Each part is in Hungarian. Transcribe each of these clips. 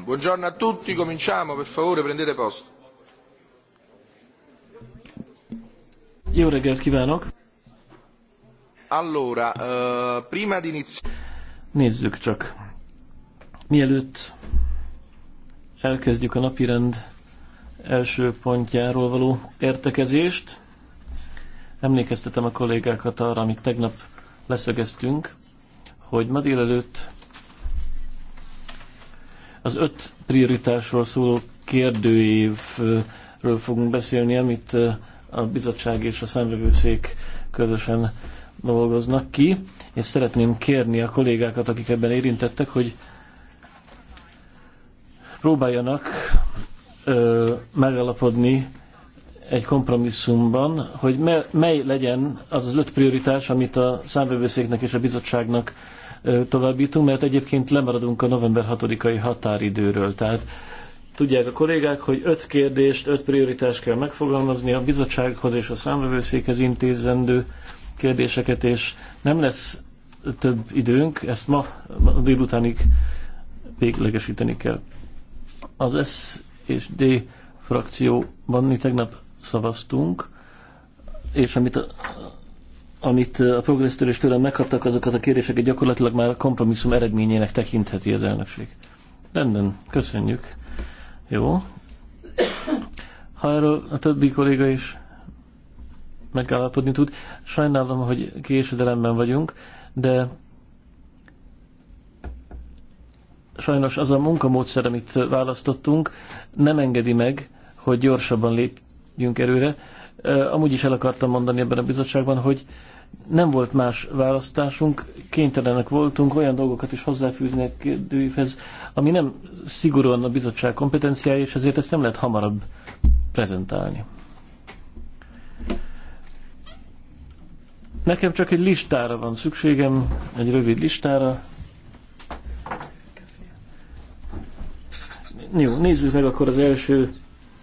Buongiorno a tutti, cominciamo, per favore prendete posto. Jó reggelt kívánok! Allora, uh, prima di iniziare... Nézzük csak. Mielőtt elkezdjük a napirend első pontjáról való értekezést, emlékeztetem a kollégákat arra, amit tegnap leszögeztünk, hogy ma délelőtt az öt prioritásról szóló kérdőévről fogunk beszélni, amit eh, a bizottság és a szemvevőszék közösen dolgoznak ki, és szeretném kérni a kollégákat, akik ebben érintettek, hogy próbáljanak ö, eh, megalapodni egy kompromisszumban, hogy me, mely legyen az az öt prioritás, amit a számvevőszéknek és a bizottságnak továbbítunk, mert egyébként lemaradunk a november 6-ai határidőről. Tehát tudják a kollégák, hogy öt kérdést, öt prioritást kell megfogalmazni a bizottsághoz és a számvevőszékhez intézendő kérdéseket, és nem lesz több időnk, ezt ma, ma délutánig véglegesíteni kell. Az S és D frakcióban mi tegnap szavaztunk, és amit a, amit a progressztől és tőlem megkaptak, azokat a kéréseket gyakorlatilag már kompromisszum eredményének tekintheti az elnökség. Rendben, köszönjük. Jó. Ha erről a többi kolléga is megállapodni tud, sajnálom, hogy késedelemben vagyunk, de sajnos az a munkamódszer, amit választottunk, nem engedi meg, hogy gyorsabban lépjünk erőre amúgy is el akartam mondani ebben a bizottságban, hogy nem volt más választásunk, kénytelenek voltunk olyan dolgokat is hozzáfűzni a kérdőívhez, ami nem szigorúan a bizottság kompetenciája, és ezért ezt nem lehet hamarabb prezentálni. Nekem csak egy listára van szükségem, egy rövid listára. Jó, nézzük meg akkor az első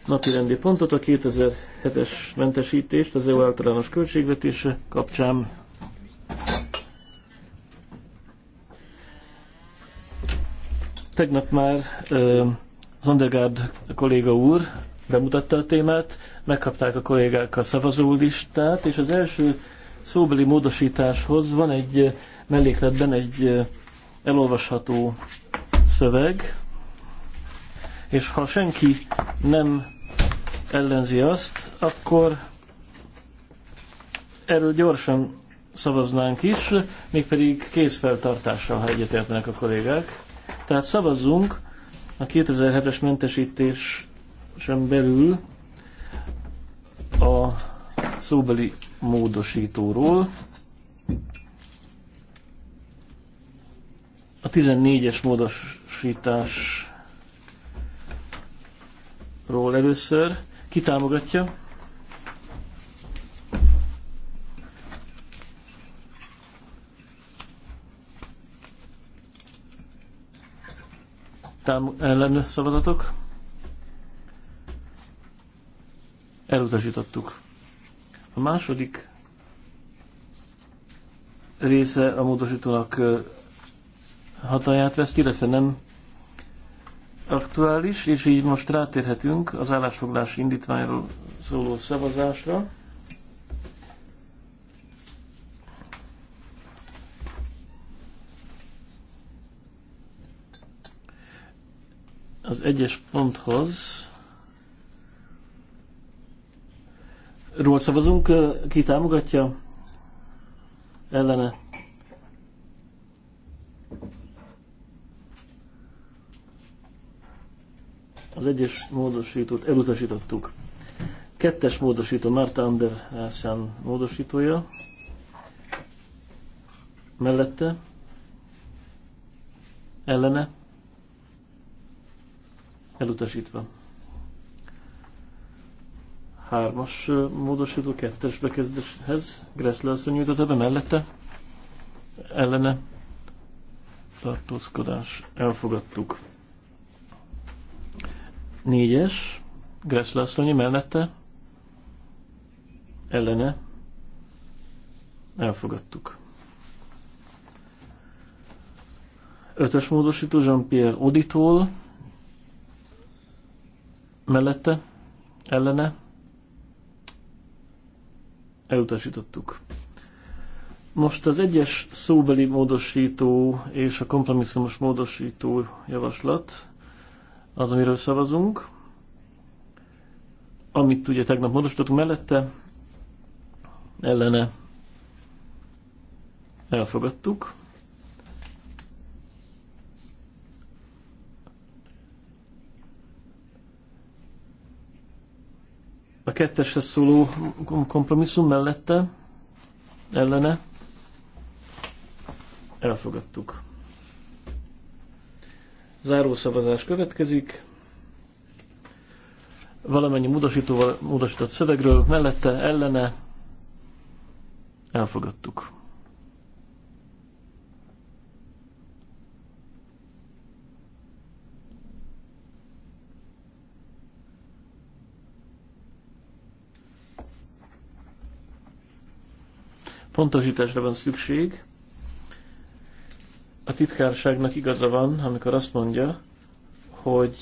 napirendi pontot, a 2007-es mentesítést az EU általános költségvetése kapcsán. Tegnap már Zondergaard kolléga úr bemutatta a témát, megkapták a kollégák a szavazólistát, és az első szóbeli módosításhoz van egy mellékletben egy elolvasható szöveg, és ha senki nem ellenzi azt, akkor erről gyorsan szavaznánk is, mégpedig kézfeltartással, ha egyetértenek a kollégák. Tehát szavazzunk a 2007-es mentesítésen belül a szóbeli módosítóról. A 14-es módosítás ról először. Ki támogatja? Tám ellen szavazatok? Elutasítottuk. A második része a módosítónak vesz veszt, illetve nem aktuális, és így most rátérhetünk az állásfoglás indítványról szóló szavazásra. Az egyes ponthoz ról szavazunk, ki támogatja? Ellene? Az egyes módosítót elutasítottuk. Kettes módosító, Marta Andersen módosítója. Mellette. Ellene. Elutasítva. Hármas módosító, kettes bekezdéshez. Gressler asszony nyújtotta be mellette. Ellene. Tartózkodás. Elfogadtuk Négyes, Gressle asszonyi mellette, ellene, elfogadtuk. Ötös módosító Jean-Pierre Oditól, mellette, ellene, elutasítottuk. Most az egyes szóbeli módosító és a kompromisszumos módosító javaslat az, amiről szavazunk, amit ugye tegnap módosítottunk mellette, ellene elfogadtuk. A ketteshez szóló kompromisszum mellette, ellene elfogadtuk. Zárószavazás következik. Valamennyi módosítóval módosított szövegről mellette, ellene elfogadtuk. Pontosításra van szükség a titkárságnak igaza van, amikor azt mondja, hogy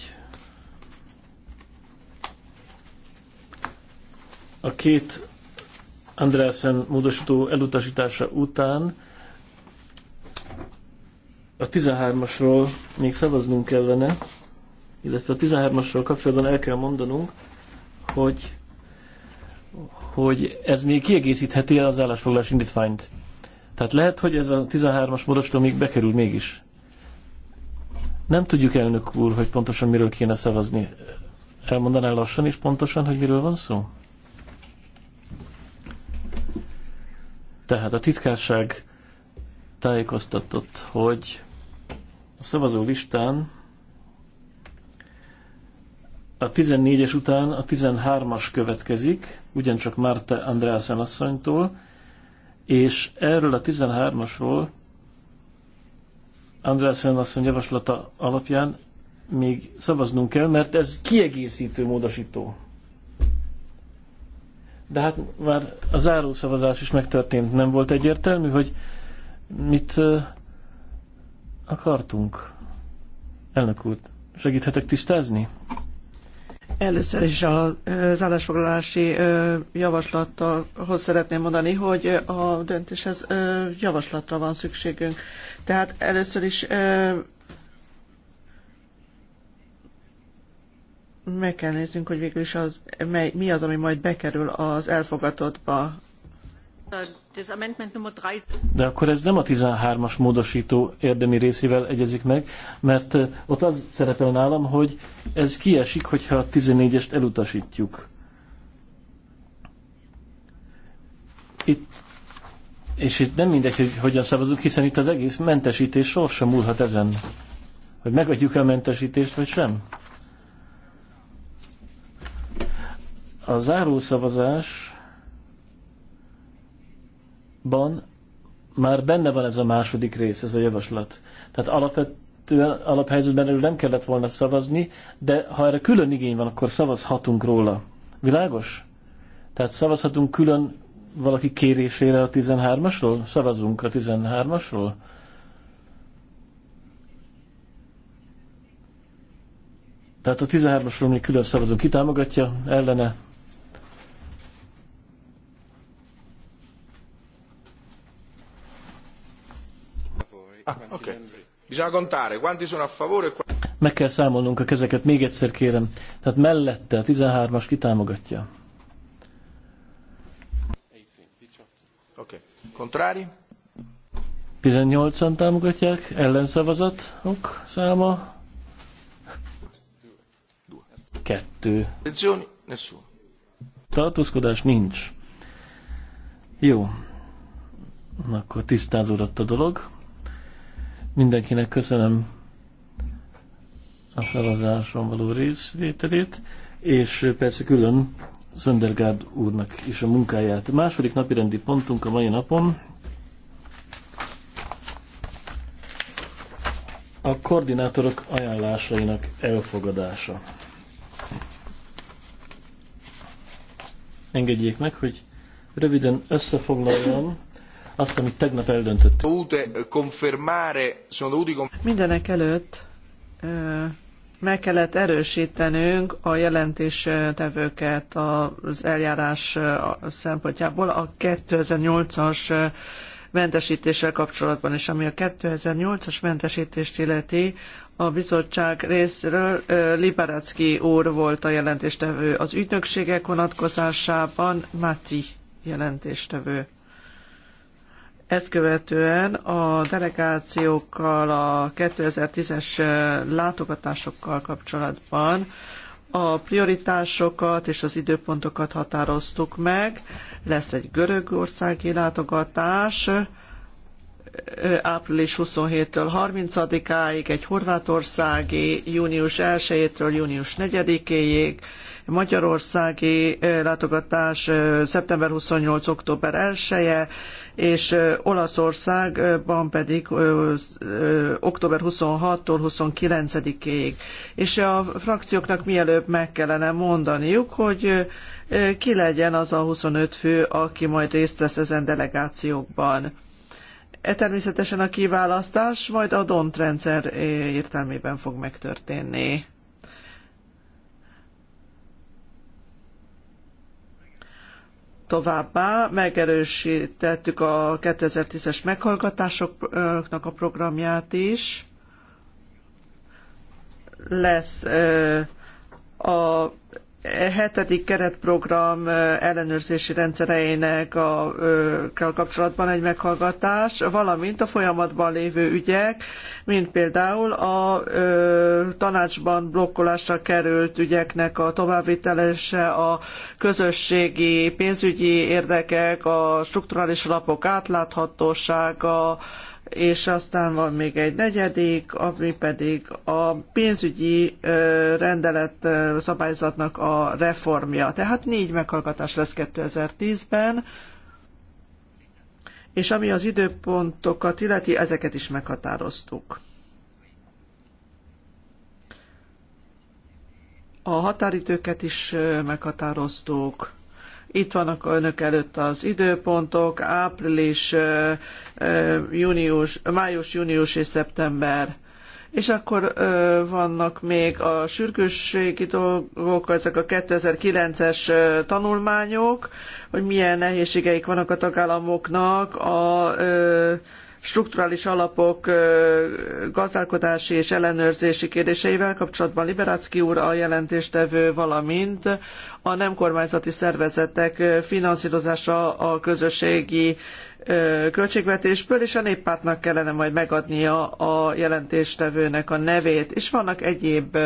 a két Andrásen módosító elutasítása után a 13-asról még szavaznunk kellene, illetve a 13-asról kapcsolatban el kell mondanunk, hogy, hogy ez még kiegészítheti az állásfoglalás indítványt. Tehát lehet, hogy ez a 13-as borostó még bekerül mégis. Nem tudjuk, elnök úr, hogy pontosan miről kéne szavazni. Elmondaná lassan is pontosan, hogy miről van szó? Tehát a titkárság tájékoztatott, hogy a szavazó listán a 14-es után a 13-as következik, ugyancsak Márte Andreasen asszonytól, és erről a 13-asról András asszony javaslata alapján még szavaznunk kell, mert ez kiegészítő módosító. De hát már a záró szavazás is megtörtént, nem volt egyértelmű, hogy mit akartunk. Elnök úr, segíthetek tisztázni? Először is az állásfoglalási javaslathoz szeretném mondani, hogy a döntéshez javaslatra van szükségünk. Tehát először is meg kell néznünk, hogy végül is az, mi az, ami majd bekerül az elfogadottba. De akkor ez nem a 13-as módosító érdemi részével egyezik meg, mert ott az szerepel nálam, hogy ez kiesik, hogyha a 14-est elutasítjuk. Itt, és itt nem mindegy, hogy hogyan szavazunk, hiszen itt az egész mentesítés sorsa múlhat ezen. Hogy megadjuk-e a mentesítést, vagy sem. A zárószavazás ban már benne van ez a második rész, ez a javaslat. Tehát alapvetően alaphelyzetben erről nem kellett volna szavazni, de ha erre külön igény van, akkor szavazhatunk róla. Világos? Tehát szavazhatunk külön valaki kérésére a 13-asról? Szavazunk a 13-asról? Tehát a 13-asról még külön szavazunk. Ki támogatja? Ellene? Ah, okay. Bisogna contare quanti sono a favore e Meg kell számolnunk a kezeket, még egyszer kérem. Tehát mellette a 13-as kitámogatja. Oké. Okay. Kontrári? 18-an támogatják, ellenszavazatok száma. Kettő. Tartózkodás nincs. Jó. Akkor tisztázódott a dolog. Mindenkinek köszönöm a szavazáson való részvételét, és persze külön Szöndergárd úrnak is a munkáját. A második napi rendi pontunk a mai napon a koordinátorok ajánlásainak elfogadása. Engedjék meg, hogy röviden összefoglaljam azt, amit tegnap eldöntöttünk. Eh, Mindenek előtt eh, meg kellett erősítenünk a jelentéstevőket eh, az eljárás szempontjából a 2008-as mentesítéssel kapcsolatban, és ami a 2008-as mentesítést illeti, a bizottság részről Liberacki úr volt a jelentéstevő. Az ügynökségek vonatkozásában Máci jelentéstevő. Ezt követően a delegációkkal, a 2010-es látogatásokkal kapcsolatban a prioritásokat és az időpontokat határoztuk meg. Lesz egy görögországi látogatás, április 27-től 30-áig, egy horvátországi június 1-től június 4-éig, magyarországi látogatás szeptember 28. október 1-e, és Olaszországban pedig október 26-tól 29-ig. És a frakcióknak mielőbb meg kellene mondaniuk, hogy ki legyen az a 25 fő, aki majd részt vesz ezen delegációkban E természetesen a kiválasztás majd a DONT rendszer eh, értelmében fog megtörténni. Továbbá megerősítettük a 2010-es meghallgatásoknak a programját is. Lesz eh, a hetedik keretprogram ellenőrzési rendszereinek a kapcsolatban egy meghallgatás, valamint a folyamatban lévő ügyek, mint például a tanácsban blokkolásra került ügyeknek a továbbvitelese, a közösségi pénzügyi érdekek, a strukturális alapok átláthatósága, és aztán van még egy negyedik, ami pedig a pénzügyi rendelet szabályzatnak a reformja. Tehát négy meghallgatás lesz 2010-ben, és ami az időpontokat illeti, ezeket is meghatároztuk. A határidőket is meghatároztuk itt vannak önök előtt az időpontok, április, június, május, június és szeptember. És akkor ö, vannak még a sürgősségi dolgok, ezek a 2009-es tanulmányok, hogy milyen nehézségeik vannak a tagállamoknak a ö, strukturális alapok gazdálkodási és ellenőrzési kérdéseivel kapcsolatban Liberácki úr a jelentéstevő, valamint a nem kormányzati szervezetek finanszírozása a közösségi költségvetésből, és a néppártnak kellene majd megadnia a jelentéstevőnek a nevét. És vannak egyéb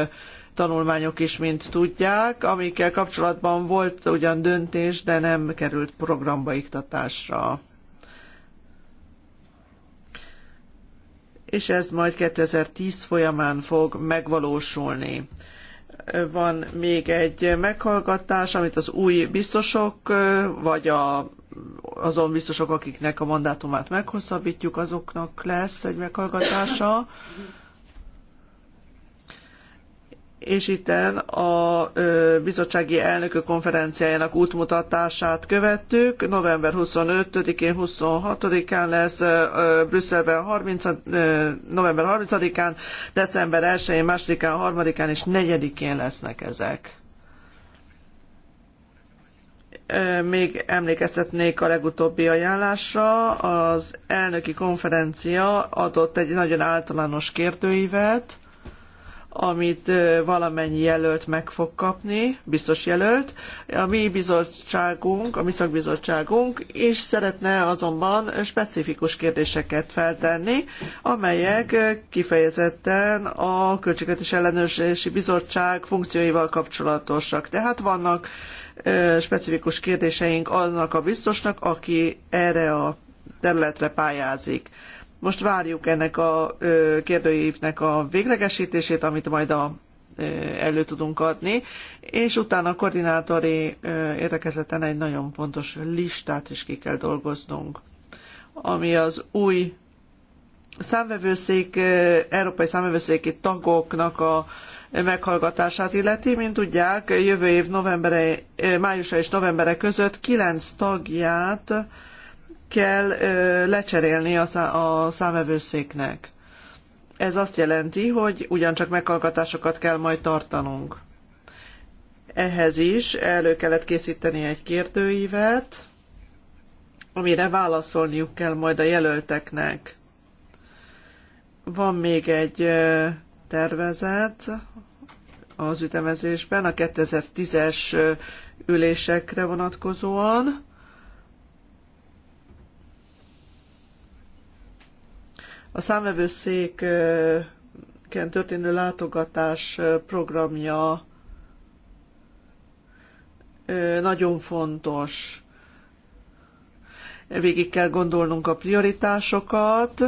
tanulmányok is, mint tudják, amikkel kapcsolatban volt ugyan döntés, de nem került programba iktatásra. és ez majd 2010 folyamán fog megvalósulni. Van még egy meghallgatás, amit az új biztosok, vagy a, azon biztosok, akiknek a mandátumát meghosszabbítjuk, azoknak lesz egy meghallgatása és itten a bizottsági elnökök konferenciájának útmutatását követtük. November 25-én, 26-án lesz Brüsszelben, 30, november 30-án, december 1-én, 2-án, 3-án és 4-én lesznek ezek. Még emlékeztetnék a legutóbbi ajánlásra. Az elnöki konferencia adott egy nagyon általános kérdőívet, amit valamennyi jelölt meg fog kapni, biztos jelölt. A mi bizottságunk, a mi szakbizottságunk is szeretne azonban specifikus kérdéseket feltenni, amelyek kifejezetten a Költségvetés Ellenőrzési Bizottság funkcióival kapcsolatosak. Tehát vannak specifikus kérdéseink annak a biztosnak, aki erre a területre pályázik. Most várjuk ennek a kérdőívnek a véglegesítését, amit majd a elő tudunk adni, és utána a koordinátori értekezleten egy nagyon pontos listát is ki kell dolgoznunk, ami az új számvevőszék, európai számvevőszéki tagoknak a meghallgatását illeti, mint tudják, jövő év novembere, májusa és novembere között kilenc tagját kell lecserélni a, szá- a számvevőszéknek. Ez azt jelenti, hogy ugyancsak meghallgatásokat kell majd tartanunk. Ehhez is elő kellett készíteni egy kérdőívet, amire válaszolniuk kell majd a jelölteknek. Van még egy tervezet az ütemezésben a 2010-es ülésekre vonatkozóan A számvevőszéken történő látogatás programja nagyon fontos. Végig kell gondolnunk a prioritásokat.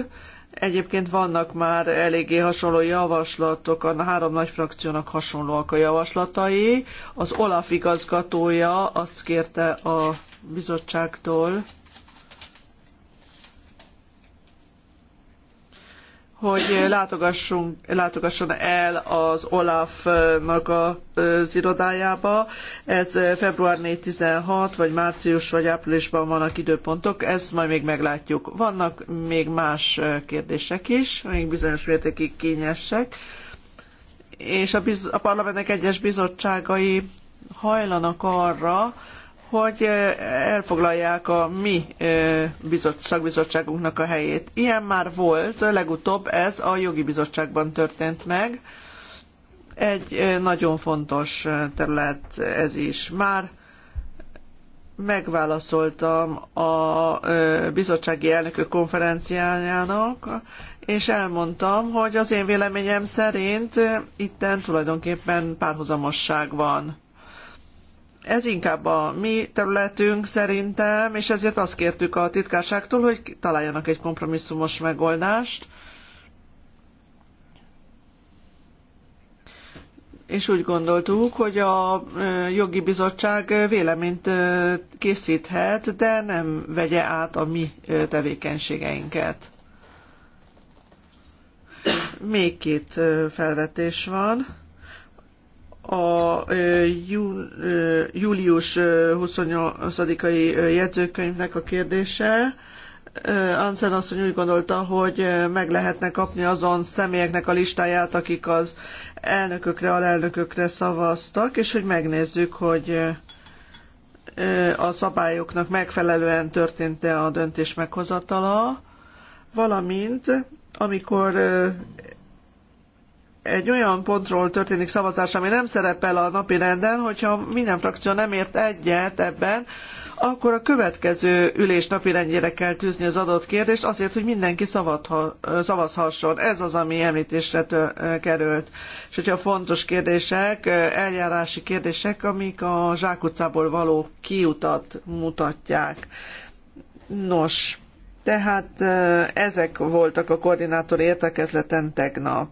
Egyébként vannak már eléggé hasonló javaslatok, a három nagy frakciónak hasonlóak a javaslatai. Az OLAF igazgatója azt kérte a bizottságtól, hogy látogassunk, látogasson el az Olaf-nak az irodájába. Ez február 4-16, vagy március, vagy áprilisban vannak időpontok, ezt majd még meglátjuk. Vannak még más kérdések is, még bizonyos mértékig kényesek, és a, biz- a parlamentnek egyes bizottságai hajlanak arra, hogy elfoglalják a mi szakbizottságunknak a helyét. Ilyen már volt, legutóbb ez a jogi bizottságban történt meg. Egy nagyon fontos terület ez is. Már megválaszoltam a bizottsági elnökök konferenciájának, és elmondtam, hogy az én véleményem szerint itten tulajdonképpen párhuzamosság van ez inkább a mi területünk szerintem, és ezért azt kértük a titkárságtól, hogy találjanak egy kompromisszumos megoldást. És úgy gondoltuk, hogy a jogi bizottság véleményt készíthet, de nem vegye át a mi tevékenységeinket. Még két felvetés van a július 28-ai jegyzőkönyvnek a kérdése. Ansen asszony úgy gondolta, hogy meg lehetne kapni azon személyeknek a listáját, akik az elnökökre, alelnökökre szavaztak, és hogy megnézzük, hogy a szabályoknak megfelelően történt-e a döntés meghozatala, valamint amikor egy olyan pontról történik szavazás, ami nem szerepel a napi renden, hogyha minden frakció nem ért egyet ebben, akkor a következő ülés napirendjére kell tűzni az adott kérdést azért, hogy mindenki szavazhasson. Ez az, ami említésre került. És hogyha fontos kérdések, eljárási kérdések, amik a zsákutcából való kiutat mutatják. Nos, tehát eh, ezek voltak a koordinátori értekezleten tegnap.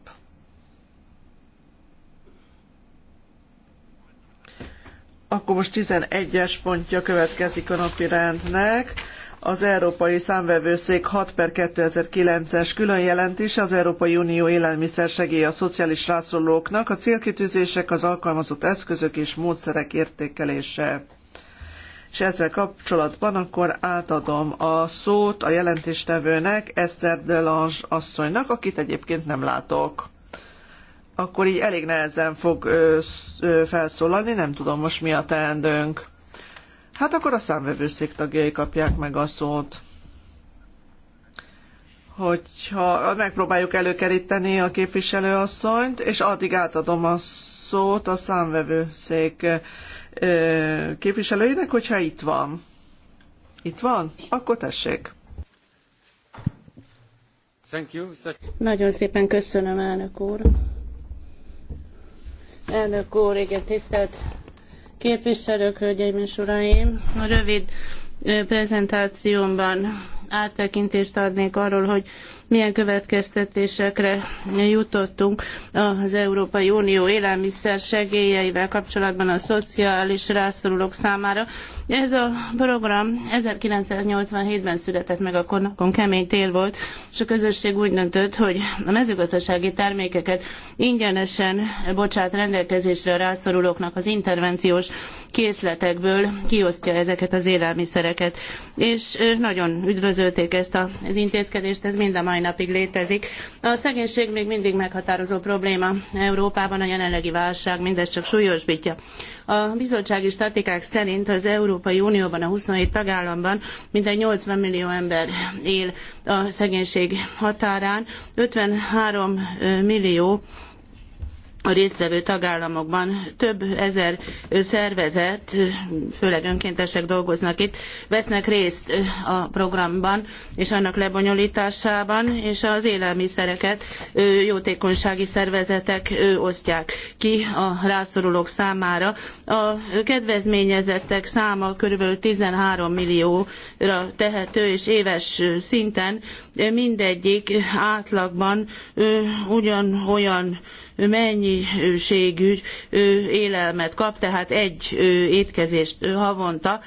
Akkor most 11-es pontja következik a napi rendnek. Az Európai Számvevőszék 6 per 2009-es külön jelentés az Európai Unió élelmiszer segélye a szociális rászorulóknak, a célkitűzések, az alkalmazott eszközök és módszerek értékelése. És ezzel kapcsolatban akkor átadom a szót a jelentéstevőnek, Eszter Delange asszonynak, akit egyébként nem látok akkor így elég nehezen fog ö, ö, felszólalni, nem tudom most mi a teendőnk. Hát akkor a számvevőszék tagjai kapják meg a szót. Hogyha megpróbáljuk előkeríteni a képviselőasszonyt, és addig átadom a szót a számvevőszék ö, képviselőinek, hogyha itt van. Itt van? Akkor tessék. Nagyon szépen köszönöm, elnök úr. Elnök úr, igen, tisztelt képviselők, hölgyeim és uraim! A rövid prezentációmban áttekintést adnék arról, hogy milyen következtetésekre jutottunk az Európai Unió élelmiszer segélyeivel kapcsolatban a szociális rászorulók számára. Ez a program 1987-ben született meg, akkor napon kemény tél volt, és a közösség úgy döntött, hogy a mezőgazdasági termékeket ingyenesen bocsát rendelkezésre a rászorulóknak az intervenciós készletekből kiosztja ezeket az élelmiszereket. És nagyon üdvözölték ezt az intézkedést, ez mind a mai mai napig létezik. A szegénység még mindig meghatározó probléma Európában, a jelenlegi válság mindez csak súlyosbítja. A bizottsági statikák szerint az Európai Unióban, a 27 tagállamban mintegy 80 millió ember él a szegénység határán, 53 millió a résztvevő tagállamokban több ezer szervezet, főleg önkéntesek dolgoznak itt, vesznek részt a programban és annak lebonyolításában, és az élelmiszereket jótékonysági szervezetek osztják ki a rászorulók számára. A kedvezményezettek száma körülbelül 13 millióra tehető, és éves szinten mindegyik átlagban ugyanolyan mennyiségű élelmet kap, tehát egy étkezést havonta.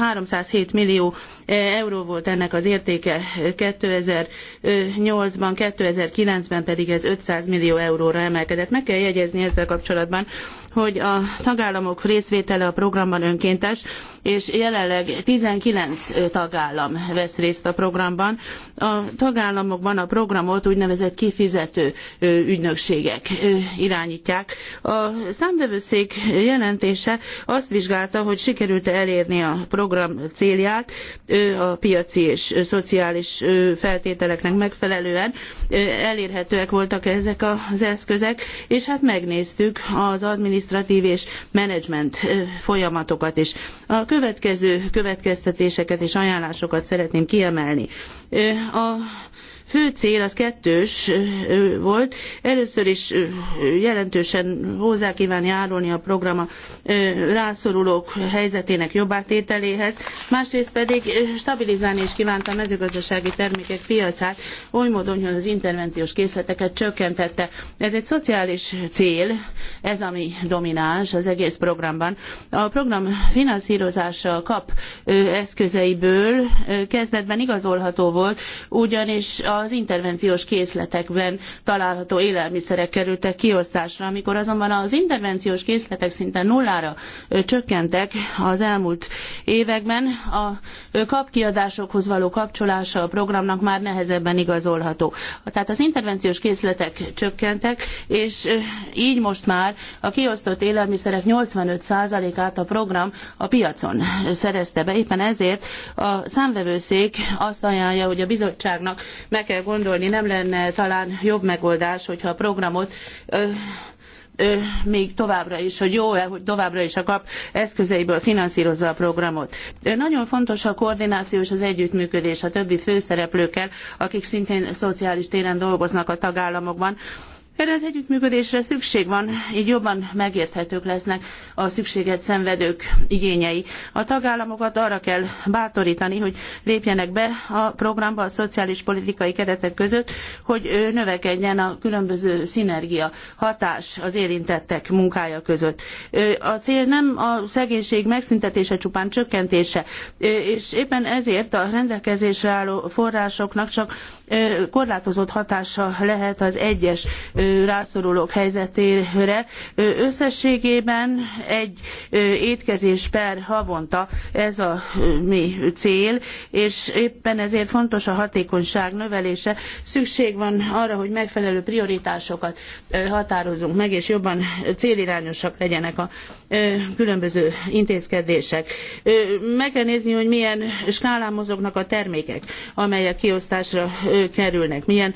307 millió euró volt ennek az értéke 2008-ban, 2009-ben pedig ez 500 millió euróra emelkedett. Meg kell jegyezni ezzel kapcsolatban, hogy a tagállamok részvétele a programban önkéntes, és jelenleg 19 tagállam vesz részt a programban. A tagállamokban a programot úgynevezett kifizető ügynökség cégek irányítják. A számvevőszék jelentése azt vizsgálta, hogy sikerült-e elérni a program célját a piaci és szociális feltételeknek megfelelően. Elérhetőek voltak ezek az eszközek, és hát megnéztük az administratív és menedzsment folyamatokat is. A következő következtetéseket és ajánlásokat szeretném kiemelni. A fő cél az kettős volt. Először is jelentősen hozzá kíván járulni a program a rászorulók helyzetének jobbátételéhez, másrészt pedig stabilizálni is kívánta a mezőgazdasági termékek piacát, oly módon, hogy az intervenciós készleteket csökkentette. Ez egy szociális cél, ez ami domináns az egész programban. A program finanszírozása kap eszközeiből kezdetben igazolható volt, ugyanis a az intervenciós készletekben található élelmiszerek kerültek kiosztásra. Amikor azonban az intervenciós készletek szinte nullára csökkentek az elmúlt években, a kapkiadásokhoz való kapcsolása a programnak már nehezebben igazolható. Tehát az intervenciós készletek csökkentek, és így most már a kiosztott élelmiszerek 85%-át a program a piacon szerezte be. Éppen ezért a számvevőszék azt ajánlja, hogy a bizottságnak meg kell gondolni, nem lenne talán jobb megoldás, hogyha a programot ö, ö, még továbbra is, hogy jó-e, hogy továbbra is a kap eszközeiből finanszírozza a programot. Ö, nagyon fontos a koordináció és az együttműködés a többi főszereplőkkel, akik szintén szociális téren dolgoznak a tagállamokban erre együttműködésre szükség van, így jobban megérthetők lesznek a szükséget szenvedők igényei. A tagállamokat arra kell bátorítani, hogy lépjenek be a programba a szociális politikai keretek között, hogy növekedjen a különböző szinergia hatás az érintettek munkája között. A cél nem a szegénység megszüntetése, csupán csökkentése, és éppen ezért a rendelkezésre álló forrásoknak csak korlátozott hatása lehet az egyes rászorulók helyzetére. Összességében egy étkezés per havonta ez a mi cél, és éppen ezért fontos a hatékonyság növelése. Szükség van arra, hogy megfelelő prioritásokat határozzunk meg, és jobban célirányosak legyenek a különböző intézkedések. Meg kell nézni, hogy milyen skálán mozognak a termékek, amelyek kiosztásra kerülnek, milyen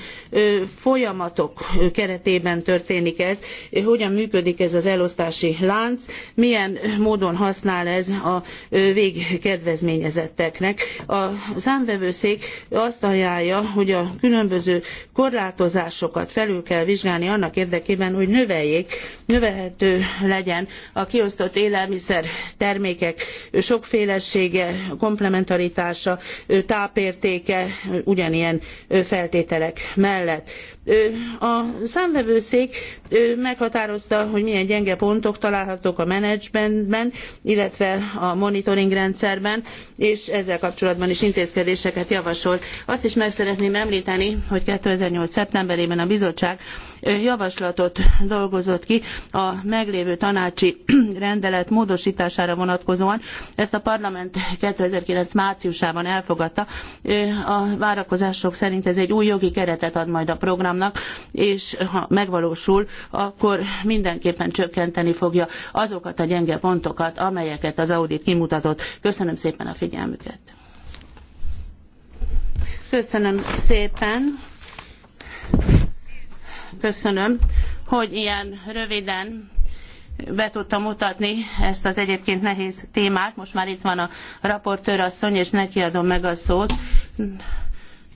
folyamatok keretében keretében történik ez, hogyan működik ez az elosztási lánc, milyen módon használ ez a végkedvezményezetteknek. A számvevőszék azt ajánlja, hogy a különböző korlátozásokat felül kell vizsgálni annak érdekében, hogy növeljék, növelhető legyen a kiosztott élelmiszer termékek sokfélesége, komplementaritása, tápértéke, ugyanilyen feltételek mellett. A szám számvevőszék meghatározta, hogy milyen gyenge pontok találhatók a menedzsmentben, illetve a monitoring rendszerben, és ezzel kapcsolatban is intézkedéseket javasolt. Azt is meg szeretném említeni, hogy 2008. szeptemberében a bizottság javaslatot dolgozott ki a meglévő tanácsi rendelet módosítására vonatkozóan. Ezt a parlament 2009. márciusában elfogadta. A várakozások szerint ez egy új jogi keretet ad majd a programnak, és ha megvalósul, akkor mindenképpen csökkenteni fogja azokat a gyenge pontokat, amelyeket az audit kimutatott. Köszönöm szépen a figyelmüket. Köszönöm szépen. Köszönöm, hogy ilyen röviden be tudta mutatni ezt az egyébként nehéz témát. Most már itt van a raportőr asszony, és neki adom meg a szót.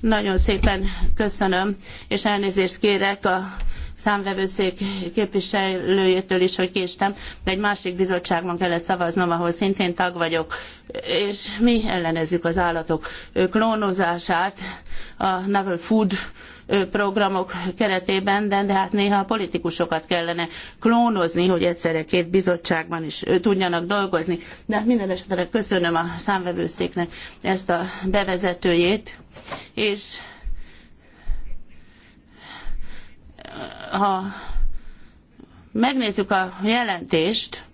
Nagyon szépen köszönöm, és elnézést kérek a számvevőszék képviselőjétől is, hogy késtem, de egy másik bizottságban kellett szavaznom, ahol szintén tag vagyok, és mi ellenezzük az állatok klónozását a Novel Food programok keretében, de, de hát néha a politikusokat kellene klónozni, hogy egyszerre két bizottságban is tudjanak dolgozni. De hát minden esetre köszönöm a számvevőszéknek ezt a bevezetőjét, és ha megnézzük a jelentést,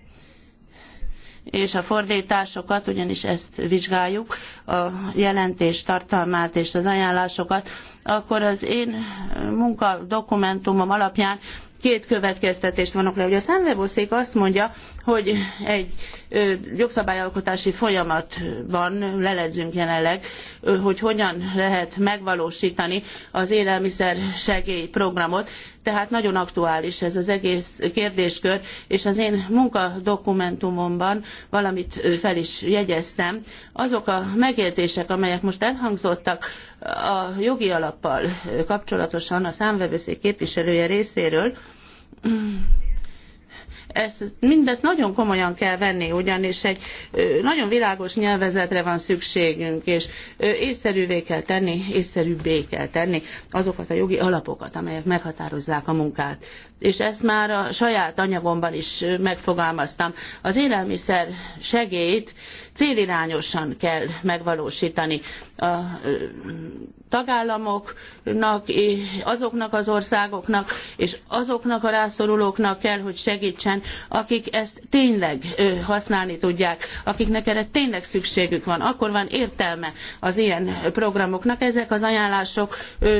és a fordításokat, ugyanis ezt vizsgáljuk, a jelentés tartalmát és az ajánlásokat, akkor az én munkadokumentumom alapján két következtetést vonok le. Ugye a számvevőszék azt mondja, hogy egy jogszabályalkotási folyamatban leledzünk jelenleg, hogy hogyan lehet megvalósítani az élelmiszer programot. Tehát nagyon aktuális ez az egész kérdéskör, és az én munkadokumentumomban valamit fel is jegyeztem. Azok a megjegyzések, amelyek most elhangzottak a jogi alappal kapcsolatosan a számvevőszék képviselője részéről, ezt, mindezt nagyon komolyan kell venni, ugyanis egy nagyon világos nyelvezetre van szükségünk, és észszerűvé kell tenni, észszerűbbé kell tenni azokat a jogi alapokat, amelyek meghatározzák a munkát. És ezt már a saját anyagomban is megfogalmaztam. Az élelmiszer segélyt célirányosan kell megvalósítani. A tagállamoknak, azoknak az országoknak és azoknak a rászorulóknak kell, hogy segítsen, akik ezt tényleg használni tudják, akiknek erre tényleg szükségük van. Akkor van értelme az ilyen programoknak. Ezek az ajánlások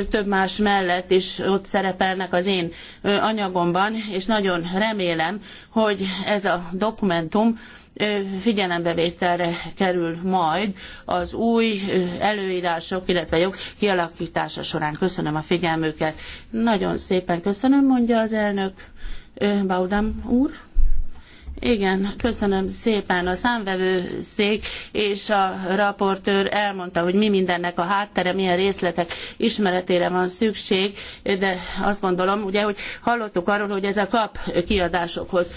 több más mellett is ott szerepelnek az én anyagomban, és nagyon remélem, hogy ez a dokumentum, figyelembevételre kerül majd az új előírások, illetve jog kialakítása során. Köszönöm a figyelmüket. Nagyon szépen köszönöm, mondja az elnök Baudam úr. Igen, köszönöm szépen. A számvevőszék és a raportőr elmondta, hogy mi mindennek a háttere, milyen részletek ismeretére van szükség, de azt gondolom, ugye, hogy hallottuk arról, hogy ez a kap kiadásokhoz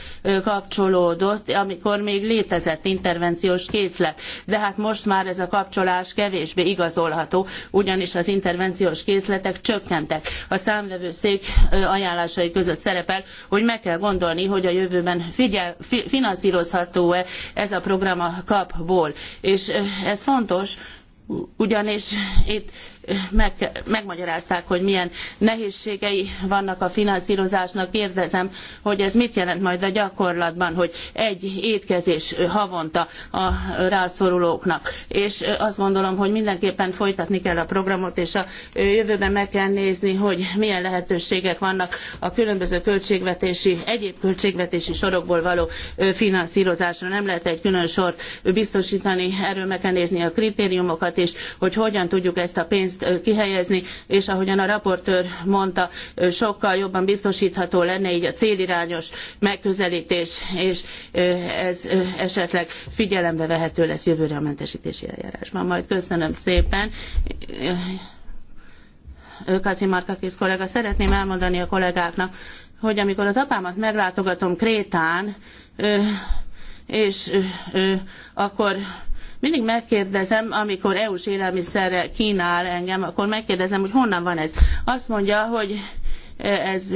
kapcsolódott, amikor még létezett intervenciós készlet, de hát most már ez a kapcsolás kevésbé igazolható, ugyanis az intervenciós készletek csökkentek. A számvevőszék ajánlásai között szerepel, hogy meg kell gondolni, hogy a jövőben figyel, figyel finanszírozható-e ez a program a kapból. És ez fontos, ugyanis itt meg, megmagyarázták, hogy milyen nehézségei vannak a finanszírozásnak. Kérdezem, hogy ez mit jelent majd a gyakorlatban, hogy egy étkezés havonta a rászorulóknak. És azt gondolom, hogy mindenképpen folytatni kell a programot, és a jövőben meg kell nézni, hogy milyen lehetőségek vannak a különböző költségvetési, egyéb költségvetési sorokból való finanszírozásra. Nem lehet egy külön sort biztosítani, erről meg kell nézni a kritériumokat, és hogy hogyan tudjuk ezt a pénzt pénzt kihelyezni, és ahogyan a raportőr mondta, sokkal jobban biztosítható lenne így a célirányos megközelítés, és ez esetleg figyelembe vehető lesz jövőre a mentesítési eljárásban. Majd köszönöm szépen. Kaci Markakis kollega, szeretném elmondani a kollégáknak, hogy amikor az apámat meglátogatom Krétán, és akkor mindig megkérdezem, amikor EU-s élelmiszerre kínál engem, akkor megkérdezem, hogy honnan van ez. Azt mondja, hogy ez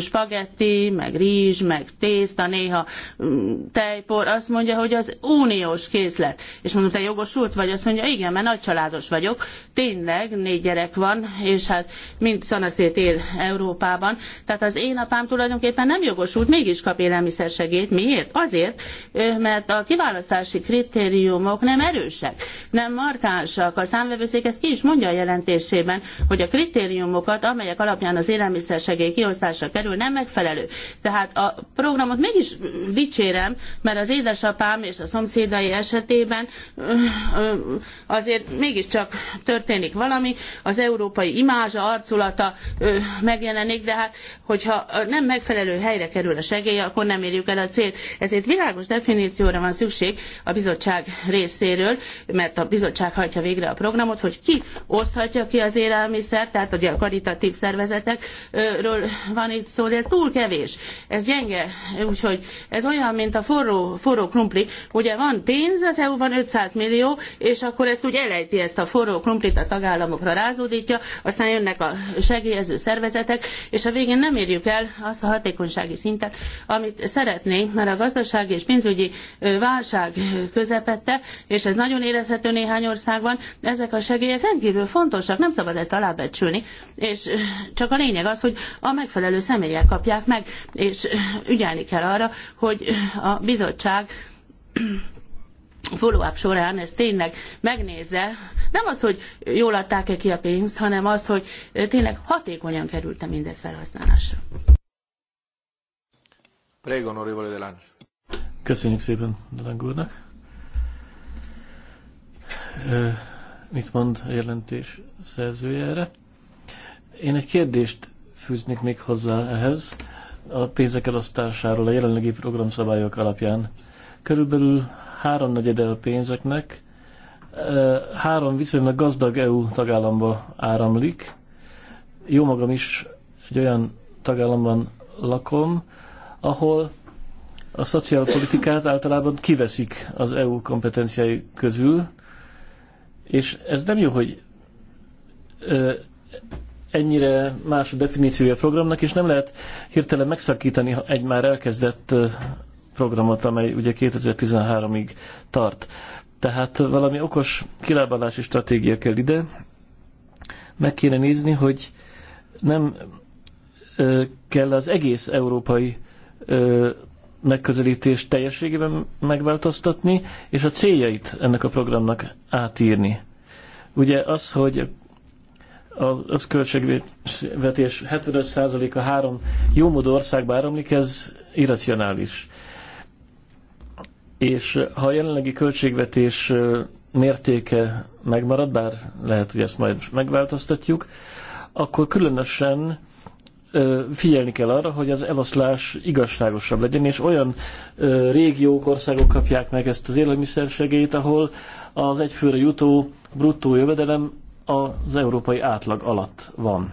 spagetti, meg rizs, meg tészta, néha mm, tejpor, azt mondja, hogy az uniós készlet. És mondom, te jogosult vagy? Azt mondja, igen, mert nagy családos vagyok, tényleg négy gyerek van, és hát mind szanaszét él Európában. Tehát az én apám tulajdonképpen nem jogosult, mégis kap élelmiszersegét. Miért? Azért, mert a kiválasztási kritériumok nem erősek, nem markánsak. A számvevőszék ezt ki is mondja a jelentésében, hogy a kritériumokat, amelyek alapján az élelmiszersegély kiosztása kerül, nem megfelelő. Tehát a programot mégis dicsérem, mert az édesapám és a szomszédai esetében azért mégiscsak történik valami, az európai imázsa, arculata megjelenik, de hát hogyha nem megfelelő helyre kerül a segély, akkor nem érjük el a célt. Ezért világos definícióra van szükség a bizottság részéről, mert a bizottság hajtja végre a programot, hogy ki oszthatja ki az élelmiszert, tehát ugye a karitatív szervezetekről van itt itt szó, de ez túl kevés, ez gyenge, úgyhogy ez olyan, mint a forró, forró krumpli. Ugye van pénz az EU-ban 500 millió, és akkor ezt úgy elejti ezt a forró krumplit a tagállamokra rázódítja, aztán jönnek a segélyező szervezetek, és a végén nem érjük el azt a hatékonysági szintet, amit szeretnénk, mert a gazdasági és pénzügyi válság közepette, és ez nagyon érezhető néhány országban, ezek a segélyek rendkívül fontosak, nem szabad ezt alábecsülni, és csak a lényeg az, hogy a megfelelő személyek kapják meg, és ügyelni kell arra, hogy a bizottság follow-up során ezt tényleg megnézze, nem az, hogy jól adták-e ki a pénzt, hanem az, hogy tényleg hatékonyan került -e mindez felhasználásra. Prego, onorevole Köszönjük szépen Delang úrnak. Mit mond a jelentés szerzője erre? Én egy kérdést fűznék még hozzá ehhez. A pénzek elosztásáról a jelenlegi programszabályok alapján körülbelül háromnegyede a pénzeknek három viszonylag gazdag EU tagállamba áramlik. Jó magam is egy olyan tagállamban lakom, ahol a szociálpolitikát általában kiveszik az EU kompetenciái közül, és ez nem jó, hogy ennyire más a definíciója a programnak, és nem lehet hirtelen megszakítani egy már elkezdett programot, amely ugye 2013-ig tart. Tehát valami okos kilábalási stratégia kell ide. Meg kéne nézni, hogy nem kell az egész európai megközelítést teljességében megváltoztatni, és a céljait ennek a programnak átírni. Ugye az, hogy az összköltségvetés 75%-a három jómódú országba áramlik, ez irracionális. És eh, ha a jelenlegi költségvetés eh, mértéke megmarad, bár lehet, hogy ezt majd megváltoztatjuk, akkor különösen eh, figyelni kell arra, hogy az eloszlás igazságosabb legyen, és olyan régiók, országok kapják meg ezt az élelmiszersegélyt, ahol az egyfőre jutó bruttó jövedelem az európai átlag alatt van.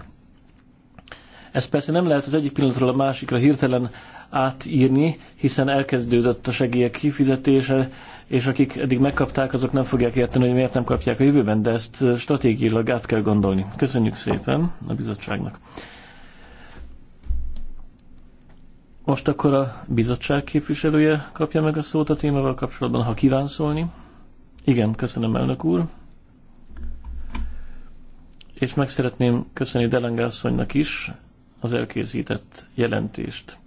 Ez persze nem lehet az egyik pillanatról a másikra hirtelen átírni, hiszen elkezdődött a segélyek kifizetése, és akik eddig megkapták, azok nem fogják érteni, hogy miért nem kapják a jövőben, de ezt stratégiailag át kell gondolni. Köszönjük szépen a bizottságnak. Most akkor a bizottság képviselője kapja meg a szót a témával kapcsolatban, ha kíván szólni. Igen, köszönöm, elnök úr és meg szeretném köszönni Delengászonynak is az elkészített jelentést,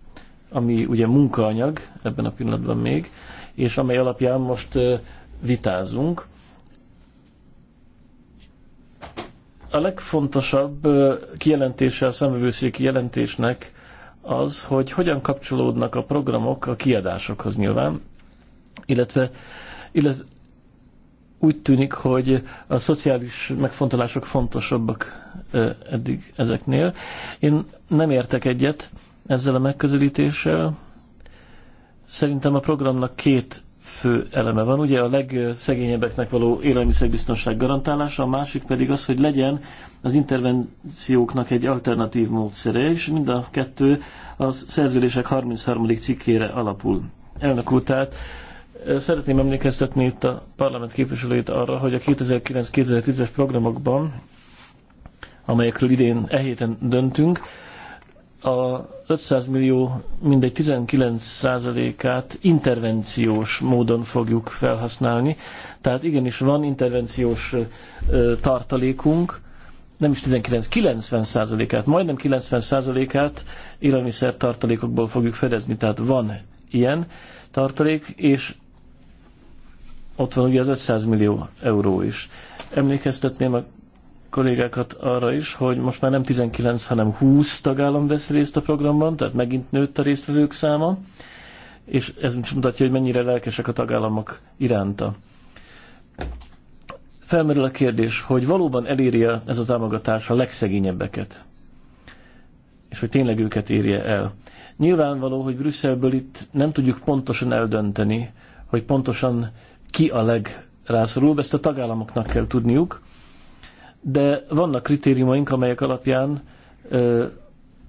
ami ugye munkaanyag ebben a pillanatban még, és amely alapján most vitázunk. A legfontosabb kijelentése a szemvevőszéki jelentésnek az, hogy hogyan kapcsolódnak a programok a kiadásokhoz nyilván, illetve, illetve úgy tűnik, hogy a szociális megfontolások fontosabbak eddig ezeknél. Én nem értek egyet ezzel a megközelítéssel. Szerintem a programnak két fő eleme van. Ugye a legszegényebbeknek való élelmiszerbiztonság garantálása, a másik pedig az, hogy legyen az intervencióknak egy alternatív módszere, és mind a kettő a szerződések 33. cikkére alapul. Elnök úr, tehát Szeretném emlékeztetni itt a parlament képviselőit arra, hogy a 2009-2010-es programokban, amelyekről idén e héten döntünk, a 500 millió mindegy 19%-át intervenciós módon fogjuk felhasználni. Tehát igenis van intervenciós tartalékunk, nem is 19, 90%-át, majdnem 90%-át élelmiszer tartalékokból fogjuk fedezni, tehát van ilyen tartalék, és ott van ugye az 500 millió euró is. Emlékeztetném a kollégákat arra is, hogy most már nem 19, hanem 20 tagállam vesz részt a programban, tehát megint nőtt a résztvevők száma, és ez mutatja, hogy mennyire lelkesek a tagállamok iránta. Felmerül a kérdés, hogy valóban eléri -e ez a támogatás a legszegényebbeket, és hogy tényleg őket érje el. Nyilvánvaló, hogy Brüsszelből itt nem tudjuk pontosan eldönteni, hogy pontosan ki a legrászorulóbb, ezt a tagállamoknak kell tudniuk, de vannak kritériumaink, amelyek alapján ö,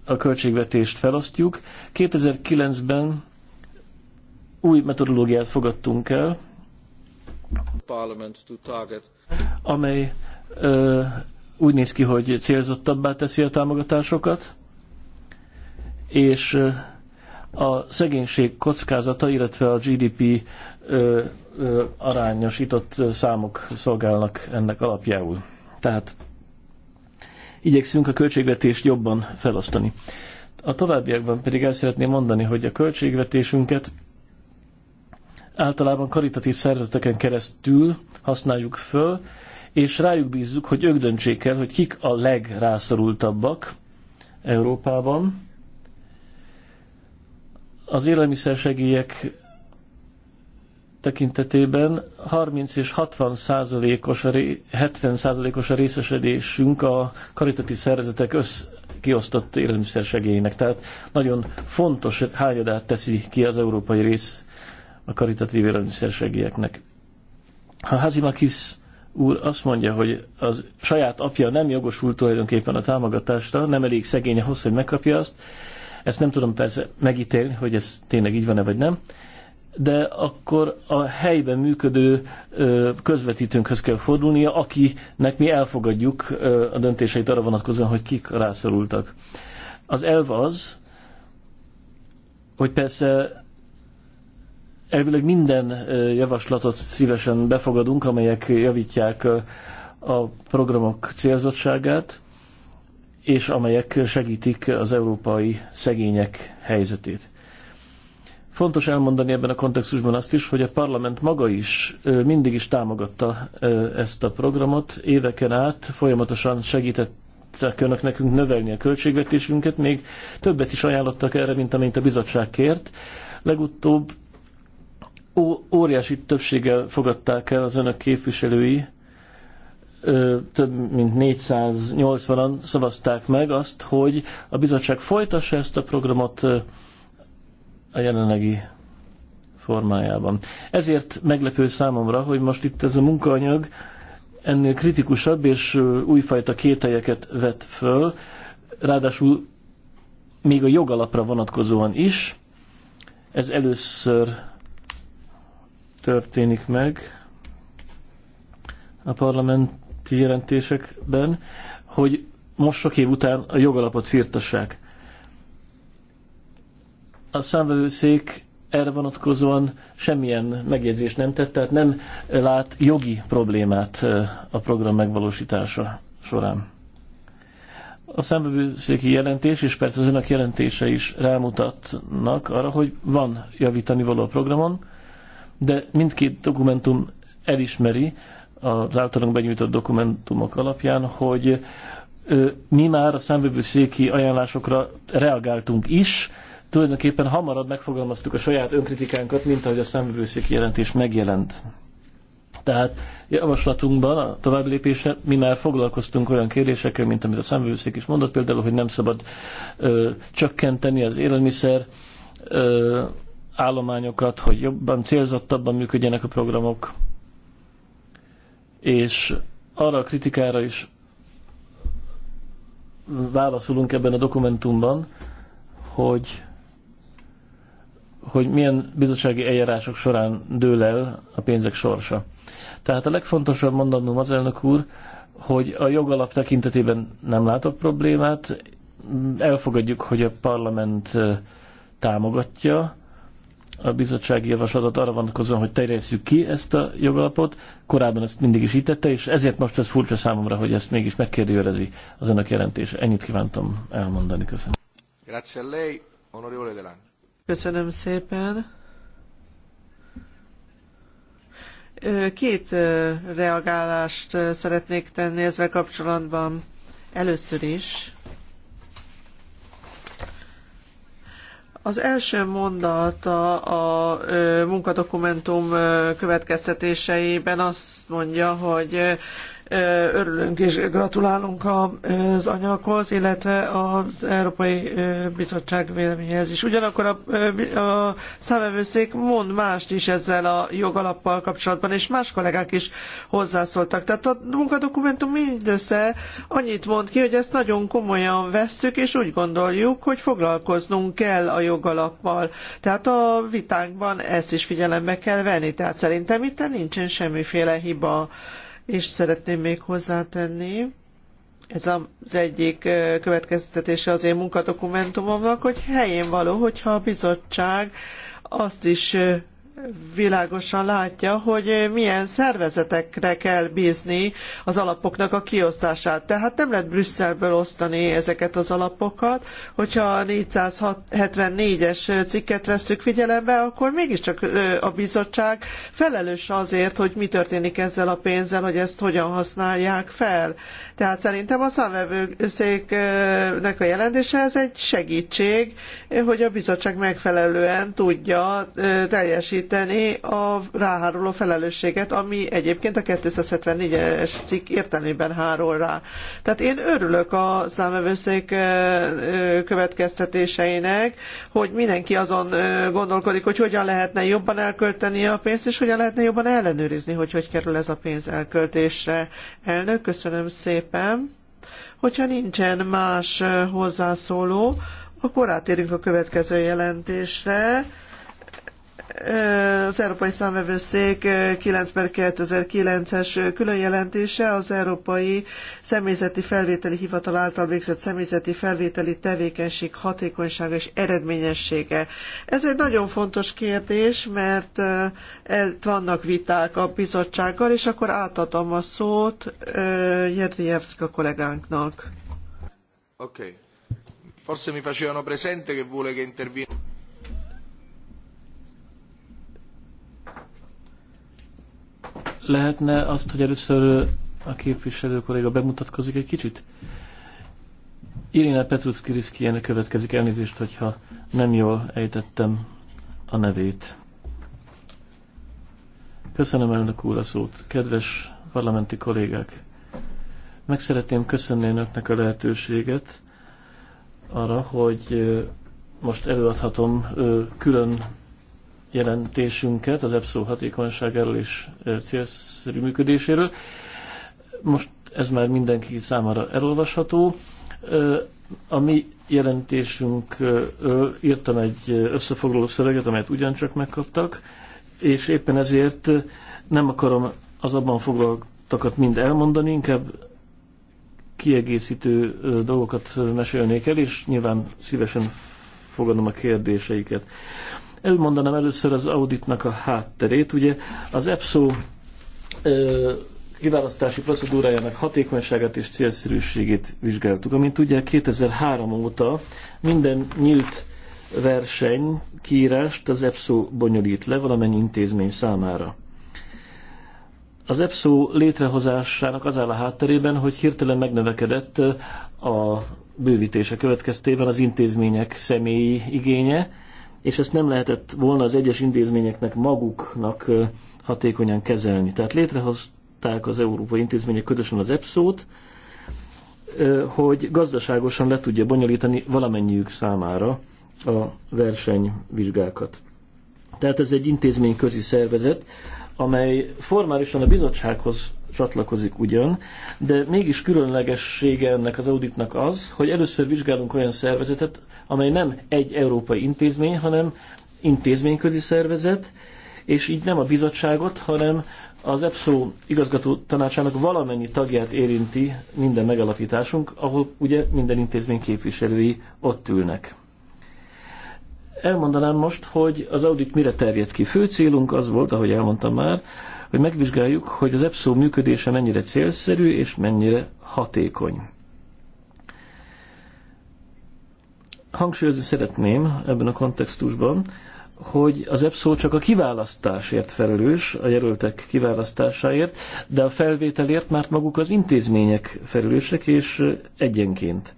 a költségvetést felosztjuk. 2009-ben új metodológiát fogadtunk el, amely ö, úgy néz ki, hogy célzottabbá teszi a támogatásokat, és a szegénység kockázata, illetve a GDP arányosított számok szolgálnak ennek alapjául. Tehát igyekszünk a költségvetést jobban felosztani. A továbbiakban pedig el szeretném mondani, hogy a költségvetésünket általában karitatív szervezeteken keresztül használjuk föl, és rájuk bízzuk, hogy ők döntsék el, hogy kik a legrászorultabbak Európában. Az élelmiszersegélyek tekintetében 30 és 60 százalékos, 70 százalékos a részesedésünk a karitatív szervezetek össz kiosztott élelmiszersegélyének. Tehát nagyon fontos hányadát teszi ki az európai rész a karitatív élelmiszersegélyeknek. Ha Hazimakis úr azt mondja, hogy az saját apja nem jogosult tulajdonképpen a támogatásra, nem elég szegény ahhoz, hogy megkapja azt, ezt nem tudom persze megítélni, hogy ez tényleg így van-e vagy nem, de akkor a helyben működő közvetítőnkhöz kell fordulnia, akinek mi elfogadjuk a döntéseit arra vonatkozóan, hogy kik rászorultak. Az elv az, hogy persze elvileg minden javaslatot szívesen befogadunk, amelyek javítják a programok célzottságát, és amelyek segítik az európai szegények helyzetét. Fontos elmondani ebben a kontextusban azt is, hogy a parlament maga is mindig is támogatta ezt a programot, éveken át folyamatosan segített önök nekünk növelni a költségvetésünket, még többet is ajánlottak erre, mint amint a bizottság kért. Legutóbb óriási többséggel fogadták el az önök képviselői, több mint 480-an szavazták meg azt, hogy a bizottság folytassa ezt a programot, a jelenlegi formájában. Ezért meglepő számomra, hogy most itt ez a munkaanyag ennél kritikusabb és újfajta kételyeket vet föl, ráadásul még a jogalapra vonatkozóan is. Ez először történik meg a parlamenti jelentésekben, hogy most sok év után a jogalapot firtassák a számvevőszék erre vonatkozóan semmilyen megjegyzést nem tett, tehát nem lát jogi problémát a program megvalósítása során. A számvevőszéki jelentés, és persze az önök jelentése is rámutatnak arra, hogy van javítani való a programon, de mindkét dokumentum elismeri az általunk benyújtott dokumentumok alapján, hogy mi már a számvevőszéki ajánlásokra reagáltunk is, Tulajdonképpen hamarabb megfogalmaztuk a saját önkritikánkat, mint ahogy a szemvőszék jelentés megjelent. Tehát javaslatunkban a tovább lépése, mi már foglalkoztunk olyan kérdésekkel, mint amit a szemvőszék is mondott, például, hogy nem szabad ö, csökkenteni az élelmiszer ö, állományokat, hogy jobban, célzottabban működjenek a programok, és arra a kritikára is válaszolunk ebben a dokumentumban, hogy hogy milyen bizottsági eljárások során dől el a pénzek sorsa. Tehát a legfontosabb mondanom az elnök úr, hogy a jogalap tekintetében nem látok problémát, elfogadjuk, hogy a parlament támogatja a bizottsági javaslatot arra vonatkozóan, hogy terjesszük ki ezt a jogalapot. Korábban ezt mindig is így tette, és ezért most ez furcsa számomra, hogy ezt mégis megkérdőjelezi az önök jelentése. Ennyit kívántam elmondani. Köszönöm. Grazie a lei, onorevole Delán. Köszönöm szépen. Két reagálást szeretnék tenni ezzel kapcsolatban. Először is. Az első mondata a munkadokumentum következtetéseiben azt mondja, hogy Örülünk és gratulálunk az anyaghoz, illetve az Európai Bizottság véleményéhez is. Ugyanakkor a, a számvevőszék mond mást is ezzel a jogalappal kapcsolatban, és más kollégák is hozzászóltak. Tehát a munkadokumentum mindössze annyit mond ki, hogy ezt nagyon komolyan vesszük, és úgy gondoljuk, hogy foglalkoznunk kell a jogalappal. Tehát a vitánkban ezt is figyelembe kell venni. Tehát szerintem itt nincsen semmiféle hiba. És szeretném még hozzátenni, ez az egyik következtetése az én munkadokumentumomnak, hogy helyén való, hogyha a bizottság azt is világosan látja, hogy milyen szervezetekre kell bízni az alapoknak a kiosztását. Tehát nem lehet Brüsszelből osztani ezeket az alapokat. Hogyha a 474-es cikket vesszük figyelembe, akkor mégiscsak a bizottság felelős azért, hogy mi történik ezzel a pénzzel, hogy ezt hogyan használják fel. Tehát szerintem a számvevőszéknek a jelentése ez egy segítség, hogy a bizottság megfelelően tudja teljesíteni rögzíteni a ráháruló felelősséget, ami egyébként a 274-es cikk értelmében hárul rá. Tehát én örülök a számvevőszék következtetéseinek, hogy mindenki azon gondolkodik, hogy hogyan lehetne jobban elkölteni a pénzt, és hogyan lehetne jobban ellenőrizni, hogy hogy kerül ez a pénz elköltésre. Elnök, köszönöm szépen. Hogyha nincsen más hozzászóló, akkor átérünk a következő jelentésre az Európai Számvevőszék 9 per 2009-es különjelentése az Európai Személyzeti Felvételi Hivatal által végzett személyzeti felvételi tevékenység hatékonysága és eredményessége. Ez egy nagyon fontos kérdés, mert eh, vannak viták a bizottsággal, és akkor átadom a szót eh, Jedrievska kollégánknak. Oké. Okay. Forse mi facevano presente che vuole che interviene. lehetne azt, hogy először a képviselő kolléga bemutatkozik egy kicsit? Irina Petruszkiriszkijene következik elnézést, hogyha nem jól ejtettem a nevét. Köszönöm elnök úr a szót, kedves parlamenti kollégák! Meg szeretném köszönni önöknek a lehetőséget arra, hogy most előadhatom külön jelentésünket az EPSZO hatékonyságáról és célszerű működéséről. Most ez már mindenki számára elolvasható. A mi jelentésünkről írtam egy összefoglaló szöveget, amelyet ugyancsak megkaptak, és éppen ezért nem akarom az abban foglaltakat mind elmondani, inkább kiegészítő dolgokat mesélnék el, és nyilván szívesen fogadom a kérdéseiket. Elmondanám először az auditnak a hátterét. Ugye az EPSO ö, kiválasztási procedúrájának hatékonyságát és célszerűségét vizsgáltuk. Amint tudják, 2003 óta minden nyílt verseny kiírást az EPSO bonyolít le valamennyi intézmény számára. Az EPSO létrehozásának az áll a hátterében, hogy hirtelen megnövekedett a bővítése következtében az intézmények személyi igénye, és ezt nem lehetett volna az egyes intézményeknek maguknak hatékonyan kezelni. Tehát létrehozták az európai intézmények közösen az EPSZ-t, hogy gazdaságosan le tudja bonyolítani valamennyiük számára a versenyvizsgákat. Tehát ez egy intézményközi szervezet, amely formálisan a bizottsághoz csatlakozik ugyan, de mégis különlegessége ennek az auditnak az, hogy először vizsgálunk olyan szervezetet, amely nem egy európai intézmény, hanem intézményközi szervezet, és így nem a bizottságot, hanem az EPSZO igazgató tanácsának valamennyi tagját érinti minden megalapításunk, ahol ugye minden intézmény képviselői ott ülnek. Elmondanám most, hogy az audit mire terjed ki. Fő célunk az volt, ahogy elmondtam már, hogy megvizsgáljuk, hogy az EPSZO működése mennyire célszerű és mennyire hatékony. Hangsúlyozni szeretném ebben a kontextusban, hogy az EPSZO csak a kiválasztásért felelős, a jelöltek kiválasztásáért, de a felvételért már maguk az intézmények felelősek, és egyenként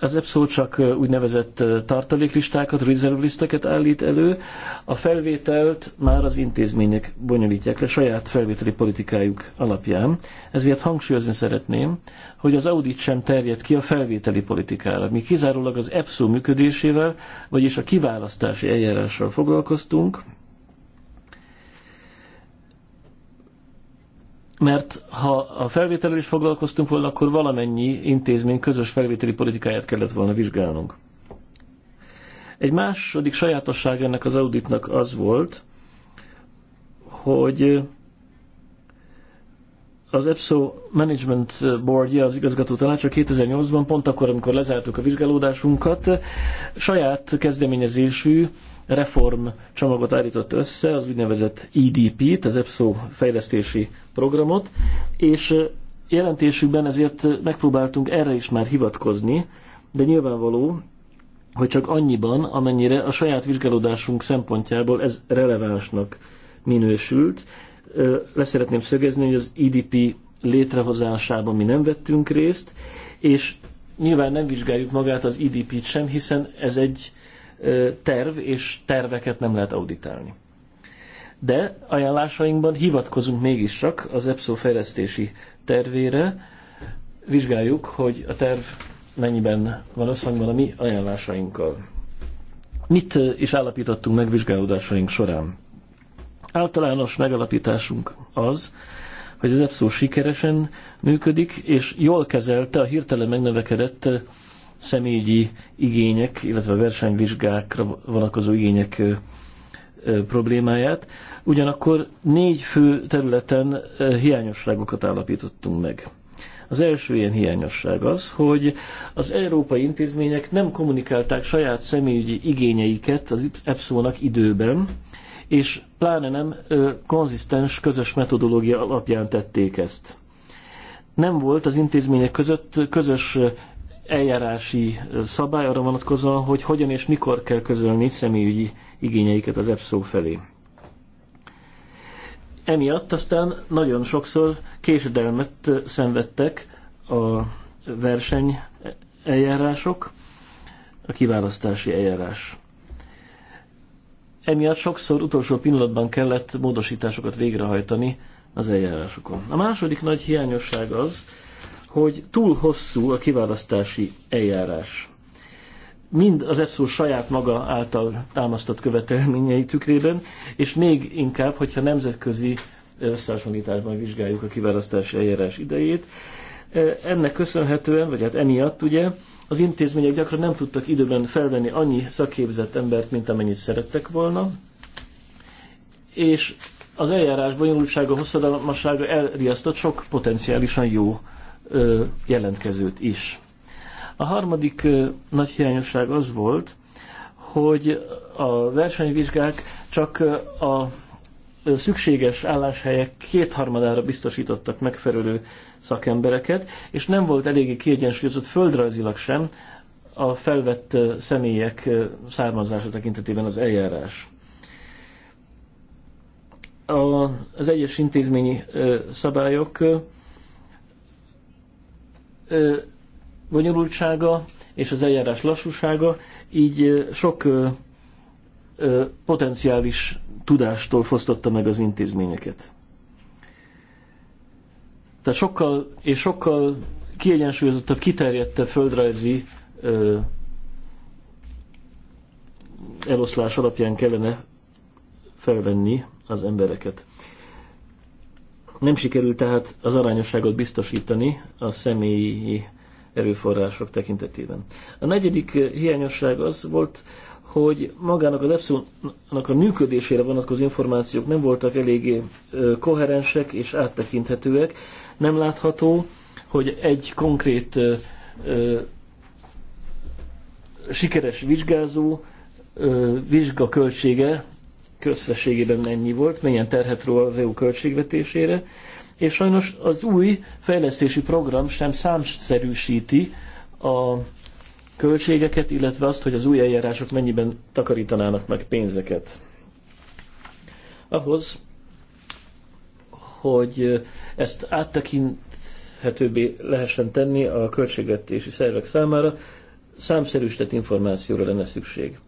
az EPSZO csak úgynevezett tartaléklistákat, reserve listeket állít elő, a felvételt már az intézmények bonyolítják le saját felvételi politikájuk alapján, ezért hangsúlyozni szeretném, hogy az audit sem terjed ki a felvételi politikára. Mi kizárólag az EPSZO működésével, vagyis a kiválasztási eljárással foglalkoztunk, mert ha a felvételről is foglalkoztunk volna, akkor valamennyi intézmény közös felvételi politikáját kellett volna vizsgálnunk. Egy második sajátosság ennek az auditnak az volt, hogy az EPSO Management Boardja, az igazgató tanácsa 2008-ban, pont akkor, amikor lezártuk a vizsgálódásunkat, saját kezdeményezésű reform csomagot állított össze, az úgynevezett EDP-t, az EPSO fejlesztési programot, és jelentésükben ezért megpróbáltunk erre is már hivatkozni, de nyilvánvaló, hogy csak annyiban, amennyire a saját vizsgálódásunk szempontjából ez relevánsnak minősült. Leszeretném szögezni, hogy az IDP létrehozásában mi nem vettünk részt, és nyilván nem vizsgáljuk magát az IDP-t sem, hiszen ez egy terv, és terveket nem lehet auditálni de ajánlásainkban hivatkozunk mégiscsak csak az EPSO fejlesztési tervére, vizsgáljuk, hogy a terv mennyiben van összhangban a mi ajánlásainkkal. Mit is állapítottunk meg vizsgálódásaink során? Általános megalapításunk az, hogy az EPSO sikeresen működik, és jól kezelte a hirtelen megnövekedett személyi igények, illetve a versenyvizsgákra vonatkozó igények problémáját, ugyanakkor négy fő területen hiányosságokat állapítottunk meg. Az első ilyen hiányosság az, hogy az európai intézmények nem kommunikálták saját személyügyi igényeiket az EPSZO-nak időben, és pláne nem ö, konzisztens közös metodológia alapján tették ezt. Nem volt az intézmények között közös eljárási szabály arra vonatkozóan, hogy hogyan és mikor kell közölni személyügyi igényeiket az EPSZO felé. Emiatt aztán nagyon sokszor késedelmet szenvedtek a verseny eljárások, a kiválasztási eljárás. Emiatt sokszor utolsó pillanatban kellett módosításokat végrehajtani az eljárásokon. A második nagy hiányosság az, hogy túl hosszú a kiválasztási eljárás mind az EFSZU saját maga által támasztott követelményei tükrében, és még inkább, hogyha nemzetközi összehasonlításban vizsgáljuk a kiválasztási eljárás idejét. Ennek köszönhetően, vagy hát emiatt ugye, az intézmények gyakran nem tudtak időben felvenni annyi szakképzett embert, mint amennyit szerettek volna, és az eljárás bonyolultsága, hosszadalmassága elriasztott sok potenciálisan jó jelentkezőt is. A harmadik nagy hiányosság az volt, hogy a versenyvizsgák csak a szükséges álláshelyek kétharmadára biztosítottak megfelelő szakembereket, és nem volt eléggé kiegyensúlyozott földrajzilag sem a felvett személyek származása tekintetében az eljárás. A, az egyes intézményi szabályok bonyolultsága és az eljárás lassúsága, így sok ö, ö, potenciális tudástól fosztotta meg az intézményeket. Tehát sokkal és sokkal kiegyensúlyozottabb, kiterjedte földrajzi ö, eloszlás alapján kellene felvenni az embereket. Nem sikerült tehát az arányosságot biztosítani a személyi erőforrások tekintetében. A negyedik eh, hiányosság az volt, hogy magának az Epsilonnak a működésére vonatkozó információk nem voltak eléggé eh, koherensek és áttekinthetőek. Nem látható, hogy egy konkrét ö, eh, ö, sikeres vizsgázó ö, vizsga költsége közösségében mennyi volt, mennyien terhet róla az EU költségvetésére, és sajnos az új fejlesztési program sem számszerűsíti a költségeket, illetve azt, hogy az új eljárások mennyiben takarítanának meg pénzeket. Ahhoz, hogy ezt áttekinthetőbbé lehessen tenni a költségvetési szervek számára, számszerűsített információra lenne szükség.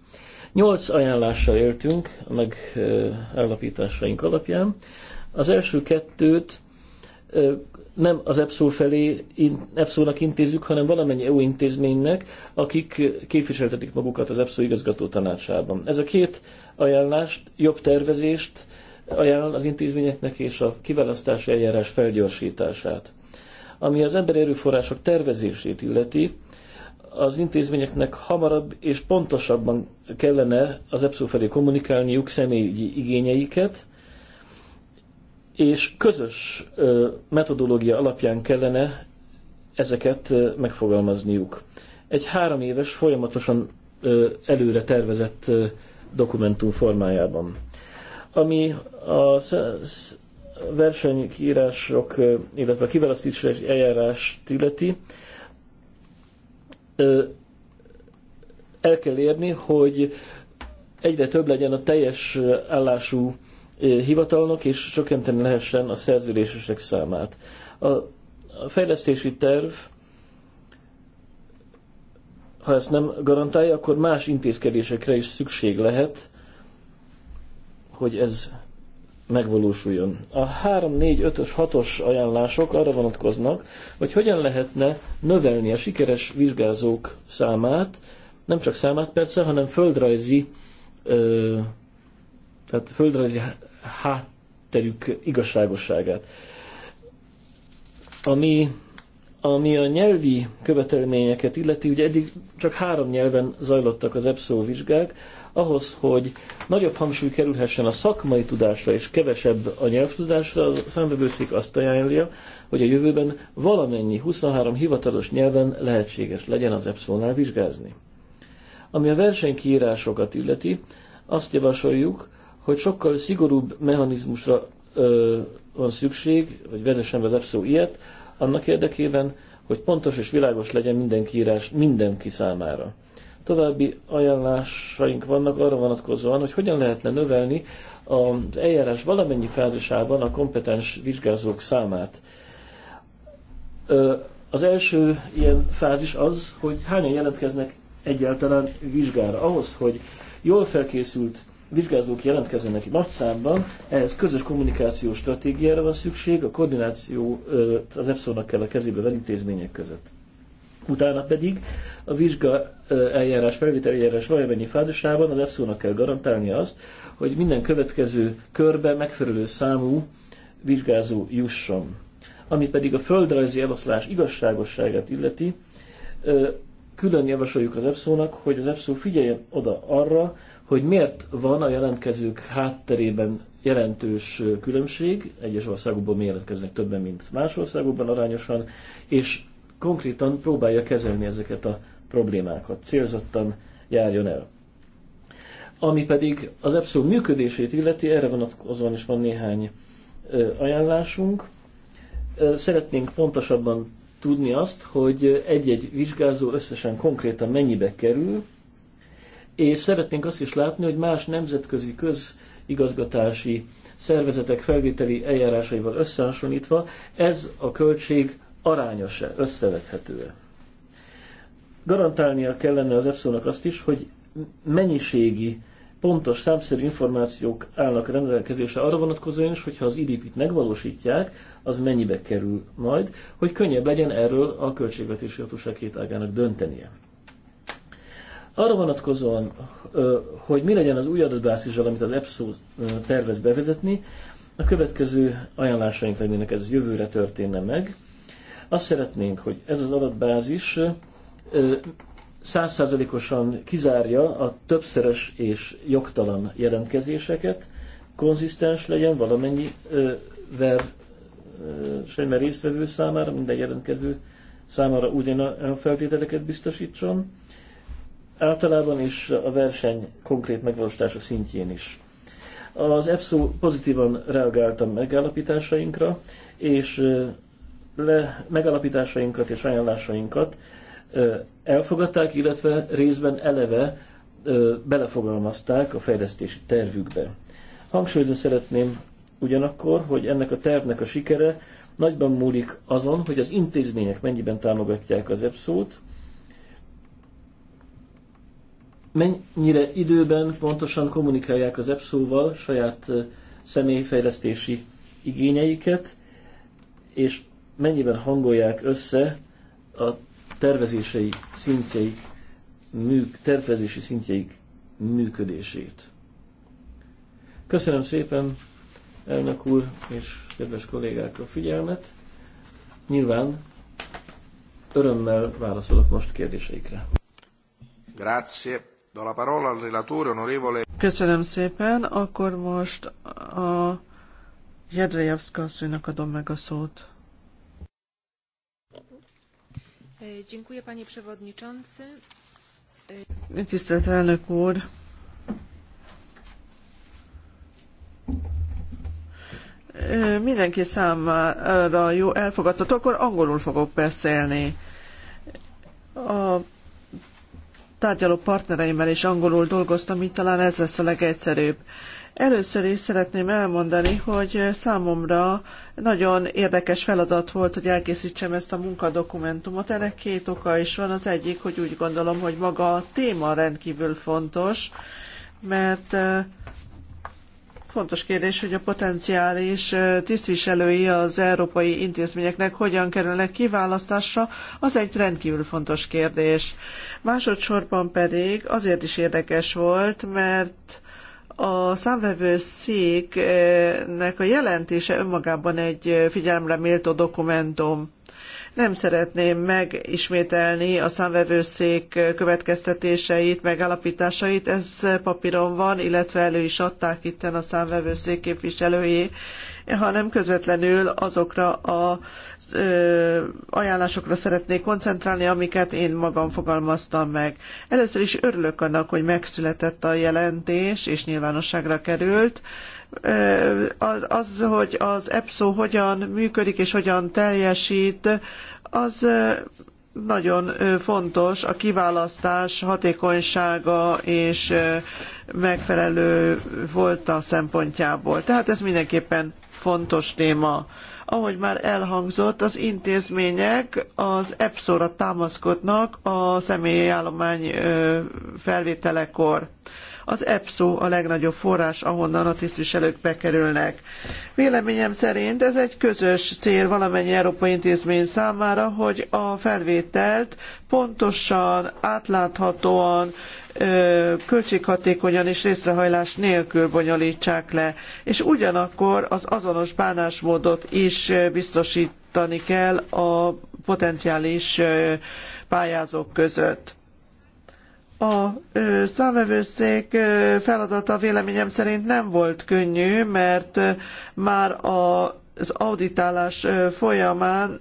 Nyolc ajánlással éltünk a megállapításaink alapján. Az első kettőt nem az EPSZO felé, EPSZO-nak intézzük, hanem valamennyi EU intézménynek, akik képviseltetik magukat az EPSZO igazgató tanácsában. Ez a két ajánlást, jobb tervezést ajánl az intézményeknek és a kiválasztási eljárás felgyorsítását. Ami az emberi erőforrások tervezését illeti, az intézményeknek hamarabb és pontosabban kellene az EPSZO felé kommunikálniuk személyi igényeiket, és közös metodológia alapján kellene ezeket megfogalmazniuk. Egy három éves, folyamatosan előre tervezett dokumentum formájában. Ami a versenykírások, illetve a kiválasztási eljárást illeti, el kell érni, hogy egyre több legyen a teljes állású hivatalnok, és csökkenteni lehessen a szerződésesek számát. A, a fejlesztési terv, ha ezt nem garantálja, akkor más intézkedésekre is szükség lehet, hogy ez megvalósuljon. A 3, 4, 5-ös, 6-os ajánlások arra vonatkoznak, hogy hogyan lehetne növelni a sikeres vizsgázók számát, nem csak számát persze, hanem földrajzi, ö, tehát földrajzi hátterük igazságosságát. Ami, ami a nyelvi követelményeket illeti, ugye eddig csak három nyelven zajlottak az EPSZO vizsgák, ahhoz, hogy nagyobb hangsúly kerülhessen a szakmai tudásra és kevesebb a nyelvtudásra, a számbevőszék azt ajánlja, hogy a jövőben valamennyi 23 hivatalos nyelven lehetséges legyen az EPSZO-nál vizsgázni. Ami a versenykiírásokat illeti, azt javasoljuk, hogy sokkal szigorúbb mechanizmusra ö, van szükség, vagy vezessen be az ilyet, annak érdekében, hogy pontos és világos legyen minden kiírás mindenki számára. További ajánlásaink vannak arra vonatkozóan, hogy hogyan lehetne növelni az eljárás valamennyi fázisában a kompetens vizsgázók számát. Az első ilyen fázis az, hogy hányan jelentkeznek egyáltalán vizsgára. Ahhoz, hogy jól felkészült vizsgázók jelentkezzenek nagy számban, ehhez közös kommunikációs stratégiára van szükség, a koordináció az EPSZON-nak kell a kezébe venni intézmények között. Utána pedig a vizsga eljárás, felvétel eljárás valamennyi fázisában az EPSZON-nak kell garantálni azt, hogy minden következő körbe megfelelő számú vizsgázó jusson. Ami pedig a földrajzi eloszlás igazságosságát illeti, külön javasoljuk az EPSZO-nak, hogy az EPSZO figyeljen oda arra, hogy miért van a jelentkezők hátterében jelentős különbség, egyes országokban mi jelentkeznek többen, mint más országokban arányosan, és konkrétan próbálja kezelni ezeket a problémákat, célzottan járjon el. Ami pedig az EPSZO működését illeti, erre vonatkozóan is van néhány ajánlásunk. Szeretnénk pontosabban tudni azt, hogy egy-egy vizsgázó összesen konkrétan mennyibe kerül, és szeretnénk azt is látni, hogy más nemzetközi közigazgatási szervezetek felvételi eljárásaival összehasonlítva ez a költség arányos-e, összevethető-e. Garantálnia kellene az efsa azt is, hogy mennyiségi, pontos, számszerű információk állnak rendelkezésre arra vonatkozóan is, hogyha az idp megvalósítják, az mennyibe kerül majd, hogy könnyebb legyen erről a költségvetési hatóság két ágának döntenie. Arra vonatkozóan, hogy mi legyen az új adatbázissal, amit az EPSO tervez bevezetni, a következő ajánlásaink lennének, ez jövőre történne meg. Azt szeretnénk, hogy ez az adatbázis százszázalékosan kizárja a többszeres és jogtalan jelentkezéseket, konzisztens legyen valamennyi ver semmi résztvevő számára, minden jelentkező számára a feltételeket biztosítson, általában is a verseny konkrét megvalósítása szintjén is. Az EPSZO pozitívan reagálta megállapításainkra, és le, megállapításainkat és ajánlásainkat elfogadták, illetve részben eleve belefogalmazták a fejlesztési tervükbe. Hangsúlyozni szeretném ugyanakkor, hogy ennek a tervnek a sikere nagyban múlik azon, hogy az intézmények mennyiben támogatják az EPSZ-t, mennyire időben pontosan kommunikálják az EPSZO-val saját személyfejlesztési igényeiket, és mennyiben hangolják össze a tervezései szintjeik, műk, tervezési szintjeik működését. Köszönöm szépen, elnök úr és kedves kollégák a figyelmet. Nyilván örömmel válaszolok most kérdéseikre. Grazie. Köszönöm szépen, akkor most a Jedvejevszka asszonynak adom meg a szót. E, dziękuję, panie przewodniczący. E, Tisztelt elnök úr! E, mindenki számára jó elfogadható, akkor angolul fogok beszélni. A tárgyaló partnereimmel is angolul dolgoztam, így talán ez lesz a legegyszerűbb. Először is szeretném elmondani, hogy számomra nagyon érdekes feladat volt, hogy elkészítsem ezt a munkadokumentumot. Ennek két oka is van. Az egyik, hogy úgy gondolom, hogy maga a téma rendkívül fontos, mert Fontos kérdés, hogy a potenciális tisztviselői az európai intézményeknek hogyan kerülnek kiválasztásra, az egy rendkívül fontos kérdés. Másodszorban pedig azért is érdekes volt, mert a számvevőszéknek a jelentése önmagában egy figyelemre méltó dokumentum. Nem szeretném megismételni a számvevőszék következtetéseit, megállapításait, ez papíron van, illetve elő is adták itten a számvevőszék képviselői, hanem közvetlenül azokra a ajánlásokra szeretnék koncentrálni, amiket én magam fogalmaztam meg. Először is örülök annak, hogy megszületett a jelentés, és nyilvánosságra került, az, hogy az EPSO hogyan működik és hogyan teljesít, az nagyon fontos a kiválasztás hatékonysága és megfelelő volt a szempontjából. Tehát ez mindenképpen fontos téma. Ahogy már elhangzott, az intézmények az epso ra támaszkodnak a személyi állomány felvételekor. Az EPSO a legnagyobb forrás, ahonnan a tisztviselők bekerülnek. Véleményem szerint ez egy közös cél valamennyi európai intézmény számára, hogy a felvételt pontosan, átláthatóan, költséghatékonyan és részrehajlás nélkül bonyolítsák le, és ugyanakkor az azonos bánásmódot is biztosítani kell a potenciális pályázók között. A ö, számvevőszék feladata véleményem szerint nem volt könnyű, mert már az auditálás folyamán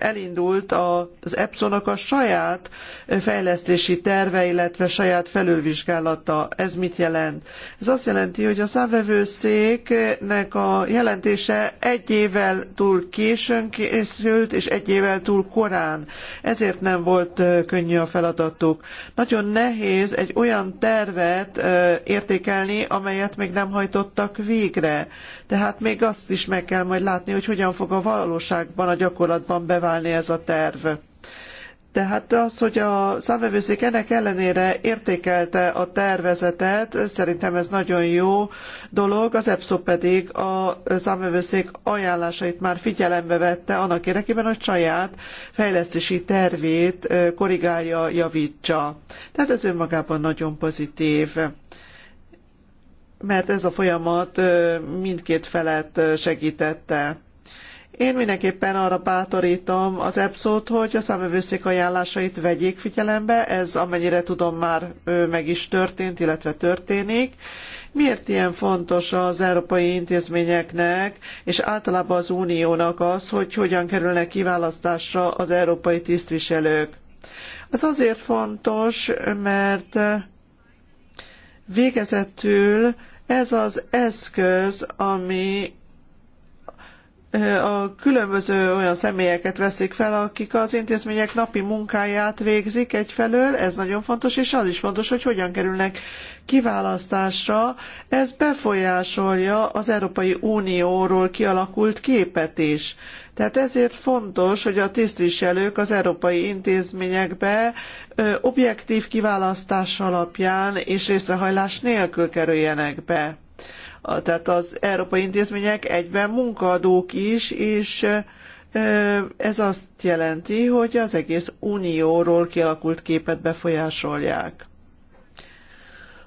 elindult az Epsonnak a saját fejlesztési terve, illetve saját felülvizsgálata. Ez mit jelent? Ez azt jelenti, hogy a számvevőszéknek a jelentése egy évvel túl későn készült, és egy évvel túl korán. Ezért nem volt könnyű a feladatuk. Nagyon nehéz egy olyan tervet értékelni, amelyet még nem hajtottak végre. Tehát még azt is meg kell majd látni, hogy hogyan fog a valóságban, a gyakorlatban beválni válni ez a terv. Tehát az, hogy a számvevőszék ennek ellenére értékelte a tervezetet, szerintem ez nagyon jó dolog, az EPSZO pedig a számvevőszék ajánlásait már figyelembe vette annak érdekében, hogy saját fejlesztési tervét korrigálja, javítsa. Tehát ez önmagában nagyon pozitív mert ez a folyamat mindkét felet segítette. Én mindenképpen arra bátorítom az EPSZ-ot, hogy a számövőszék ajánlásait vegyék figyelembe, ez amennyire tudom már meg is történt, illetve történik. Miért ilyen fontos az európai intézményeknek, és általában az uniónak az, hogy hogyan kerülnek kiválasztásra az európai tisztviselők? Ez azért fontos, mert végezetül ez az eszköz, ami a különböző olyan személyeket veszik fel, akik az intézmények napi munkáját végzik egyfelől, ez nagyon fontos, és az is fontos, hogy hogyan kerülnek kiválasztásra. Ez befolyásolja az Európai Unióról kialakult képet is. Tehát ezért fontos, hogy a tisztviselők az európai intézményekbe objektív kiválasztás alapján és részrehajlás nélkül kerüljenek be tehát az európai intézmények egyben munkaadók is, és ez azt jelenti, hogy az egész unióról kialakult képet befolyásolják.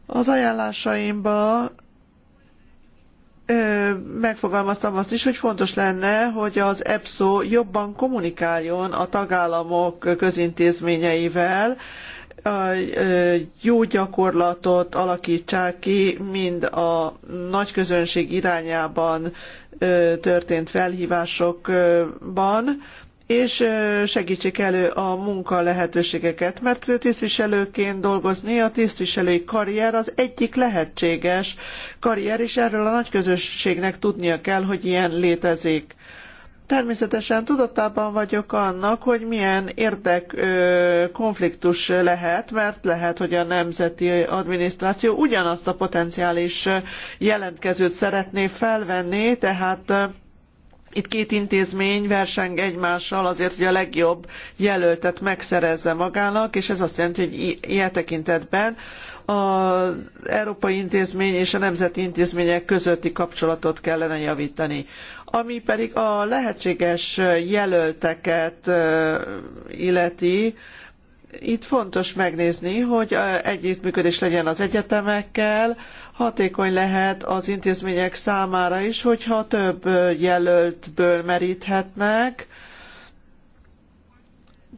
Az ajánlásaimba megfogalmaztam azt is, hogy fontos lenne, hogy az EPSO jobban kommunikáljon a tagállamok közintézményeivel, a jó gyakorlatot alakítsák ki, mind a nagy közönség irányában történt felhívásokban, és segítsék elő a munka lehetőségeket, mert tisztviselőként dolgozni a tisztviselői karrier az egyik lehetséges karrier, és erről a nagy közösségnek tudnia kell, hogy ilyen létezik. Természetesen tudatában vagyok annak, hogy milyen érdek konfliktus lehet, mert lehet, hogy a nemzeti adminisztráció ugyanazt a potenciális jelentkezőt szeretné felvenni, tehát itt két intézmény verseng egymással azért, hogy a legjobb jelöltet megszerezze magának, és ez azt jelenti, hogy ilyen tekintetben az európai intézmény és a nemzeti intézmények közötti kapcsolatot kellene javítani. Ami pedig a lehetséges jelölteket illeti, itt fontos megnézni, hogy együttműködés legyen az egyetemekkel, hatékony lehet az intézmények számára is, hogyha több jelöltből meríthetnek.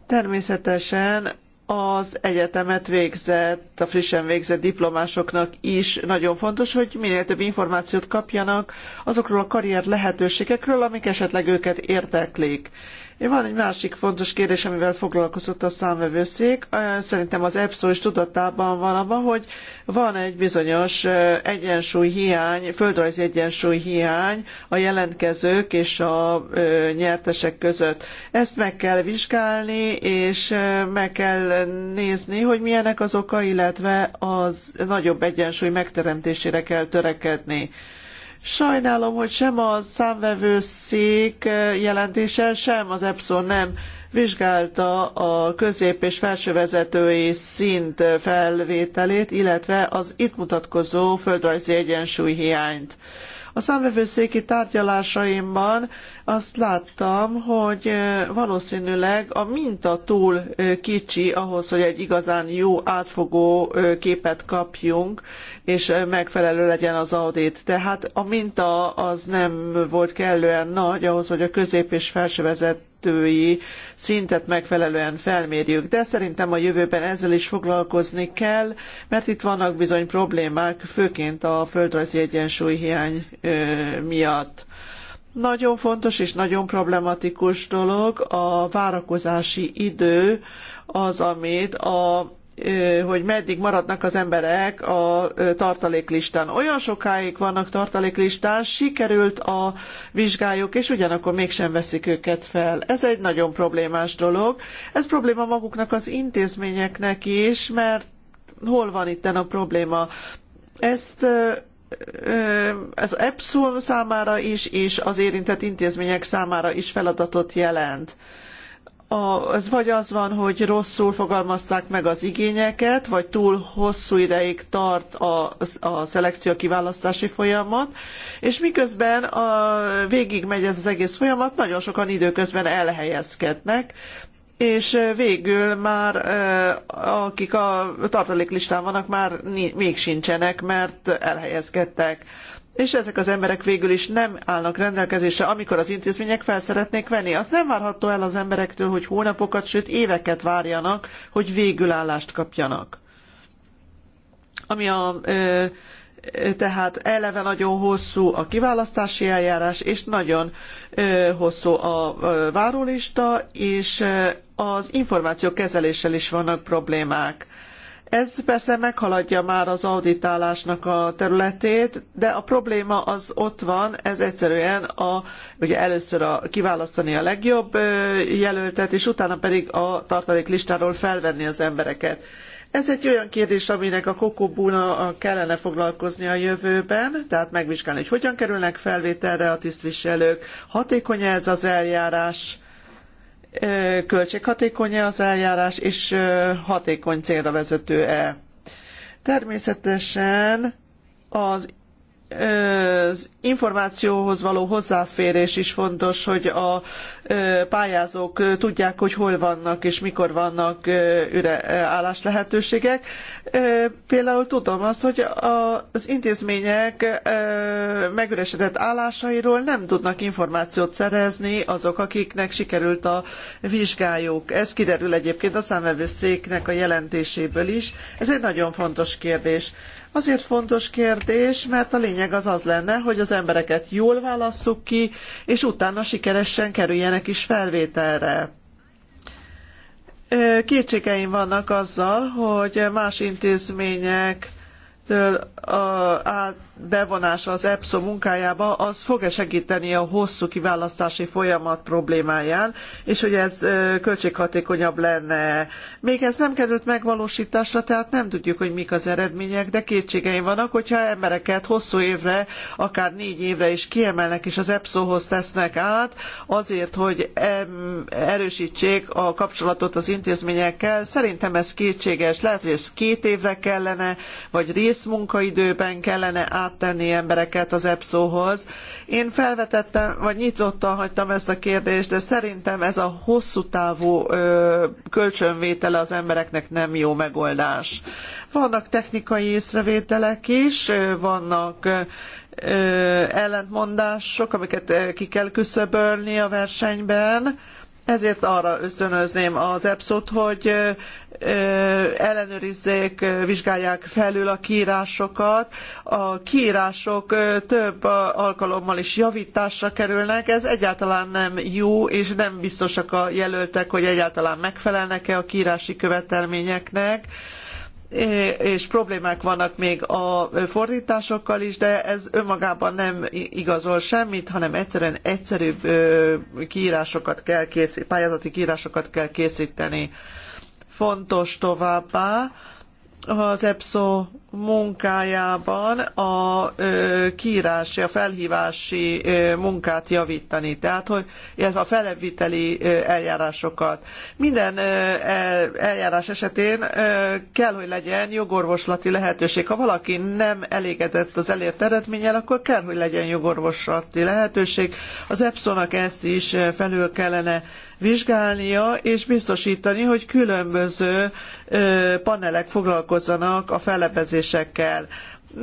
Természetesen az egyetemet végzett, a frissen végzett diplomásoknak is nagyon fontos, hogy minél több információt kapjanak azokról a karrier lehetőségekről, amik esetleg őket érteklik. Van egy másik fontos kérdés, amivel foglalkozott a számvevőszék. Szerintem az EPSZO is tudatában van abban, hogy van egy bizonyos egyensúlyhiány, földrajzi egyensúlyhiány a jelentkezők és a nyertesek között. Ezt meg kell vizsgálni, és meg kell nézni, hogy milyenek az oka, illetve az nagyobb egyensúly megteremtésére kell törekedni. Sajnálom, hogy sem a számvevőszék eh, jelentése, sem az EPSZON nem vizsgálta a közép- és felsővezetői szint felvételét, illetve az itt mutatkozó földrajzi egyensúly hiányt a számvevőszéki tárgyalásaimban azt láttam, hogy valószínűleg a minta túl kicsi ahhoz, hogy egy igazán jó átfogó képet kapjunk, és megfelelő legyen az audit. Tehát a minta az nem volt kellően nagy ahhoz, hogy a közép és felső kettői szintet megfelelően felmérjük. De szerintem a jövőben ezzel is foglalkozni kell, mert itt vannak bizony problémák, főként a földrajzi egyensúlyhiány miatt. Nagyon fontos és nagyon problematikus dolog a várakozási idő, az, amit a hogy meddig maradnak az emberek a tartaléklistán. Olyan sokáig vannak tartaléklistán, sikerült a vizsgájuk, és ugyanakkor mégsem veszik őket fel. Ez egy nagyon problémás dolog. Ez probléma maguknak az intézményeknek is, mert hol van itten a probléma? Ezt ez EPSZUL számára is, és az érintett intézmények számára is feladatot jelent az vagy az van, hogy rosszul fogalmazták meg az igényeket, vagy túl hosszú ideig tart a, a szelekció kiválasztási folyamat, és miközben a, végig megy ez az egész folyamat, nagyon sokan időközben elhelyezkednek, és végül már akik a tartaléklistán vannak, már még sincsenek, mert elhelyezkedtek és ezek az emberek végül is nem állnak rendelkezésre, amikor az intézmények fel szeretnék venni. Az nem várható el az emberektől, hogy hónapokat, sőt éveket várjanak, hogy végül állást kapjanak. Ami a ö, tehát eleve nagyon hosszú a kiválasztási eljárás, és nagyon hosszú a várólista, és az információ kezeléssel is vannak problémák. Ez persze meghaladja már az auditálásnak a területét, de a probléma az ott van, ez egyszerűen a, ugye először a, kiválasztani a legjobb jelöltet, és utána pedig a tartalék listáról felvenni az embereket. Ez egy olyan kérdés, aminek a kokobúna kellene foglalkozni a jövőben, tehát megvizsgálni, hogy hogyan kerülnek felvételre a tisztviselők, hatékony -e ez az eljárás, költséghatékony-e az eljárás, és hatékony célra vezető-e. Természetesen az az információhoz való hozzáférés is fontos, hogy a pályázók tudják, hogy hol vannak és mikor vannak üre, állás lehetőségek. Például tudom azt, hogy az intézmények megüresedett állásairól nem tudnak információt szerezni azok, akiknek sikerült a vizsgájuk. Ez kiderül egyébként a számvevőszéknek a jelentéséből is. Ez egy nagyon fontos kérdés. Azért fontos kérdés, mert a lényeg az az lenne, hogy az embereket jól válasszuk ki, és utána sikeresen kerüljenek is felvételre. Kétségeim vannak azzal, hogy más intézmények a, bevonása az EPSZO munkájába, az fog-e segíteni a hosszú kiválasztási folyamat problémáján, és hogy ez költséghatékonyabb lenne. Még ez nem került megvalósításra, tehát nem tudjuk, hogy mik az eredmények, de kétségeim vannak, hogyha embereket hosszú évre, akár négy évre is kiemelnek, és az epso hoz tesznek át, azért, hogy erősítsék a kapcsolatot az intézményekkel. Szerintem ez kétséges. Lehet, hogy ez két évre kellene, vagy részmunkaidőben kellene át áttenni embereket az epso hoz Én felvetettem, vagy nyitottan hagytam ezt a kérdést, de szerintem ez a hosszú távú ö, kölcsönvétele az embereknek nem jó megoldás. Vannak technikai észrevételek is, vannak ö, ellentmondások, amiket ki kell küszöbölni a versenyben, ezért arra ösztönözném az EPSZ-ot, hogy ellenőrizzék, vizsgálják felül a kiírásokat. A kiírások több alkalommal is javításra kerülnek, ez egyáltalán nem jó, és nem biztosak a jelöltek, hogy egyáltalán megfelelnek-e a kiírási követelményeknek és problémák vannak még a fordításokkal is, de ez önmagában nem igazol semmit, hanem egyszerűen egyszerűbb kiírásokat kell készíteni, pályázati kiírásokat kell készíteni. Fontos továbbá az EPSO munkájában a ö, kiírási, a felhívási munkát javítani, tehát hogy, illetve a feleviteli eljárásokat. Minden eljárás esetén kell, hogy legyen jogorvoslati lehetőség. Ha valaki nem elégedett az elért eredménnyel, akkor kell, hogy legyen jogorvoslati lehetőség. Az epszonak nak ezt is felül kellene vizsgálnia és biztosítani, hogy különböző panelek foglalkozzanak a felebezés kérdésekkel.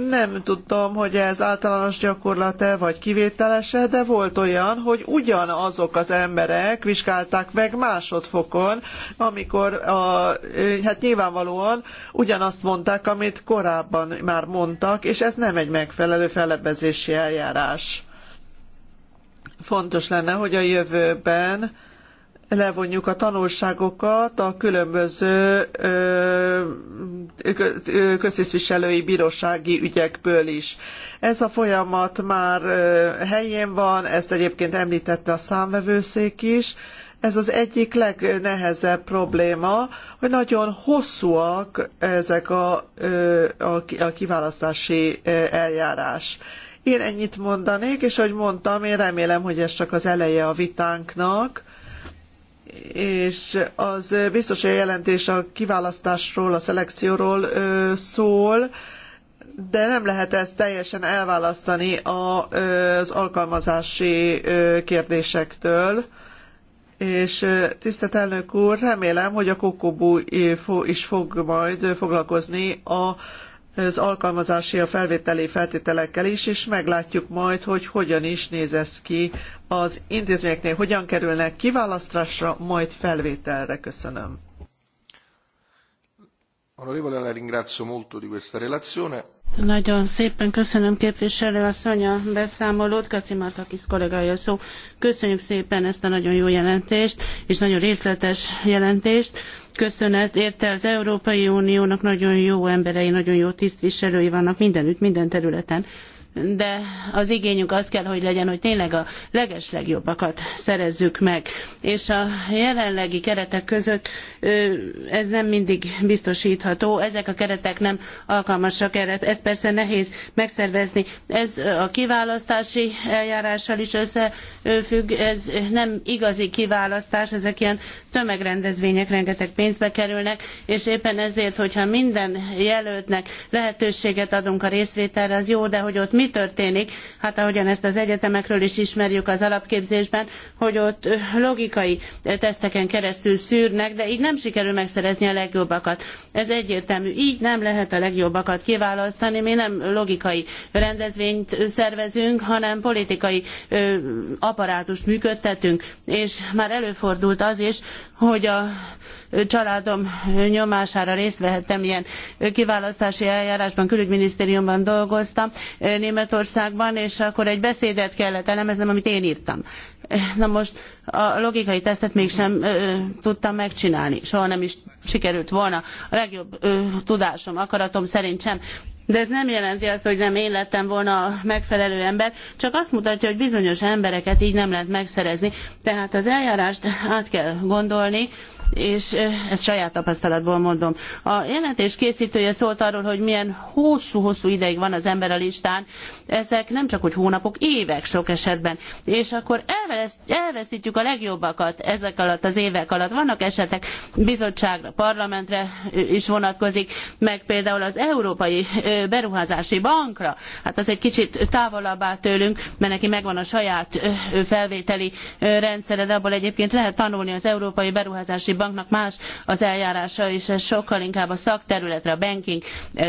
Nem tudom, hogy ez általános gyakorlat-e, vagy kivételes-e, de volt olyan, hogy ugyanazok az emberek vizsgálták meg másodfokon, amikor a, hát nyilvánvalóan ugyanazt mondták, amit korábban már mondtak, és ez nem egy megfelelő felebbezési eljárás. Fontos lenne, hogy a jövőben levonjuk a tanulságokat a különböző köztisztviselői bírósági ügyekből is. Ez a folyamat már helyén van, ezt egyébként említette a számvevőszék is, ez az egyik legnehezebb probléma, hogy nagyon hosszúak ezek a, a kiválasztási eljárás. Én ennyit mondanék, és ahogy mondtam, én remélem, hogy ez csak az eleje a vitánknak, és az biztos, hogy a jelentés a kiválasztásról, a szelekcióról szól, de nem lehet ezt teljesen elválasztani az alkalmazási kérdésektől. És tisztelt elnök úr, remélem, hogy a Kokobu is fog majd foglalkozni a az alkalmazási, a felvételi feltételekkel is, és meglátjuk majd, hogy hogyan is néz ez ki az intézményeknél, hogyan kerülnek kiválasztásra, majd felvételre. Köszönöm. Nagyon szépen köszönöm képviselő asszony a beszámolót, Kaci Martakis kollégája szó. Köszönjük szépen ezt a nagyon jó jelentést, és nagyon részletes jelentést köszönet érte az Európai Uniónak nagyon jó emberei, nagyon jó tisztviselői vannak mindenütt, minden területen de az igényünk az kell, hogy legyen, hogy tényleg a legeslegjobbakat szerezzük meg. És a jelenlegi keretek között ez nem mindig biztosítható, ezek a keretek nem alkalmasak erre, ez persze nehéz megszervezni. Ez a kiválasztási eljárással is összefügg, ez nem igazi kiválasztás, ezek ilyen tömegrendezvények rengeteg pénzbe kerülnek, és éppen ezért, hogyha minden jelöltnek lehetőséget adunk a részvételre, az jó, de hogy ott mi történik? Hát ahogyan ezt az egyetemekről is ismerjük az alapképzésben, hogy ott logikai teszteken keresztül szűrnek, de így nem sikerül megszerezni a legjobbakat. Ez egyértelmű. Így nem lehet a legjobbakat kiválasztani. Mi nem logikai rendezvényt szervezünk, hanem politikai ö, apparátust működtetünk. És már előfordult az is, hogy a családom nyomására részt vehettem ilyen kiválasztási eljárásban, külügyminisztériumban dolgoztam Németországban, és akkor egy beszédet kellett elemeznem, amit én írtam. Na most a logikai tesztet mégsem ö, tudtam megcsinálni, soha nem is sikerült volna. A legjobb ö, tudásom, akaratom szerint sem. De ez nem jelenti azt, hogy nem én lettem volna a megfelelő ember, csak azt mutatja, hogy bizonyos embereket így nem lehet megszerezni. Tehát az eljárást át kell gondolni, és ezt saját tapasztalatból mondom. A jelentés készítője szólt arról, hogy milyen hosszú-hosszú ideig van az ember a listán, ezek nem csak hogy hónapok, évek sok esetben, és akkor elveszítjük a legjobbakat ezek alatt az évek alatt. Vannak esetek bizottságra, parlamentre is vonatkozik, meg például az Európai Beruházási Bankra, hát az egy kicsit távolabbá tőlünk, mert neki megvan a saját felvételi rendszere, de abból egyébként lehet tanulni az Európai Beruházási banknak más az eljárása, és ez sokkal inkább a szakterületre, a banking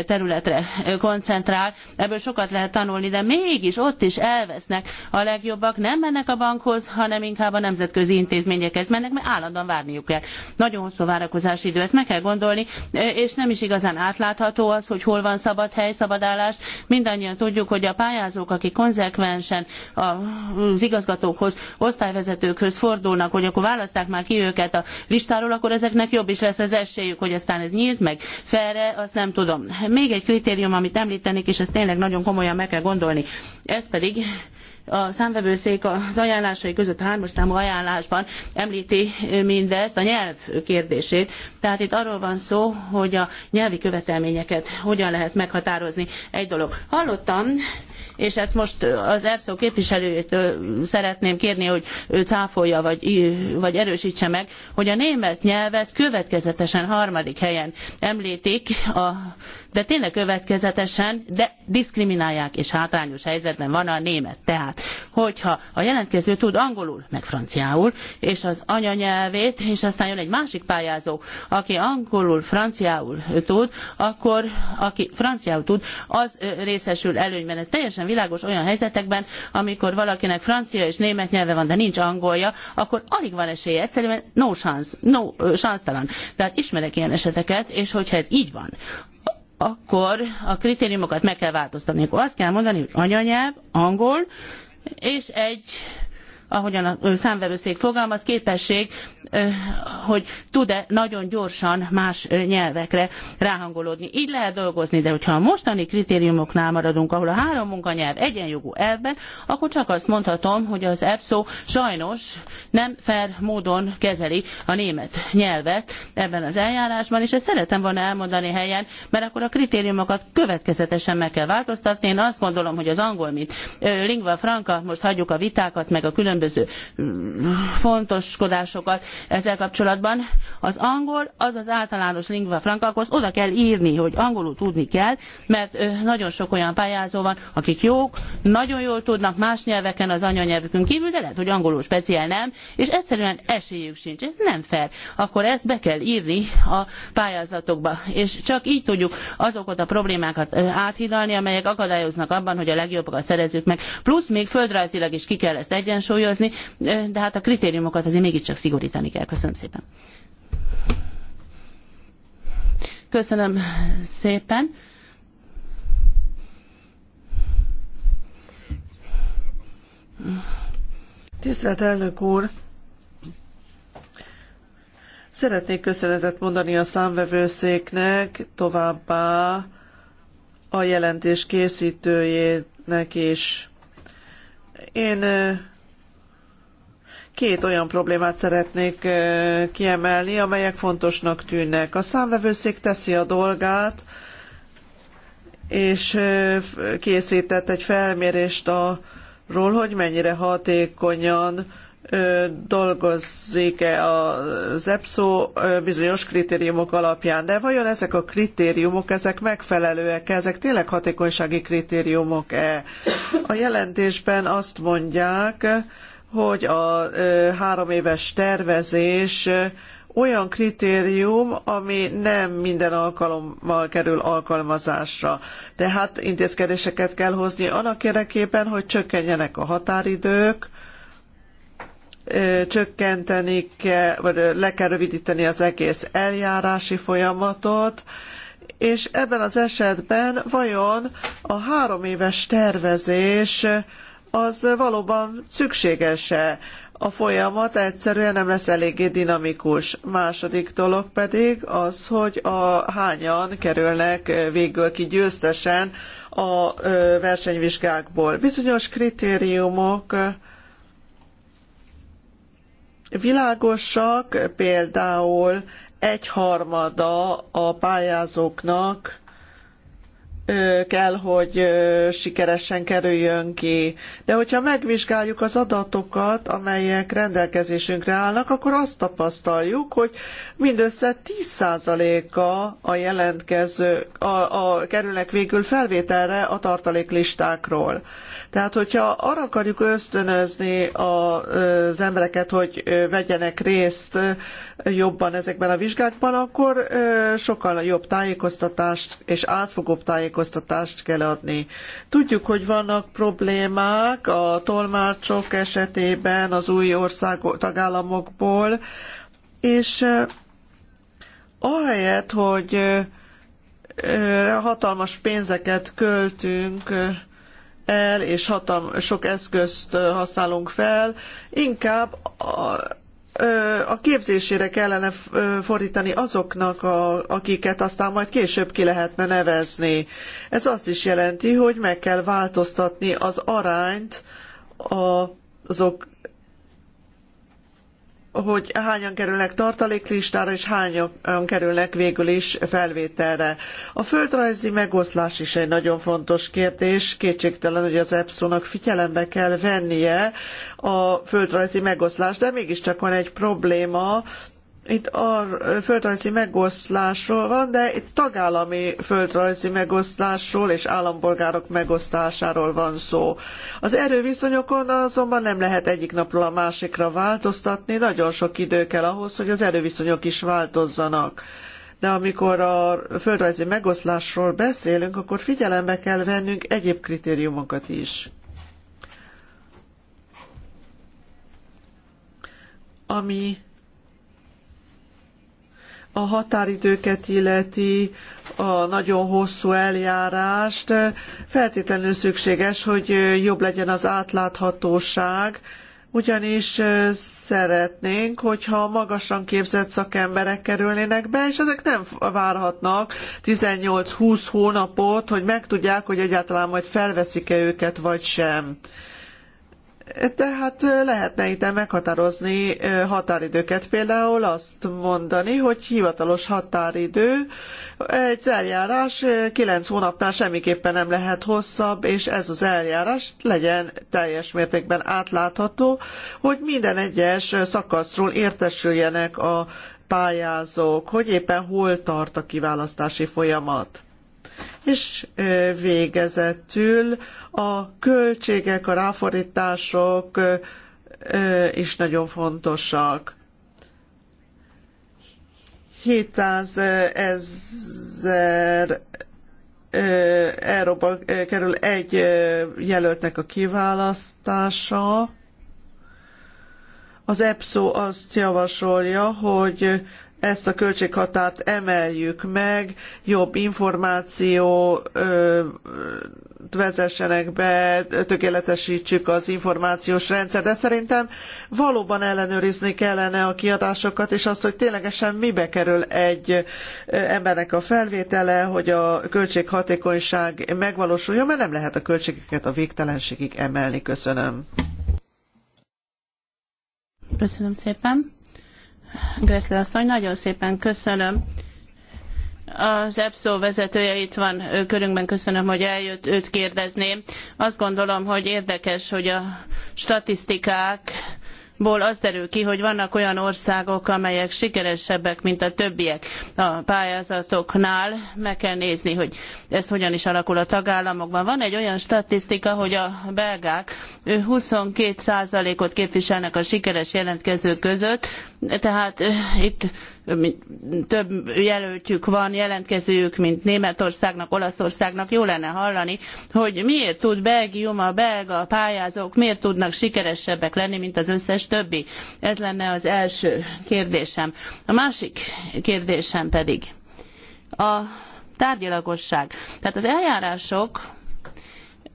területre koncentrál. Ebből sokat lehet tanulni, de mégis ott is elvesznek a legjobbak, nem mennek a bankhoz, hanem inkább a nemzetközi intézményekhez mennek, mert állandóan várniuk kell. Nagyon hosszú várakozási idő, ezt meg kell gondolni, és nem is igazán átlátható az, hogy hol van szabad hely, szabad állás. Mindannyian tudjuk, hogy a pályázók, akik konzekvensen az igazgatókhoz, osztályvezetőkhöz fordulnak, hogy akkor válasszák már ki őket a listáról, alul, akkor ezeknek jobb is lesz az esélyük, hogy aztán ez nyílt, meg felre, azt nem tudom. Még egy kritérium, amit említenék, és ezt tényleg nagyon komolyan meg kell gondolni, ez pedig a számvevőszék az ajánlásai között a hármas számú ajánlásban említi eh, mindezt, a nyelv kérdését. Tehát itt arról van szó, hogy a nyelvi követelményeket hogyan lehet meghatározni. Egy dolog. Hallottam, és ezt most eh, az ERSZO képviselőjét eh, szeretném kérni, hogy ő cáfolja, vagy, vagy erősítse meg, hogy a német nyelvet következetesen harmadik helyen említik a de tényleg következetesen, de diszkriminálják és hátrányos helyzetben van a német. Tehát, hogyha a jelentkező tud angolul, meg franciául, és az anyanyelvét, és aztán jön egy másik pályázó, aki angolul, franciául tud, akkor aki franciául tud, az részesül előnyben. Ez teljesen világos olyan helyzetekben, amikor valakinek francia és német nyelve van, de nincs angolja, akkor alig van esélye, egyszerűen no chance, no, uh, sansztalan. Tehát ismerek ilyen eseteket, és hogyha ez így van, akkor a kritériumokat meg kell változtatni. Akkor azt kell mondani, hogy anyanyelv, angol, és egy ahogyan a számvevőszék fogalmaz, képesség, hogy tud-e nagyon gyorsan más nyelvekre ráhangolódni. Így lehet dolgozni, de hogyha a mostani kritériumoknál maradunk, ahol a három munkanyelv egyenjogú elvben, akkor csak azt mondhatom, hogy az EPSZO sajnos nem fair módon kezeli a német nyelvet ebben az eljárásban, és ezt szeretem volna elmondani helyen, mert akkor a kritériumokat következetesen meg kell változtatni. Én azt gondolom, hogy az angol, mint lingua franca, most hagyjuk a vitákat, meg a különböző különböző fontoskodásokat ezzel kapcsolatban. Az angol az az általános lingva franca, oda kell írni, hogy angolul tudni kell, mert nagyon sok olyan pályázó van, akik jók, nagyon jól tudnak más nyelveken az anyanyelvükön kívül, de lehet, hogy angolul speciál nem, és egyszerűen esélyük sincs. Ez nem fair. Akkor ezt be kell írni a pályázatokba, és csak így tudjuk azokat a problémákat áthidalni, amelyek akadályoznak abban, hogy a legjobbakat szerezzük meg. Plusz még földrajzilag is ki kell ezt egyensúlyozni, hangsúlyozni, de hát a kritériumokat azért mégiscsak szigorítani kell. Köszönöm szépen. Köszönöm szépen. Tisztelt elnök úr! Szeretnék köszönetet mondani a számvevőszéknek, továbbá a jelentés készítőjének is. Én két olyan problémát szeretnék kiemelni, amelyek fontosnak tűnnek. A számvevőszék teszi a dolgát, és készített egy felmérést arról, hogy mennyire hatékonyan dolgozik-e az EPSO bizonyos kritériumok alapján. De vajon ezek a kritériumok, ezek megfelelőek -e? Ezek tényleg hatékonysági kritériumok-e? A jelentésben azt mondják, hogy a három éves tervezés olyan kritérium, ami nem minden alkalommal kerül alkalmazásra. Tehát intézkedéseket kell hozni annak érdekében, hogy csökkenjenek a határidők, csökkenteni kell, vagy le kell rövidíteni az egész eljárási folyamatot, és ebben az esetben vajon a három éves tervezés az valóban szükséges-e? A folyamat egyszerűen nem lesz eléggé dinamikus. Második dolog pedig az, hogy a hányan kerülnek végül ki győztesen a versenyvizsgákból. Bizonyos kritériumok világosak, például egyharmada a pályázóknak kell, hogy sikeresen kerüljön ki. De hogyha megvizsgáljuk az adatokat, amelyek rendelkezésünkre állnak, akkor azt tapasztaljuk, hogy mindössze 10%-a a jelentkező, a, a kerülnek végül felvételre a tartaléklistákról. Tehát, hogyha arra akarjuk ösztönözni a, az embereket, hogy vegyenek részt jobban ezekben a vizsgákban, akkor sokkal jobb tájékoztatást és átfogóbb tájékoztatást tájékoztatást kell adni. Tudjuk, hogy vannak problémák a tolmácsok esetében az új ország tagállamokból, és ahelyett, hogy hatalmas pénzeket költünk el, és sok eszközt használunk fel, inkább a a képzésére kellene fordítani azoknak, a, akiket aztán majd később ki lehetne nevezni. Ez azt is jelenti, hogy meg kell változtatni az arányt azok hogy hányan kerülnek tartaléklistára, és hányan kerülnek végül is felvételre. A földrajzi megoszlás is egy nagyon fontos kérdés. Kétségtelen, hogy az EPSZO-nak figyelembe kell vennie a földrajzi megoszlást, de mégiscsak van egy probléma, itt a földrajzi megoszlásról van, de itt tagállami földrajzi megoszlásról és állampolgárok megosztásáról van szó. Az erőviszonyokon azonban nem lehet egyik napról a másikra változtatni, nagyon sok idő kell ahhoz, hogy az erőviszonyok is változzanak. De amikor a földrajzi megoszlásról beszélünk, akkor figyelembe kell vennünk egyéb kritériumokat is. Ami a határidőket illeti a nagyon hosszú eljárást. Feltétlenül szükséges, hogy jobb legyen az átláthatóság, ugyanis szeretnénk, hogyha magasan képzett szakemberek kerülnének be, és ezek nem várhatnak 18-20 hónapot, hogy megtudják, hogy egyáltalán majd felveszik-e őket, vagy sem. Tehát lehetne itt meghatározni határidőket, például azt mondani, hogy hivatalos határidő, egy eljárás 9 hónapnál semmiképpen nem lehet hosszabb, és ez az eljárás legyen teljes mértékben átlátható, hogy minden egyes szakaszról értesüljenek a pályázók, hogy éppen hol tart a kiválasztási folyamat és végezetül a költségek, a ráfordítások is nagyon fontosak. 700 ezer euróba kerül egy jelöltnek a kiválasztása. Az EPSO azt javasolja, hogy ezt a költséghatárt emeljük meg, jobb információ ö, vezessenek be, tökéletesítsük az információs rendszer, de szerintem valóban ellenőrizni kellene a kiadásokat, és azt, hogy ténylegesen mibe kerül egy embernek a felvétele, hogy a költséghatékonyság megvalósuljon, mert nem lehet a költségeket a végtelenségig emelni. Köszönöm. Köszönöm szépen. Greszle asszony, nagyon szépen köszönöm. Az EPSZO vezetője itt van körünkben, köszönöm, hogy eljött, őt kérdezném. Azt gondolom, hogy érdekes, hogy a statisztikák ból az derül ki, hogy vannak olyan országok, amelyek sikeresebbek, mint a többiek a pályázatoknál. Meg kell nézni, hogy ez hogyan is alakul a tagállamokban. Van egy olyan statisztika, hogy a belgák 22%-ot képviselnek a sikeres jelentkezők között, tehát eh, itt több jelöltjük van, jelentkezőjük, mint Németországnak, Olaszországnak. Jó lenne hallani, hogy miért tud Belgium, a belga pályázók miért tudnak sikeresebbek lenni, mint az összes többi. Ez lenne az első kérdésem. A másik kérdésem pedig a tárgyilagosság. Tehát az eljárások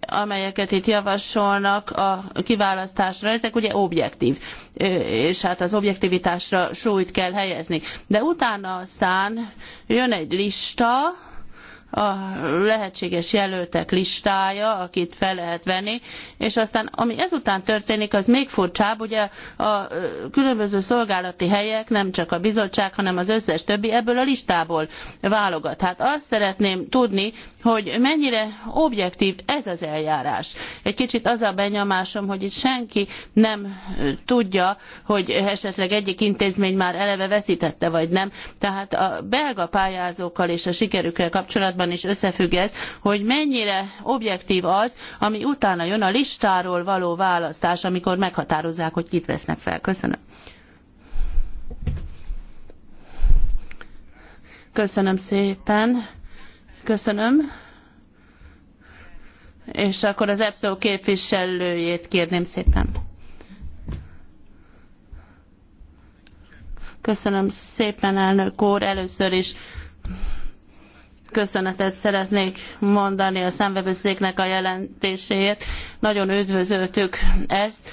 amelyeket itt javasolnak a kiválasztásra, ezek ugye objektív, és hát az objektivitásra súlyt kell helyezni. De utána aztán jön egy lista, a lehetséges jelöltek listája, akit fel lehet venni, és aztán ami ezután történik, az még furcsább, ugye a különböző szolgálati helyek, nem csak a bizottság, hanem az összes többi ebből a listából válogat. Hát azt szeretném tudni, hogy mennyire objektív ez az eljárás. Egy kicsit az a benyomásom, hogy itt senki nem tudja, hogy esetleg egyik intézmény már eleve veszítette, vagy nem. Tehát a belga pályázókkal és a sikerükkel kapcsolatban is összefügg ez, hogy mennyire objektív az, ami utána jön a listáról való választás, amikor meghatározzák, hogy kit vesznek fel. Köszönöm. Köszönöm szépen. Köszönöm. És akkor az EPSZO képviselőjét kérném szépen. Köszönöm szépen, elnök úr. Először is köszönetet szeretnék mondani a számvevőszéknek a jelentéséért. Nagyon üdvözöltük ezt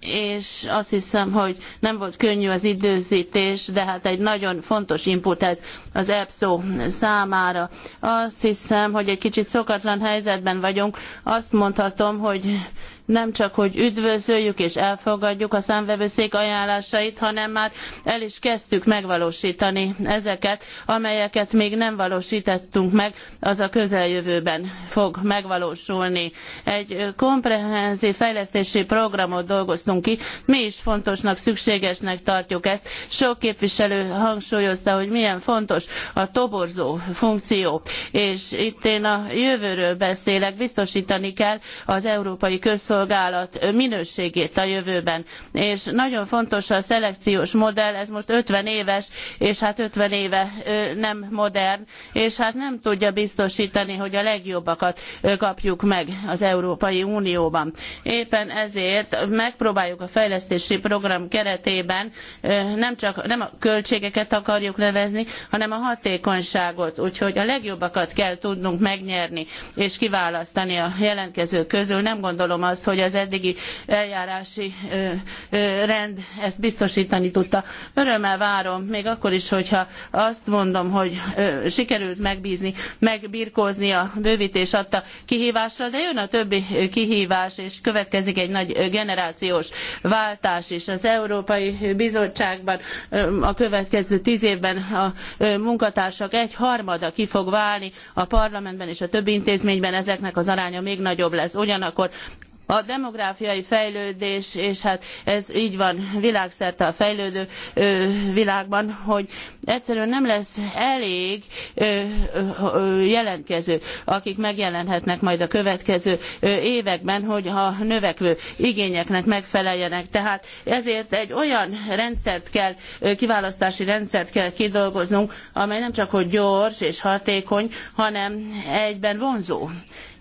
és azt hiszem, hogy nem volt könnyű az időzítés, de hát egy nagyon fontos input ez az EPSO számára. Azt hiszem, hogy egy kicsit szokatlan helyzetben vagyunk. Azt mondhatom, hogy nem csak, hogy üdvözöljük és elfogadjuk a számvevőszék ajánlásait, hanem már el is kezdtük megvalósítani ezeket, amelyeket még nem valósítettünk meg, az a közeljövőben fog megvalósulni. Egy komprehenzív fejlesztési programot dolgoztunk ki, mi is fontosnak, szükségesnek tartjuk ezt. Sok képviselő hangsúlyozta, hogy milyen fontos a toborzó funkció, és itt én a jövőről beszélek, biztosítani kell az európai közszolgáltatásokat, szolgálat minőségét a jövőben. És nagyon fontos a szelekciós modell, ez most 50 éves, és hát 50 éve nem modern, és hát nem tudja biztosítani, hogy a legjobbakat kapjuk meg az Európai Unióban. Éppen ezért megpróbáljuk a fejlesztési program keretében nem csak nem a költségeket akarjuk nevezni, hanem a hatékonyságot, úgyhogy a legjobbakat kell tudnunk megnyerni és kiválasztani a jelentkezők közül. Nem gondolom azt, hogy az eddigi eljárási rend ezt biztosítani tudta. Örömmel várom, még akkor is, hogyha azt mondom, hogy sikerült megbízni, megbirkózni a bővítés adta kihívásra, de jön a többi kihívás, és következik egy nagy generációs váltás is. Az Európai Bizottságban a következő tíz évben a munkatársak egy harmada ki fog válni, a parlamentben és a többi intézményben ezeknek az aránya még nagyobb lesz. Ugyanakkor a demográfiai fejlődés, és hát ez így van világszerte a fejlődő világban, hogy egyszerűen nem lesz elég jelentkező, akik megjelenhetnek majd a következő években, hogy a növekvő igényeknek megfeleljenek. Tehát ezért egy olyan rendszert kell, kiválasztási rendszert kell kidolgoznunk, amely nem csak hogy gyors és hatékony, hanem egyben vonzó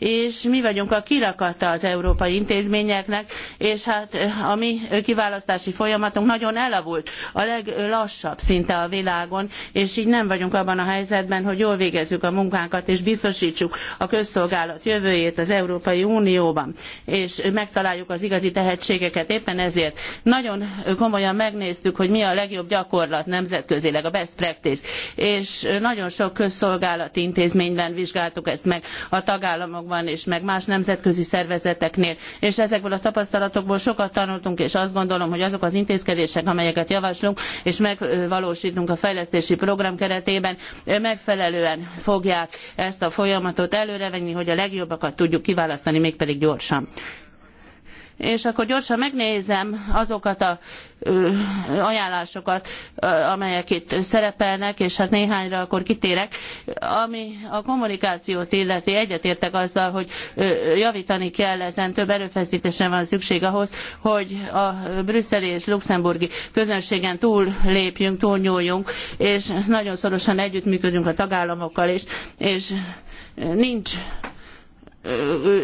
és mi vagyunk a kirakata az európai intézményeknek, és hát eh, a mi kiválasztási folyamatunk nagyon elavult, a leglassabb szinte a világon, és így nem vagyunk abban a helyzetben, hogy jól végezzük a munkánkat, és biztosítsuk a közszolgálat jövőjét az Európai Unióban, és megtaláljuk az igazi tehetségeket. Éppen ezért nagyon komolyan megnéztük, hogy mi a legjobb gyakorlat nemzetközileg, a best practice, és nagyon sok közszolgálati intézményben vizsgáltuk ezt meg a tagállamokban, Párizsban és meg más nemzetközi szervezeteknél. És ezekből a tapasztalatokból sokat tanultunk, és azt gondolom, hogy azok az intézkedések, amelyeket javaslunk és megvalósítunk a fejlesztési program keretében, megfelelően fogják ezt a folyamatot előrevenni, hogy a legjobbakat tudjuk kiválasztani, mégpedig gyorsan és akkor gyorsan megnézem azokat a ajánlásokat, amelyek itt szerepelnek, és hát néhányra akkor kitérek. Ami a kommunikációt illeti, egyetértek azzal, hogy javítani kell ezen, több erőfeszítésre van szükség ahhoz, hogy a brüsszeli és luxemburgi közönségen túl lépjünk, túl nyúljunk, és nagyon szorosan együttműködünk a tagállamokkal, is, és nincs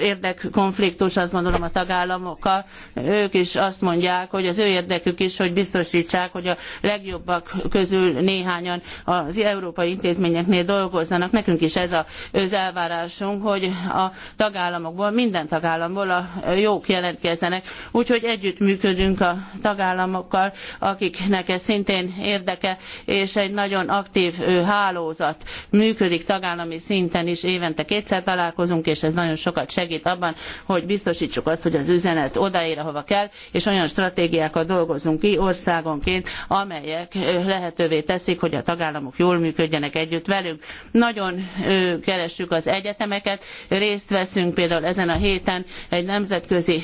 érdekkonfliktus, azt gondolom a tagállamokkal, ők is azt mondják, hogy az ő érdekük is, hogy biztosítsák, hogy a legjobbak közül néhányan az európai intézményeknél dolgozzanak. Nekünk is ez az elvárásunk, hogy a tagállamokból, minden tagállamból a jók jelentkezzenek. Úgyhogy együttműködünk a tagállamokkal, akiknek ez szintén érdeke, és egy nagyon aktív hálózat működik tagállami szinten is. Évente kétszer találkozunk, és ez nagyon nagyon sokat segít abban, hogy biztosítsuk azt, hogy az üzenet odaér, ahova kell, és olyan stratégiákat dolgozunk ki országonként, amelyek lehetővé teszik, hogy a tagállamok jól működjenek együtt velünk. Nagyon keressük az egyetemeket, részt veszünk például ezen a héten egy nemzetközi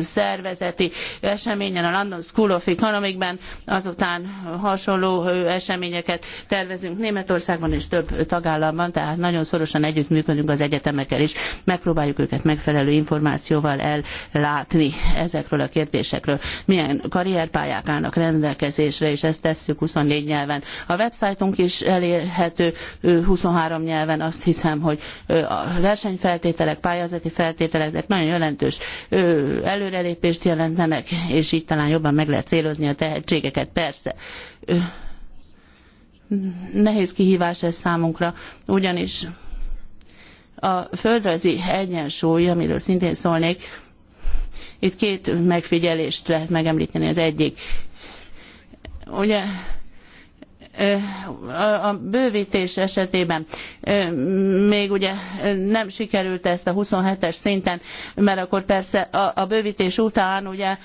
szervezeti eseményen, a London School of Economicben, azután hasonló eseményeket tervezünk Németországban és több tagállamban, tehát nagyon szorosan együttműködünk az egyetemekkel is. Meg megpróbáljuk őket megfelelő információval ellátni ezekről a kérdésekről. Milyen karrierpályák állnak rendelkezésre, és ezt tesszük 24 nyelven. A websájtunk is elérhető 23 nyelven, azt hiszem, hogy a versenyfeltételek, pályázati feltételek nagyon jelentős előrelépést jelentenek, és így talán jobban meg lehet célozni a tehetségeket. Persze, nehéz kihívás ez számunkra, ugyanis a földrajzi egyensúly, amiről szintén szólnék, itt két megfigyelést lehet megemlíteni. Az egyik, ugye a bővítés esetében még ugye nem sikerült ezt a 27-es szinten, mert akkor persze a, a bővítés után ugye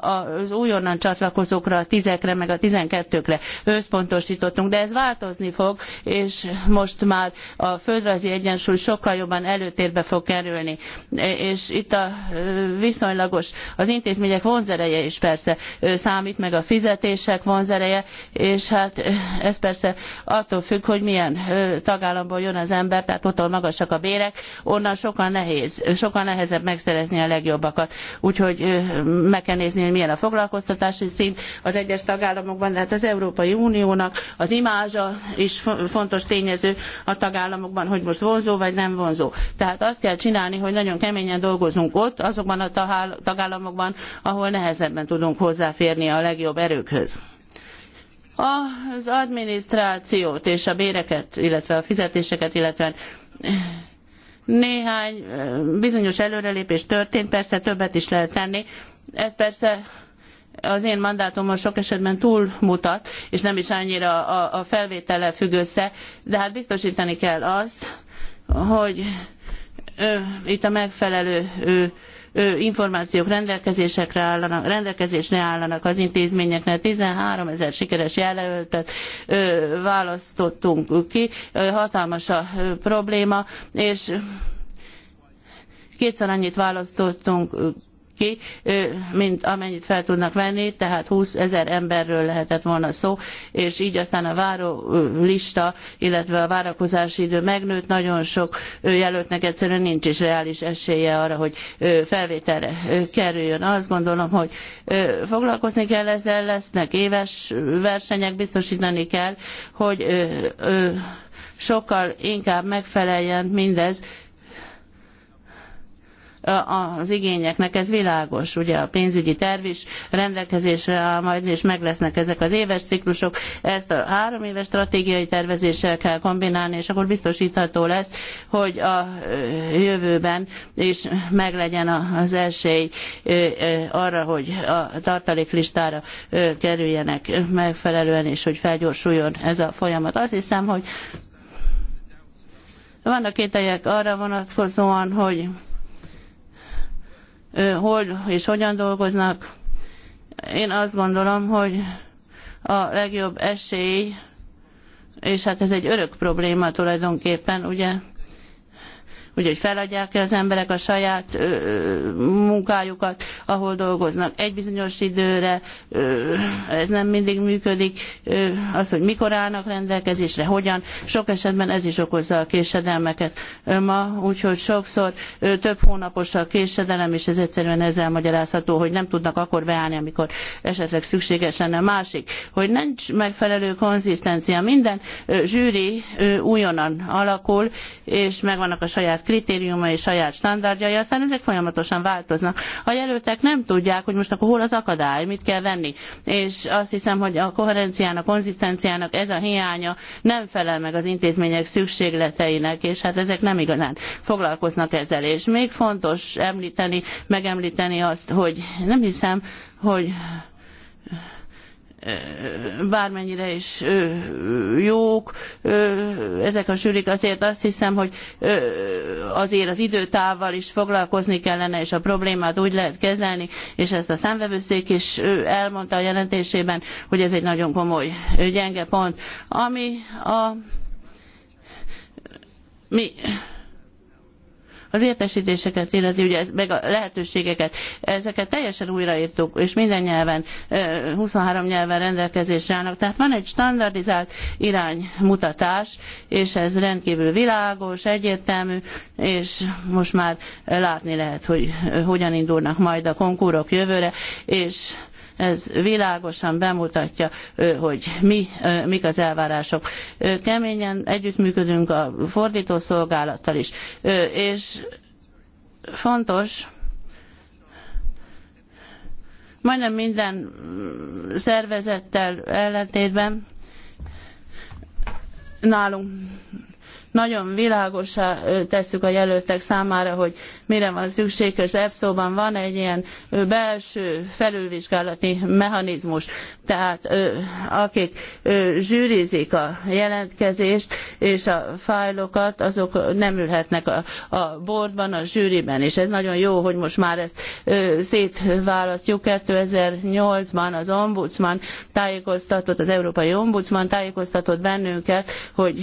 az újonnan csatlakozókra, a tízekre, meg a tizenkettőkre összpontosítottunk, de ez változni fog, és most már a földrajzi egyensúly sokkal jobban előtérbe fog kerülni. E, és itt a viszonylagos, az intézmények vonzereje is persze számít, meg a fizetések vonzereje, és hát ez persze attól függ, hogy milyen tagállamból jön az ember, tehát ott, ahol magasak a bérek, onnan sokkal nehéz, sokkal nehezebb megszerezni a legjobbakat. Úgyhogy meg kell nézni, hogy milyen a foglalkoztatási szint az egyes tagállamokban, de hát az Európai Uniónak az imázsa is fontos tényező a tagállamokban, hogy most vonzó vagy nem vonzó. Tehát azt kell csinálni, hogy nagyon keményen dolgozunk ott, azokban a tagállamokban, ahol nehezebben tudunk hozzáférni a legjobb erőkhöz az adminisztrációt és a béreket, illetve a fizetéseket, illetve néhány bizonyos előrelépés történt, persze többet is lehet tenni. Ez persze az én mandátumon sok esetben túlmutat, és nem is annyira a, a felvétele függ össze, de hát biztosítani kell azt, hogy itt a megfelelő információk rendelkezésekre állanak, rendelkezésre állanak az intézményeknek. 13 ezer sikeres jelöltet választottunk ki, hatalmas a probléma, és kétszer annyit választottunk ki, mint amennyit fel tudnak venni, tehát 20 ezer emberről lehetett volna szó, és így aztán a váró lista, illetve a várakozási idő megnőtt, nagyon sok jelöltnek egyszerűen nincs is reális esélye arra, hogy felvételre kerüljön. Azt gondolom, hogy foglalkozni kell ezzel, lesznek éves versenyek, biztosítani kell, hogy sokkal inkább megfeleljen mindez az igényeknek, ez világos, ugye a pénzügyi terv is rendelkezésre áll majd, és meg lesznek ezek az éves ciklusok, ezt a három éves stratégiai tervezéssel kell kombinálni, és akkor biztosítható lesz, hogy a jövőben is meglegyen az esély arra, hogy a tartaléklistára kerüljenek megfelelően, és hogy felgyorsuljon ez a folyamat. Azt hiszem, hogy vannak kételyek arra vonatkozóan, hogy hol és hogyan dolgoznak. Én azt gondolom, hogy a legjobb esély, és hát ez egy örök probléma tulajdonképpen, ugye hogy feladják-e az emberek a saját munkájukat, ahol dolgoznak egy bizonyos időre, ez nem mindig működik, az, hogy mikor állnak rendelkezésre, hogyan, sok esetben ez is okozza a késedelmeket ma, úgyhogy sokszor több hónapos a késedelem, és ez egyszerűen ezzel magyarázható, hogy nem tudnak akkor beállni, amikor esetleg szükséges lenne másik, hogy nincs megfelelő konzisztencia, minden zsűri újonnan alakul, és megvannak a saját kritériumai, saját standardjai, aztán ezek folyamatosan változnak. A jelöltek nem tudják, hogy most akkor hol az akadály, mit kell venni. És azt hiszem, hogy a koherenciának, konzisztenciának ez a hiánya nem felel meg az intézmények szükségleteinek, és hát ezek nem igazán foglalkoznak ezzel. És még fontos említeni, megemlíteni azt, hogy nem hiszem, hogy bármennyire is jók ezek a zsűrik, azért azt hiszem, hogy azért az időtávval is foglalkozni kellene, és a problémát úgy lehet kezelni, és ezt a számvevőszék is elmondta a jelentésében, hogy ez egy nagyon komoly gyenge pont. Ami a mi az értesítéseket illeti, ugye ez, meg a lehetőségeket, ezeket teljesen újraírtuk, és minden nyelven, 23 nyelven rendelkezésre állnak. Tehát van egy standardizált iránymutatás, és ez rendkívül világos, egyértelmű, és most már látni lehet, hogy hogyan indulnak majd a konkúrok jövőre, és ez világosan bemutatja, hogy mi, mik az elvárások. Keményen együttműködünk a fordítószolgálattal is, és fontos, majdnem minden szervezettel ellentétben nálunk nagyon világosá tesszük a jelöltek számára, hogy mire van szükség, és EPSZO-ban van egy ilyen belső felülvizsgálati mechanizmus. Tehát akik zsűrizik a jelentkezést és a fájlokat, azok nem ülhetnek a, a boardban, a zsűriben, és ez nagyon jó, hogy most már ezt szétválasztjuk. 2008-ban az ombudsman tájékoztatott, az Európai Ombudsman tájékoztatott bennünket, hogy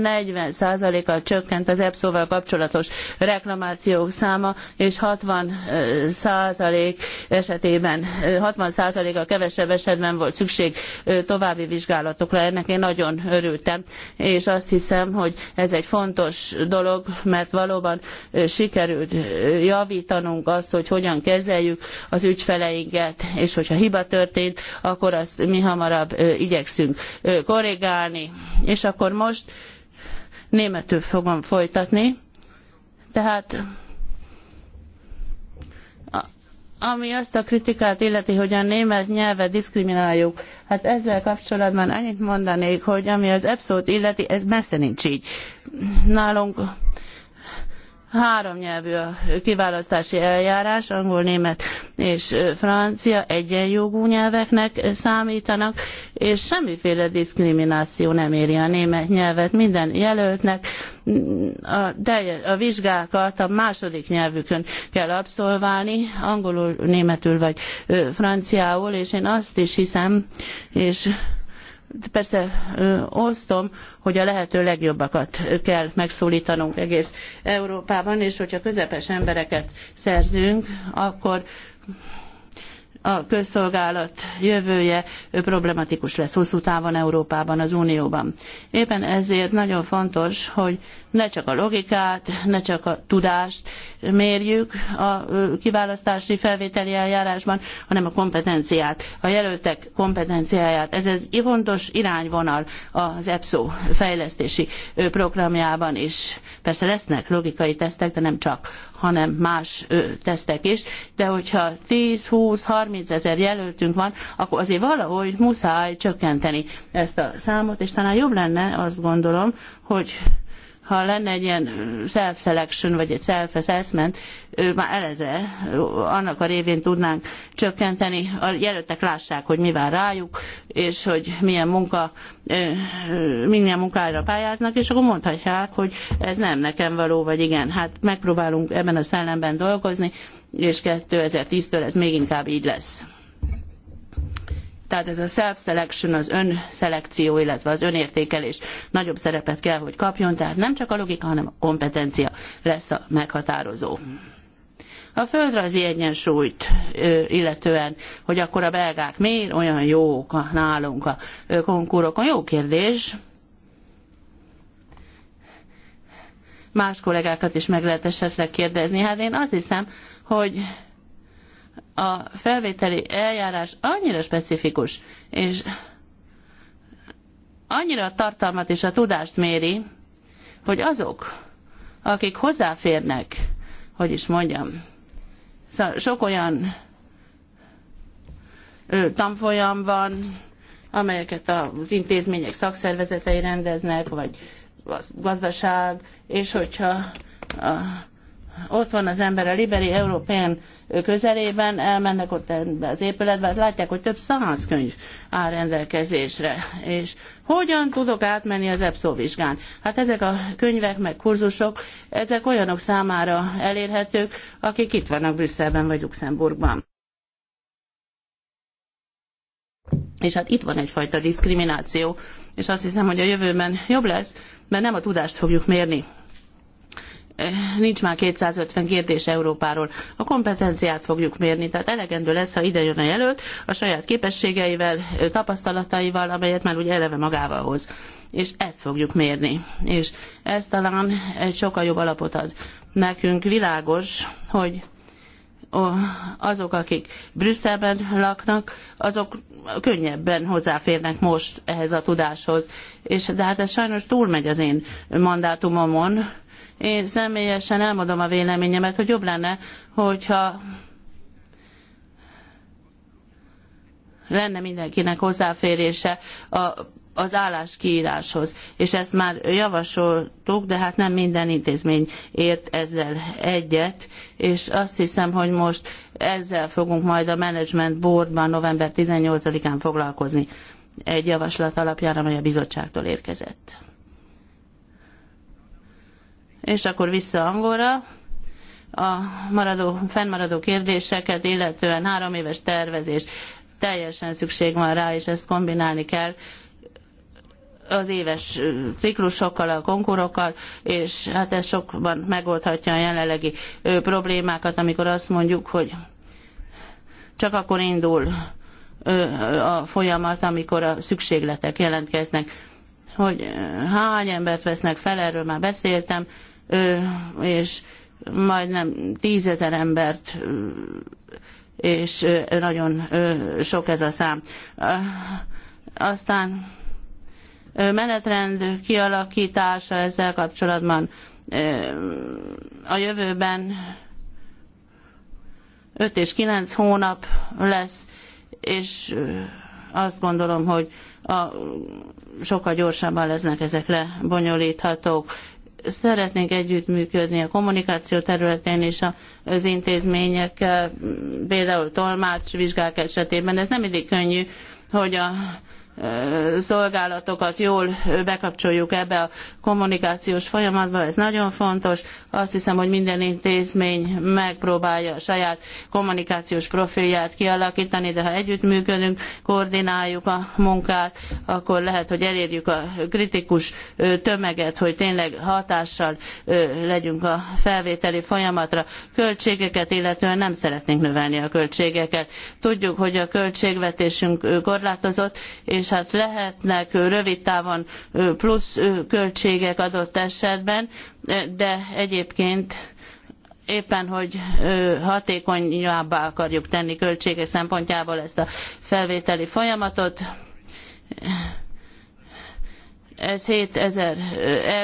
40 50%-kal csökkent az EPSZO-val kapcsolatos reklamációk száma, és 60% esetében, 60%-a kevesebb esetben volt szükség további vizsgálatokra. Ennek én nagyon örültem, és azt hiszem, hogy ez egy fontos dolog, mert valóban sikerült javítanunk azt, hogy hogyan kezeljük az ügyfeleinket, és hogyha hiba történt, akkor azt mi hamarabb igyekszünk korrigálni. És akkor most Németül fogom folytatni. Tehát ami azt a kritikát illeti, hogy a német nyelvet diszkrimináljuk, hát ezzel kapcsolatban annyit mondanék, hogy ami az epszo illeti, ez messze nincs így. Nálunk Három nyelvű a kiválasztási eljárás, angol, német és francia egyenjogú nyelveknek számítanak, és semmiféle diszkrimináció nem éri a német nyelvet minden jelöltnek. A, de a vizsgákat a második nyelvükön kell abszolválni, angolul, németül vagy franciául, és én azt is hiszem, és persze ö, osztom, hogy a lehető legjobbakat kell megszólítanunk egész Európában, és hogyha közepes embereket szerzünk, akkor a közszolgálat jövője problematikus lesz hosszú távon Európában, az Unióban. Éppen ezért nagyon fontos, hogy ne csak a logikát, ne csak a tudást mérjük a kiválasztási felvételi eljárásban, hanem a kompetenciát, a jelöltek kompetenciáját. Ez egy fontos irányvonal az EPSO fejlesztési programjában is. Persze lesznek logikai tesztek, de nem csak, hanem más tesztek is, de hogyha 10, 20, 30 30 ezer jelöltünk van, akkor azért valahogy muszáj csökkenteni ezt a számot, és talán jobb lenne, azt gondolom, hogy ha lenne egy ilyen self-selection, vagy egy self-assessment, már eleve annak a révén tudnánk csökkenteni, a jelöltek lássák, hogy mi vár rájuk, és hogy milyen munka, milyen munkára pályáznak, és akkor mondhatják, hogy ez nem nekem való, vagy igen. Hát megpróbálunk ebben a szellemben dolgozni, és 2010-től ez még inkább így lesz. Tehát ez a self-selection, az önszelekció, illetve az önértékelés nagyobb szerepet kell, hogy kapjon, tehát nem csak a logika, hanem a kompetencia lesz a meghatározó a földrajzi egyensúlyt illetően, hogy akkor a belgák miért olyan jók a, nálunk a konkurokon? Jó kérdés. Más kollégákat is meg lehet esetleg kérdezni. Hát én azt hiszem, hogy a felvételi eljárás annyira specifikus, és annyira a tartalmat és a tudást méri, hogy azok, akik hozzáférnek, hogy is mondjam, szóval sok olyan tanfolyam van, amelyeket az intézmények szakszervezetei rendeznek, vagy a gazdaság, és hogyha a ott van az ember a Liberi Európén közelében, elmennek ott az épületbe, hát látják, hogy több száz könyv áll rendelkezésre. És hogyan tudok átmenni az EPSZO vizsgán? Hát ezek a könyvek, meg kurzusok, ezek olyanok számára elérhetők, akik itt vannak Brüsszelben vagy Luxemburgban. És hát itt van egyfajta diszkrimináció, és azt hiszem, hogy a jövőben jobb lesz, mert nem a tudást fogjuk mérni, nincs már 250 kérdés Európáról. A kompetenciát fogjuk mérni, tehát elegendő lesz, ha ide jön a jelölt a saját képességeivel, tapasztalataival, amelyet már ugye eleve magával hoz. És ezt fogjuk mérni. És ez talán egy sokkal jobb alapot ad. Nekünk világos, hogy azok, akik Brüsszelben laknak, azok könnyebben hozzáférnek most ehhez a tudáshoz. És de hát ez sajnos túlmegy az én mandátumomon, én személyesen elmondom a véleményemet, hogy jobb lenne, hogyha lenne mindenkinek hozzáférése a az álláskiíráshoz. És ezt már javasoltuk, de hát nem minden intézmény ért ezzel egyet, és azt hiszem, hogy most ezzel fogunk majd a Management Boardban november 18-án foglalkozni egy javaslat alapján, amely a bizottságtól érkezett és akkor vissza Angolra. A maradó, fennmaradó kérdéseket, illetően három éves tervezés. Teljesen szükség van rá, és ezt kombinálni kell az éves ciklusokkal, a konkurokkal, és hát ez sokban megoldhatja a jelenlegi problémákat, amikor azt mondjuk, hogy csak akkor indul a folyamat, amikor a szükségletek jelentkeznek. Hogy hány embert vesznek fel, erről már beszéltem, és majdnem tízezer embert, és nagyon sok ez a szám. Aztán menetrend kialakítása ezzel kapcsolatban a jövőben 5 és 9 hónap lesz, és azt gondolom, hogy a, sokkal gyorsabban lesznek ezek lebonyolíthatók szeretnénk együttműködni a kommunikáció területén és az intézményekkel, például tolmács vizsgák esetében. Ez nem mindig könnyű, hogy a szolgálatokat jól bekapcsoljuk ebbe a kommunikációs folyamatba, ez nagyon fontos. Azt hiszem, hogy minden intézmény megpróbálja a saját kommunikációs profilját kialakítani, de ha együttműködünk, koordináljuk a munkát, akkor lehet, hogy elérjük a kritikus tömeget, hogy tényleg hatással legyünk a felvételi folyamatra. Költségeket illetően nem szeretnénk növelni a költségeket. Tudjuk, hogy a költségvetésünk korlátozott, és és hát lehetnek rövid távon plusz költségek adott esetben, de egyébként éppen, hogy hatékonyabbá akarjuk tenni költségek szempontjából ezt a felvételi folyamatot, ez 7000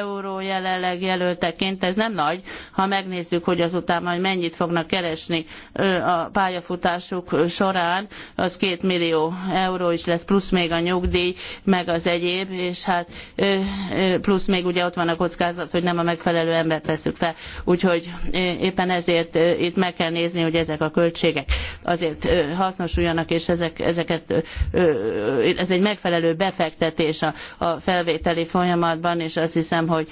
euró jelenleg jelölteként, ez nem nagy, ha megnézzük, hogy azután majd mennyit fognak keresni a pályafutásuk során, az 2 millió euró is lesz, plusz még a nyugdíj, meg az egyéb, és hát plusz még ugye ott van a kockázat, hogy nem a megfelelő embert veszük fel. Úgyhogy éppen ezért itt meg kell nézni, hogy ezek a költségek azért hasznosuljanak, és ezek, ezeket, ez egy megfelelő befektetés a, a felvétel felvételi folyamatban, és azt hiszem, hogy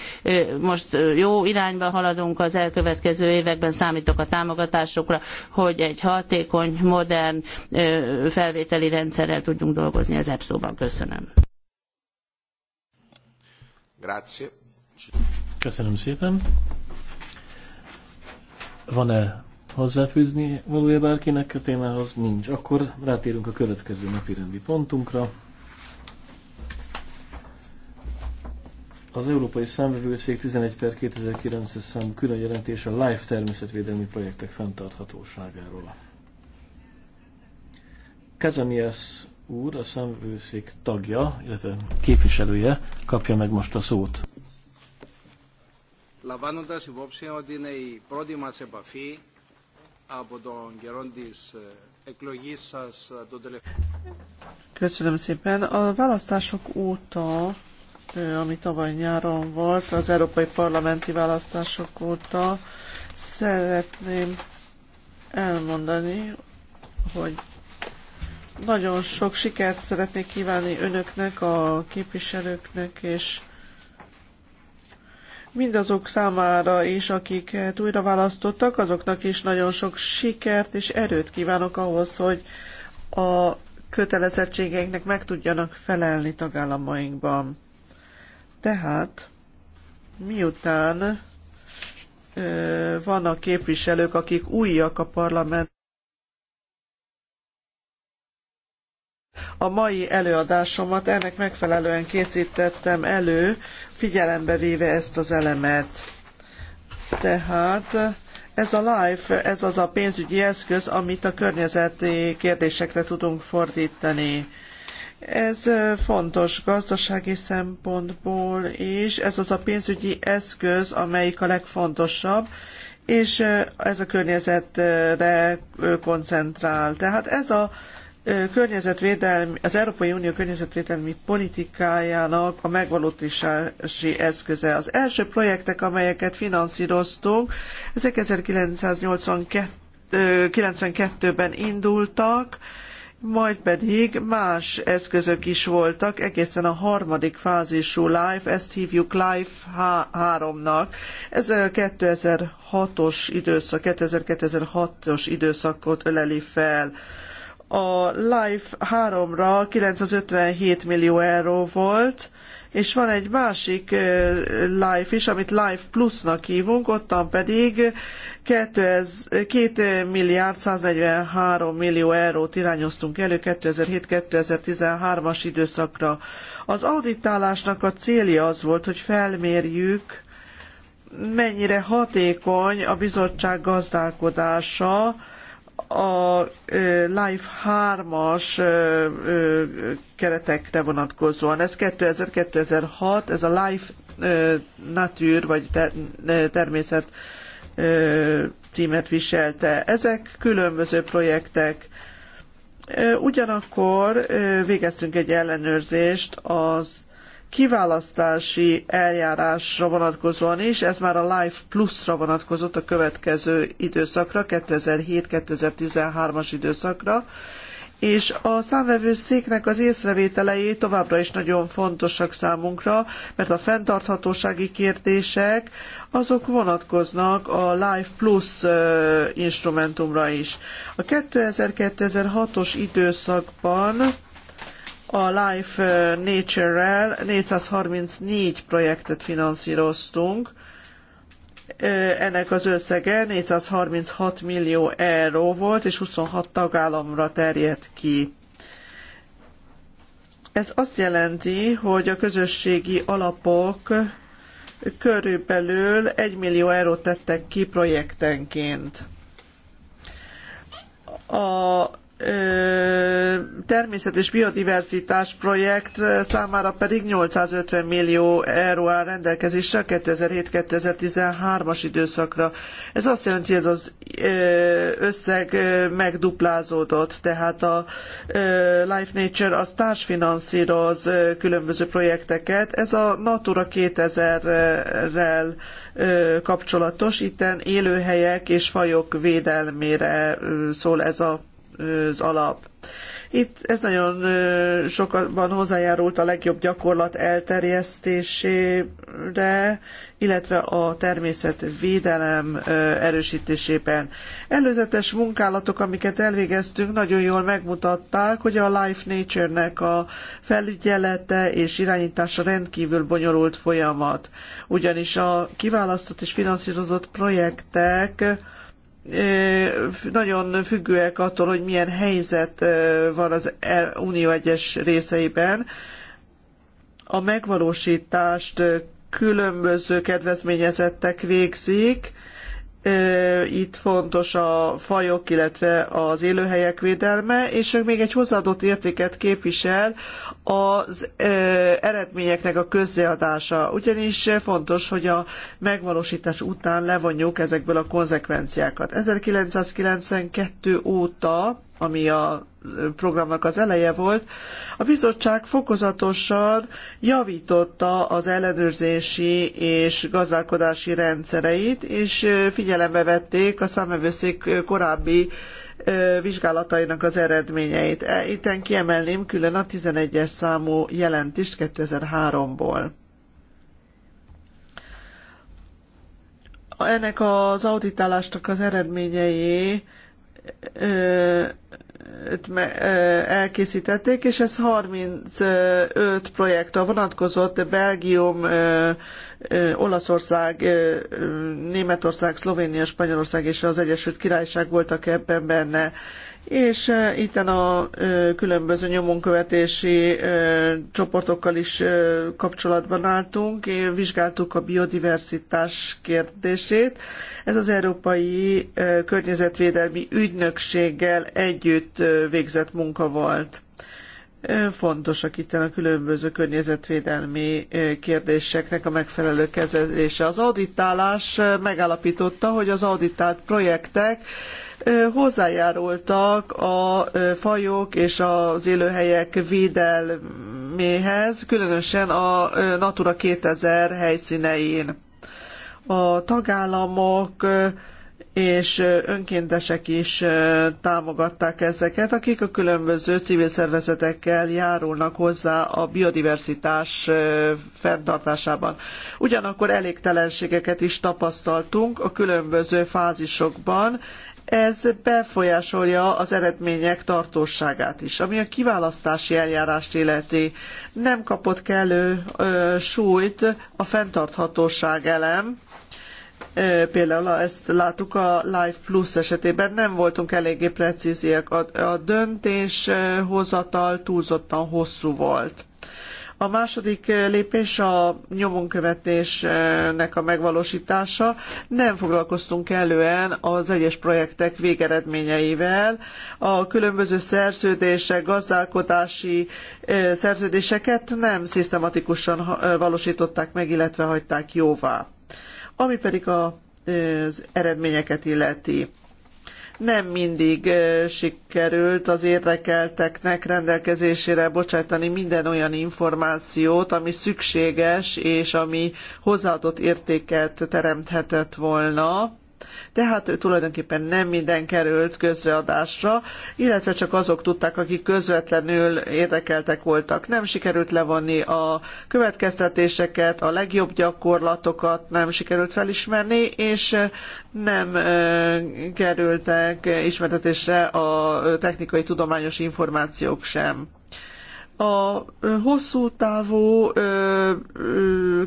most jó irányba haladunk az elkövetkező években, számítok a támogatásokra, hogy egy hatékony, modern felvételi rendszerrel tudjunk dolgozni az EPSZO-ban. Köszönöm. Grazie. Köszönöm szépen. Van-e hozzáfűzni valója bárkinek a témához? Nincs. Akkor rátérünk a következő napi rendi pontunkra. Az Európai Számvevőszék 11 per 2009 számú külön jelentés a LIFE természetvédelmi projektek fenntarthatóságáról. Kazamias úr, a számvevőszék tagja, illetve képviselője kapja meg most a szót. Lavanodas υπόψη Odinei είναι η πρώτη μας επαφή από Köszönöm szépen. A választások óta Eh, ami tavaly nyáron volt, az európai parlamenti választások óta. Szeretném elmondani, hogy nagyon sok sikert szeretnék kívánni önöknek, a képviselőknek, és mindazok számára is, akiket újra választottak, azoknak is nagyon sok sikert és erőt kívánok ahhoz, hogy a kötelezettségeinknek meg tudjanak felelni tagállamainkban. Tehát miután ö, vannak képviselők, akik újak a parlament, A mai előadásomat ennek megfelelően készítettem elő, figyelembe véve ezt az elemet. Tehát ez a LIFE, ez az a pénzügyi eszköz, amit a környezeti kérdésekre tudunk fordítani. Ez fontos gazdasági szempontból is, ez az a pénzügyi eszköz, amelyik a legfontosabb, és ez a környezetre koncentrál. Tehát ez a környezetvédelmi, az Európai Unió környezetvédelmi politikájának a megvalósítási eszköze. Az első projektek, amelyeket finanszíroztunk, ezek 1992-ben indultak, majd pedig más eszközök is voltak, egészen a harmadik fázisú Life, ezt hívjuk Life 3-nak. Ez 2006-os időszak, 2006-os időszakot öleli fel. A Life 3-ra 957 millió euró volt, és van egy másik Life is, amit Life Plusnak hívunk, ottan pedig 2 milliárd 143 millió eurót irányoztunk elő 2007-2013-as időszakra. Az auditálásnak a célja az volt, hogy felmérjük, mennyire hatékony a bizottság gazdálkodása, a Life 3-as keretekre vonatkozóan. Ez 2000-2006, ez a Life Nature, vagy természet címet viselte. Ezek különböző projektek. Ugyanakkor végeztünk egy ellenőrzést az kiválasztási eljárásra vonatkozóan is, ez már a Life Plus-ra vonatkozott a következő időszakra, 2007-2013-as időszakra, és a számvevőszéknek az észrevételei továbbra is nagyon fontosak számunkra, mert a fenntarthatósági kérdések azok vonatkoznak a Life Plus instrumentumra is. A 2000-2006-os időszakban a Life uh, Nature-rel 434 projektet finanszíroztunk, uh, ennek az összege 436 millió euró volt, és 26 tagállamra terjedt ki. Ez azt jelenti, hogy a közösségi alapok körülbelül 1 millió eurót tettek ki projektenként. A természet és biodiverzitás projekt számára pedig 850 millió euró áll rendelkezésre 2007-2013-as időszakra. Ez azt jelenti, hogy ez az összeg megduplázódott, tehát a Life Nature az társfinanszíroz különböző projekteket. Ez a Natura 2000-rel kapcsolatos, itten élőhelyek és fajok védelmére szól ez a az alap. Itt ez nagyon sokan hozzájárult a legjobb gyakorlat elterjesztésére, illetve a természetvédelem erősítésében. Előzetes munkálatok, amiket elvégeztünk, nagyon jól megmutatták, hogy a Life Nature-nek a felügyelete és irányítása rendkívül bonyolult folyamat. Ugyanis a kiválasztott és finanszírozott projektek nagyon függőek attól, hogy milyen helyzet van az e- Unió egyes részeiben. A megvalósítást különböző kedvezményezettek végzik, itt fontos a fajok, illetve az élőhelyek védelme, és még egy hozzáadott értéket képvisel az eredményeknek a közreadása. Ugyanis fontos, hogy a megvalósítás után levonjuk ezekből a konzekvenciákat. 1992 óta ami a programnak az eleje volt, a bizottság fokozatosan javította az ellenőrzési és gazdálkodási rendszereit, és figyelembe vették a számvevőszék korábbi vizsgálatainak az eredményeit. E, itten kiemelném külön a 11-es számú jelentést 2003-ból. Ennek az auditálásnak az eredményei elkészítették, és ez 35 projektre vonatkozott Belgium, Olaszország, Németország, Szlovénia, Spanyolország és az Egyesült Királyság voltak ebben benne és itten a különböző nyomonkövetési csoportokkal is kapcsolatban álltunk, vizsgáltuk a biodiverzitás kérdését. Ez az Európai Környezetvédelmi Ügynökséggel együtt végzett munka volt. Fontosak itt a különböző környezetvédelmi kérdéseknek a megfelelő kezelése. Az auditálás megállapította, hogy az auditált projektek hozzájárultak a fajok és az élőhelyek védelméhez, különösen a Natura 2000 helyszínein. A tagállamok és önkéntesek is támogatták ezeket, akik a különböző civil szervezetekkel járulnak hozzá a biodiverzitás fenntartásában. Ugyanakkor elégtelenségeket is tapasztaltunk a különböző fázisokban, ez befolyásolja az eredmények tartóságát is. Ami a kiválasztási eljárást illeti, nem kapott kellő ö, súlyt a fenntarthatóság elem, például ezt láttuk a Life Plus esetében, nem voltunk eléggé precíziek. A, a döntéshozatal túlzottan hosszú volt. A második eh, lépés a nyomonkövetésnek a megvalósítása. Nem foglalkoztunk elően az egyes projektek végeredményeivel. A különböző szerződések, gazdálkodási eh, szerződéseket nem szisztematikusan eh, valósították meg, illetve hagyták jóvá. Ami pedig az eredményeket illeti nem mindig sikerült az érdekelteknek rendelkezésére bocsátani minden olyan információt, ami szükséges és ami hozzáadott értéket teremthetett volna tehát tulajdonképpen nem minden került közreadásra, illetve csak azok tudták, akik közvetlenül érdekeltek voltak. Nem sikerült levonni a következtetéseket, a legjobb gyakorlatokat nem sikerült felismerni, és nem kerültek ismertetésre a technikai tudományos információk sem. A hosszú távú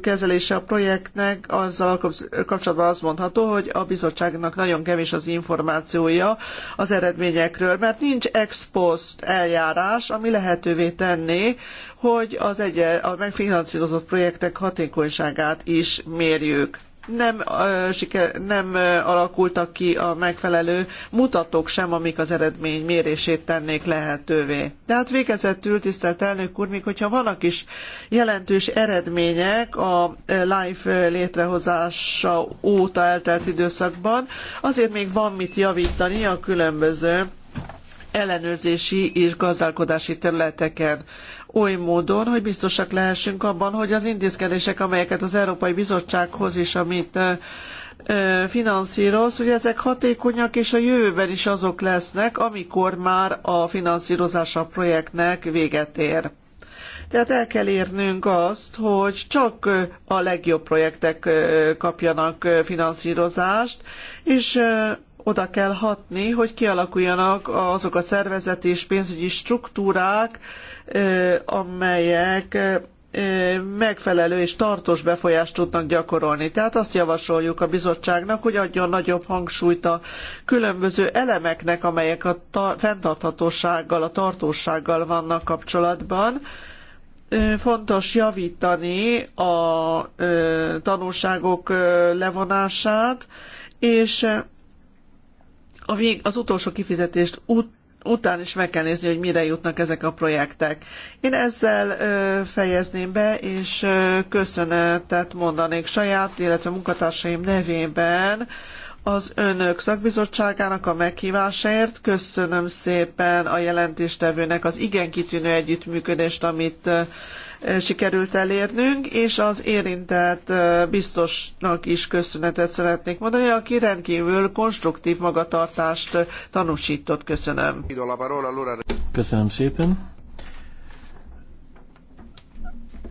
kezelése a projektnek azzal kapcsolatban azt mondható, hogy a bizottságnak nagyon kevés az információja az eredményekről, mert nincs ex post eljárás, ami lehetővé tenné, hogy az egy, a megfinanszírozott projektek hatékonyságát is mérjük nem, siker, nem alakultak ki a megfelelő mutatók sem, amik az eredmény mérését tennék lehetővé. Tehát végezetül, tisztelt elnök úr, még hogyha vannak is jelentős eredmények a LIFE létrehozása óta eltelt időszakban, azért még van mit javítani a különböző ellenőrzési és gazdálkodási területeken oly módon, hogy biztosak lehessünk abban, hogy az intézkedések, amelyeket az Európai Bizottsághoz is, amit finanszíroz, hogy ezek hatékonyak, és a jövőben is azok lesznek, amikor már a finanszírozása a projektnek véget ér. Tehát el kell érnünk azt, hogy csak a legjobb projektek kapjanak finanszírozást, és oda kell hatni, hogy kialakuljanak azok a szervezeti és pénzügyi struktúrák, amelyek megfelelő és tartós befolyást tudnak gyakorolni. Tehát azt javasoljuk a bizottságnak, hogy adjon nagyobb hangsúlyt a különböző elemeknek, amelyek a fenntarthatósággal, a tartósággal vannak kapcsolatban, fontos javítani a tanulságok levonását, és az utolsó kifizetést ut- után is meg kell nézni, hogy mire jutnak ezek a projektek. Én ezzel ö, fejezném be, és ö, köszönetet mondanék saját, illetve munkatársaim nevében az önök szakbizottságának a meghívásért. Köszönöm szépen a jelentéstevőnek az igen kitűnő együttműködést, amit ö, sikerült elérnünk, és az érintett biztosnak is köszönetet szeretnék mondani, aki rendkívül konstruktív magatartást tanúsított. Köszönöm. Köszönöm szépen.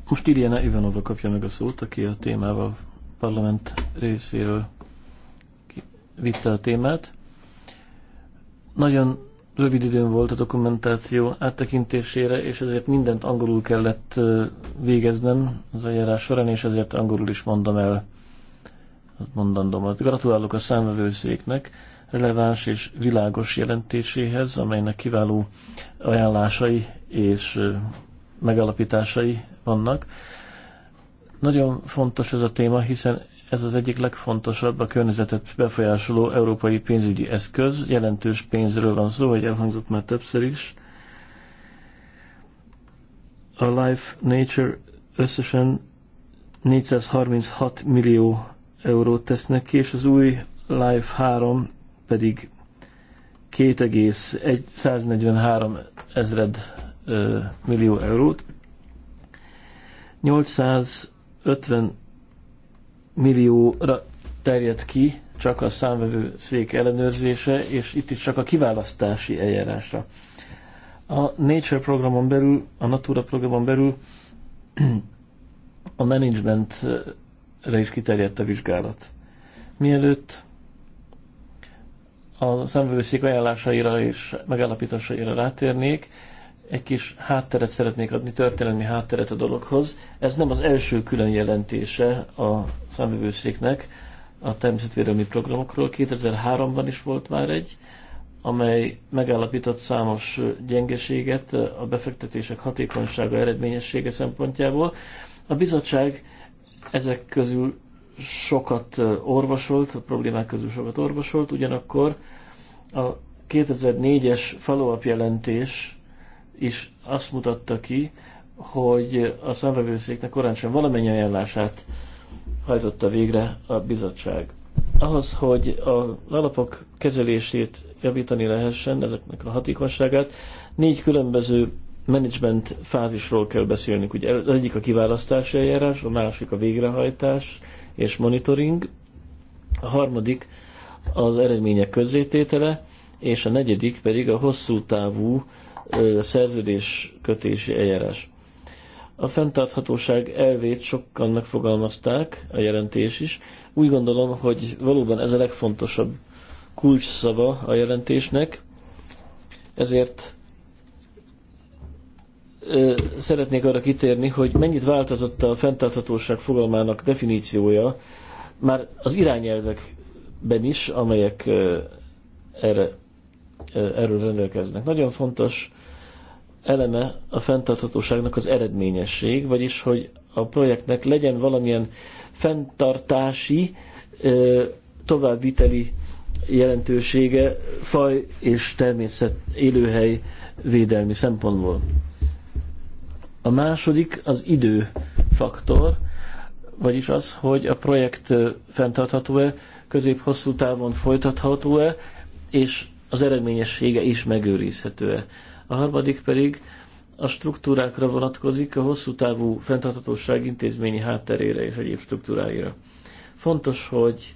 Most Irjana Ivanova kapja meg a szót, aki a témával parlament részéről vitte a témát. Nagyon rövid időn volt a dokumentáció áttekintésére, és ezért mindent angolul kellett végeznem az eljárás során, és ezért angolul is mondom el mondandómat. Gratulálok a számvevőszéknek releváns és világos jelentéséhez, amelynek kiváló ajánlásai és megalapításai vannak. Nagyon fontos ez a téma, hiszen ez az egyik legfontosabb a környezetet befolyásoló európai pénzügyi eszköz. Jelentős pénzről van szó, hogy elhangzott már többször is. A Life Nature összesen 436 millió eurót tesznek ki, és az új Life 3 pedig 2,143 ezred millió eurót. 850 millióra terjed ki csak a számvevő szék ellenőrzése, és itt is csak a kiválasztási eljárásra. A Nature programon belül, a Natura programon belül a managementre is kiterjedt a vizsgálat. Mielőtt a számvevőszék ajánlásaira és megállapításaira rátérnék, egy kis hátteret szeretnék adni, történelmi hátteret a dologhoz. Ez nem az első külön jelentése a számvevőszéknek a természetvédelmi programokról. 2003-ban is volt már egy, amely megállapított számos gyengeséget a befektetések hatékonysága, eredményessége szempontjából. A bizottság ezek közül sokat orvosolt, a problémák közül sokat orvosolt, ugyanakkor a 2004-es follow-up jelentés is azt mutatta ki, hogy a számvevőszéknek korán sem valamennyi ajánlását hajtotta végre a bizottság. Ahhoz, hogy a alapok kezelését javítani lehessen, ezeknek a hatékonyságát, négy különböző management fázisról kell beszélnünk. Ugye az egyik a kiválasztási eljárás, a másik a végrehajtás és monitoring, a harmadik az eredmények közzététele, és a negyedik pedig a hosszú távú szerződés kötési eljárás. A fenntarthatóság elvét sokan megfogalmazták, a jelentés is. Úgy gondolom, hogy valóban ez a legfontosabb kulcsszava a jelentésnek, ezért ö, szeretnék arra kitérni, hogy mennyit változott a fenntarthatóság fogalmának definíciója, már az irányelvekben is, amelyek ö, erre, ö, erről rendelkeznek. Nagyon fontos eleme a fenntarthatóságnak az eredményesség, vagyis hogy a projektnek legyen valamilyen fenntartási, továbbviteli jelentősége faj és természet élőhely védelmi szempontból. A második az időfaktor, vagyis az, hogy a projekt fenntartható-e, közép-hosszú távon folytatható-e, és az eredményessége is megőrizhető-e a harmadik pedig a struktúrákra vonatkozik, a hosszú távú fenntarthatóság intézményi hátterére és egyéb struktúráira. Fontos, hogy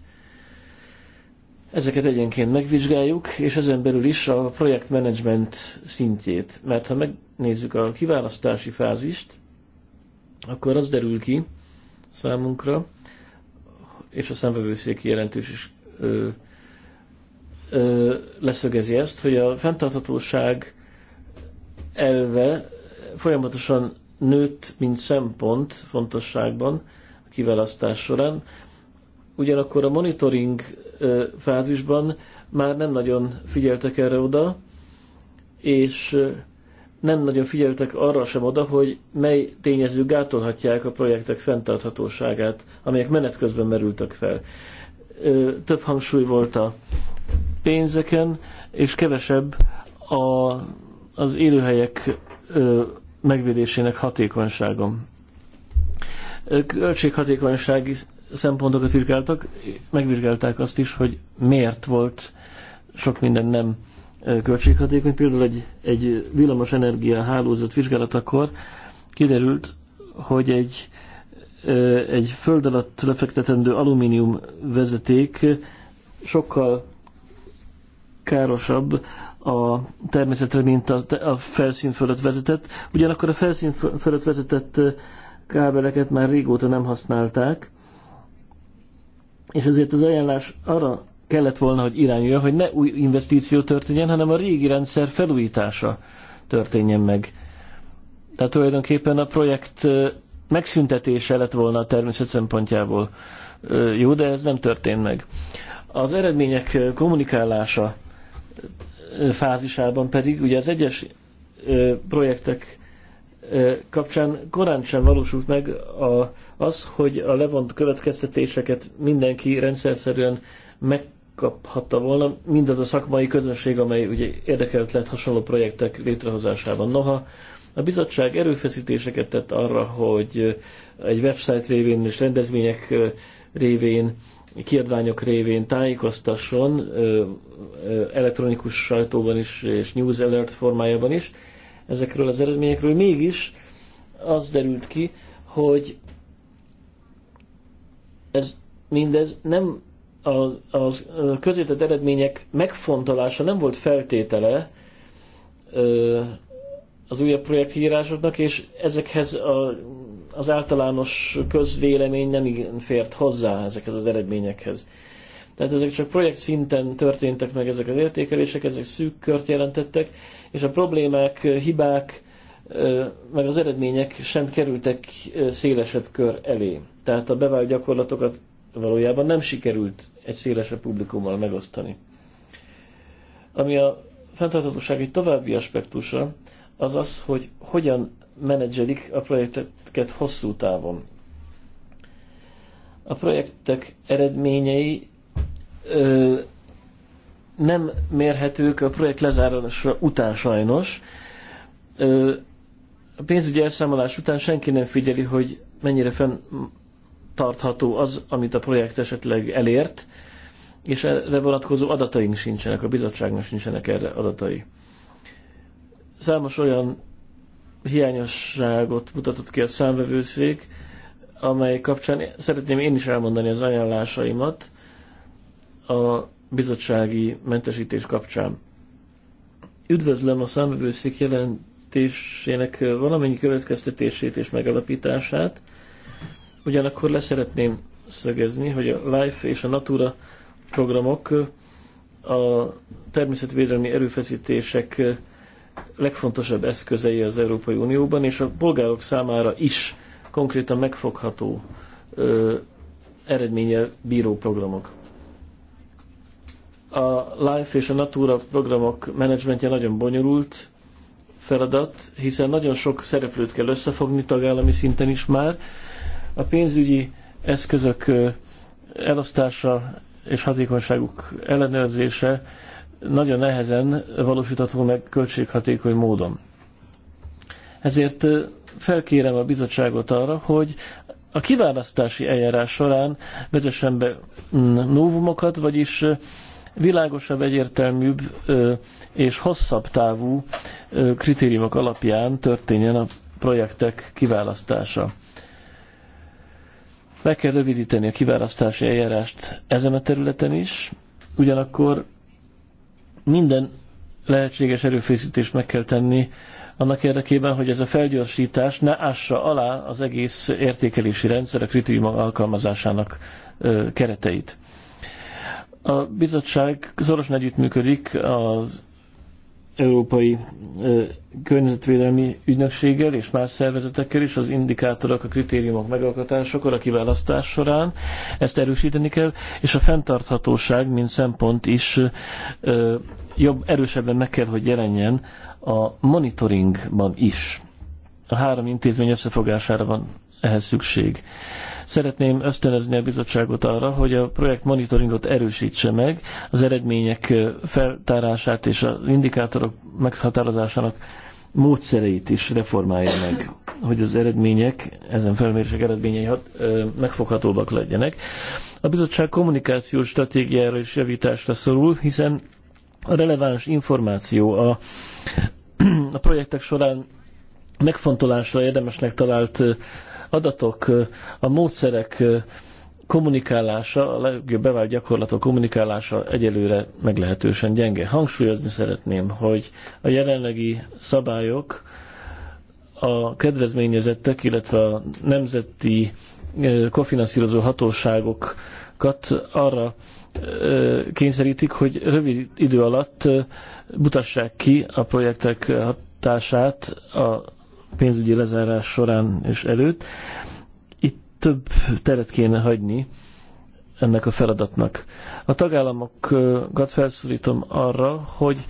ezeket egyenként megvizsgáljuk, és ezen belül is a projektmenedzsment szintjét. Mert ha megnézzük a kiválasztási fázist, akkor az derül ki számunkra, és a számvevőszéki jelentős is ö, ö, leszögezi ezt, hogy a fenntarthatóság elve folyamatosan nőtt, mint szempont fontosságban a kiválasztás során. Ugyanakkor a monitoring fázisban már nem nagyon figyeltek erre oda, és nem nagyon figyeltek arra sem oda, hogy mely tényezők gátolhatják a projektek fenntarthatóságát, amelyek menet közben merültek fel. Több hangsúly volt a pénzeken, és kevesebb a az élőhelyek megvédésének hatékonyságom. Költséghatékonysági szempontokat vizsgáltak, megvizsgálták azt is, hogy miért volt sok minden nem költséghatékony. Például egy, egy villamos energia hálózat vizsgálatakor kiderült, hogy egy, egy föld alatt lefektetendő alumínium vezeték sokkal károsabb a természetre, mint a, a felszín fölött vezetett. Ugyanakkor a felszín fölött vezetett kábeleket már régóta nem használták, és ezért az ajánlás arra kellett volna, hogy irányulja, hogy ne új investíció történjen, hanem a régi rendszer felújítása történjen meg. Tehát tulajdonképpen a projekt megszüntetése lett volna a természet szempontjából. Jó, de ez nem történt meg. Az eredmények kommunikálása fázisában pedig, ugye az egyes projektek kapcsán korán sem valósult meg a, az, hogy a levont következtetéseket mindenki rendszerszerűen megkaphatta volna, mindaz a szakmai közönség, amely ugye érdekelt lett hasonló projektek létrehozásában. Noha a bizottság erőfeszítéseket tett arra, hogy egy website révén és rendezvények révén kiadványok révén tájékoztasson elektronikus sajtóban is és news alert formájában is ezekről az eredményekről. Mégis az derült ki, hogy ez mindez nem a a közétett eredmények megfontolása nem volt feltétele az újabb projektírásoknak, és ezekhez a az általános közvélemény nem igen fért hozzá ezekhez az eredményekhez. Tehát ezek csak projekt szinten történtek meg ezek az értékelések, ezek szűk kört jelentettek, és a problémák, hibák, meg az eredmények sem kerültek szélesebb kör elé. Tehát a bevált gyakorlatokat valójában nem sikerült egy szélesebb publikummal megosztani. Ami a fenntarthatóság egy további aspektusa, az az, hogy hogyan menedzselik a projekteket hosszú távon. A projektek eredményei ö, nem mérhetők a projekt lezárása után sajnos. Ö, a pénzügyi elszámolás után senki nem figyeli, hogy mennyire fenn tartható az, amit a projekt esetleg elért, és erre vonatkozó adataink sincsenek, a bizottságnak sincsenek erre adatai. Számos olyan hiányosságot mutatott ki a számvevőszék, amely kapcsán szeretném én is elmondani az ajánlásaimat a bizottsági mentesítés kapcsán. Üdvözlöm a számvevőszék jelentésének valamennyi következtetését és megalapítását, ugyanakkor leszeretném szögezni, hogy a LIFE és a Natura programok a természetvédelmi erőfeszítések legfontosabb eszközei az Európai Unióban, és a polgárok számára is konkrétan megfogható ö, eredménye bíró programok. A LIFE és a Natura programok menedzsmentje nagyon bonyolult feladat, hiszen nagyon sok szereplőt kell összefogni tagállami szinten is már. A pénzügyi eszközök elosztása és hatékonyságuk ellenőrzése nagyon nehezen valósítható meg költséghatékony módon. Ezért felkérem a bizottságot arra, hogy a kiválasztási eljárás során vezessen be mm, novumokat, vagyis világosabb, egyértelműbb és hosszabb távú kritériumok alapján történjen a projektek kiválasztása. Meg kell rövidíteni a kiválasztási eljárást ezen a területen is, ugyanakkor minden lehetséges erőfeszítést meg kell tenni annak érdekében, hogy ez a felgyorsítás ne ássa alá az egész értékelési rendszer a kritériumok alkalmazásának kereteit. A bizottság szorosan együttműködik az Európai Környezetvédelmi Ügynökséggel és más szervezetekkel is az indikátorok, a kritériumok megalkotásakor, a kiválasztás során ezt erősíteni kell, és a fenntarthatóság, mint szempont is ö, jobb, erősebben meg kell, hogy jelenjen a monitoringban is. A három intézmény összefogására van ehhez szükség. Szeretném ösztönözni a bizottságot arra, hogy a projekt monitoringot erősítse meg, az eredmények feltárását és az indikátorok meghatározásának módszereit is reformálja meg, hogy az eredmények, ezen felmérések eredményei hat, ö, megfoghatóbbak legyenek. A bizottság kommunikációs stratégiára is javításra szorul, hiszen a releváns információ a, a projektek során megfontolásra érdemesnek talált adatok, a módszerek kommunikálása, a legjobb bevált gyakorlatok kommunikálása egyelőre meglehetősen gyenge. Hangsúlyozni szeretném, hogy a jelenlegi szabályok a kedvezményezettek, illetve a nemzeti kofinanszírozó hatóságokat arra kényszerítik, hogy rövid idő alatt mutassák ki a projektek hatását a pénzügyi lezárás során és előtt. Itt több teret kéne hagyni ennek a feladatnak. A tagállamokat felszólítom arra, hogy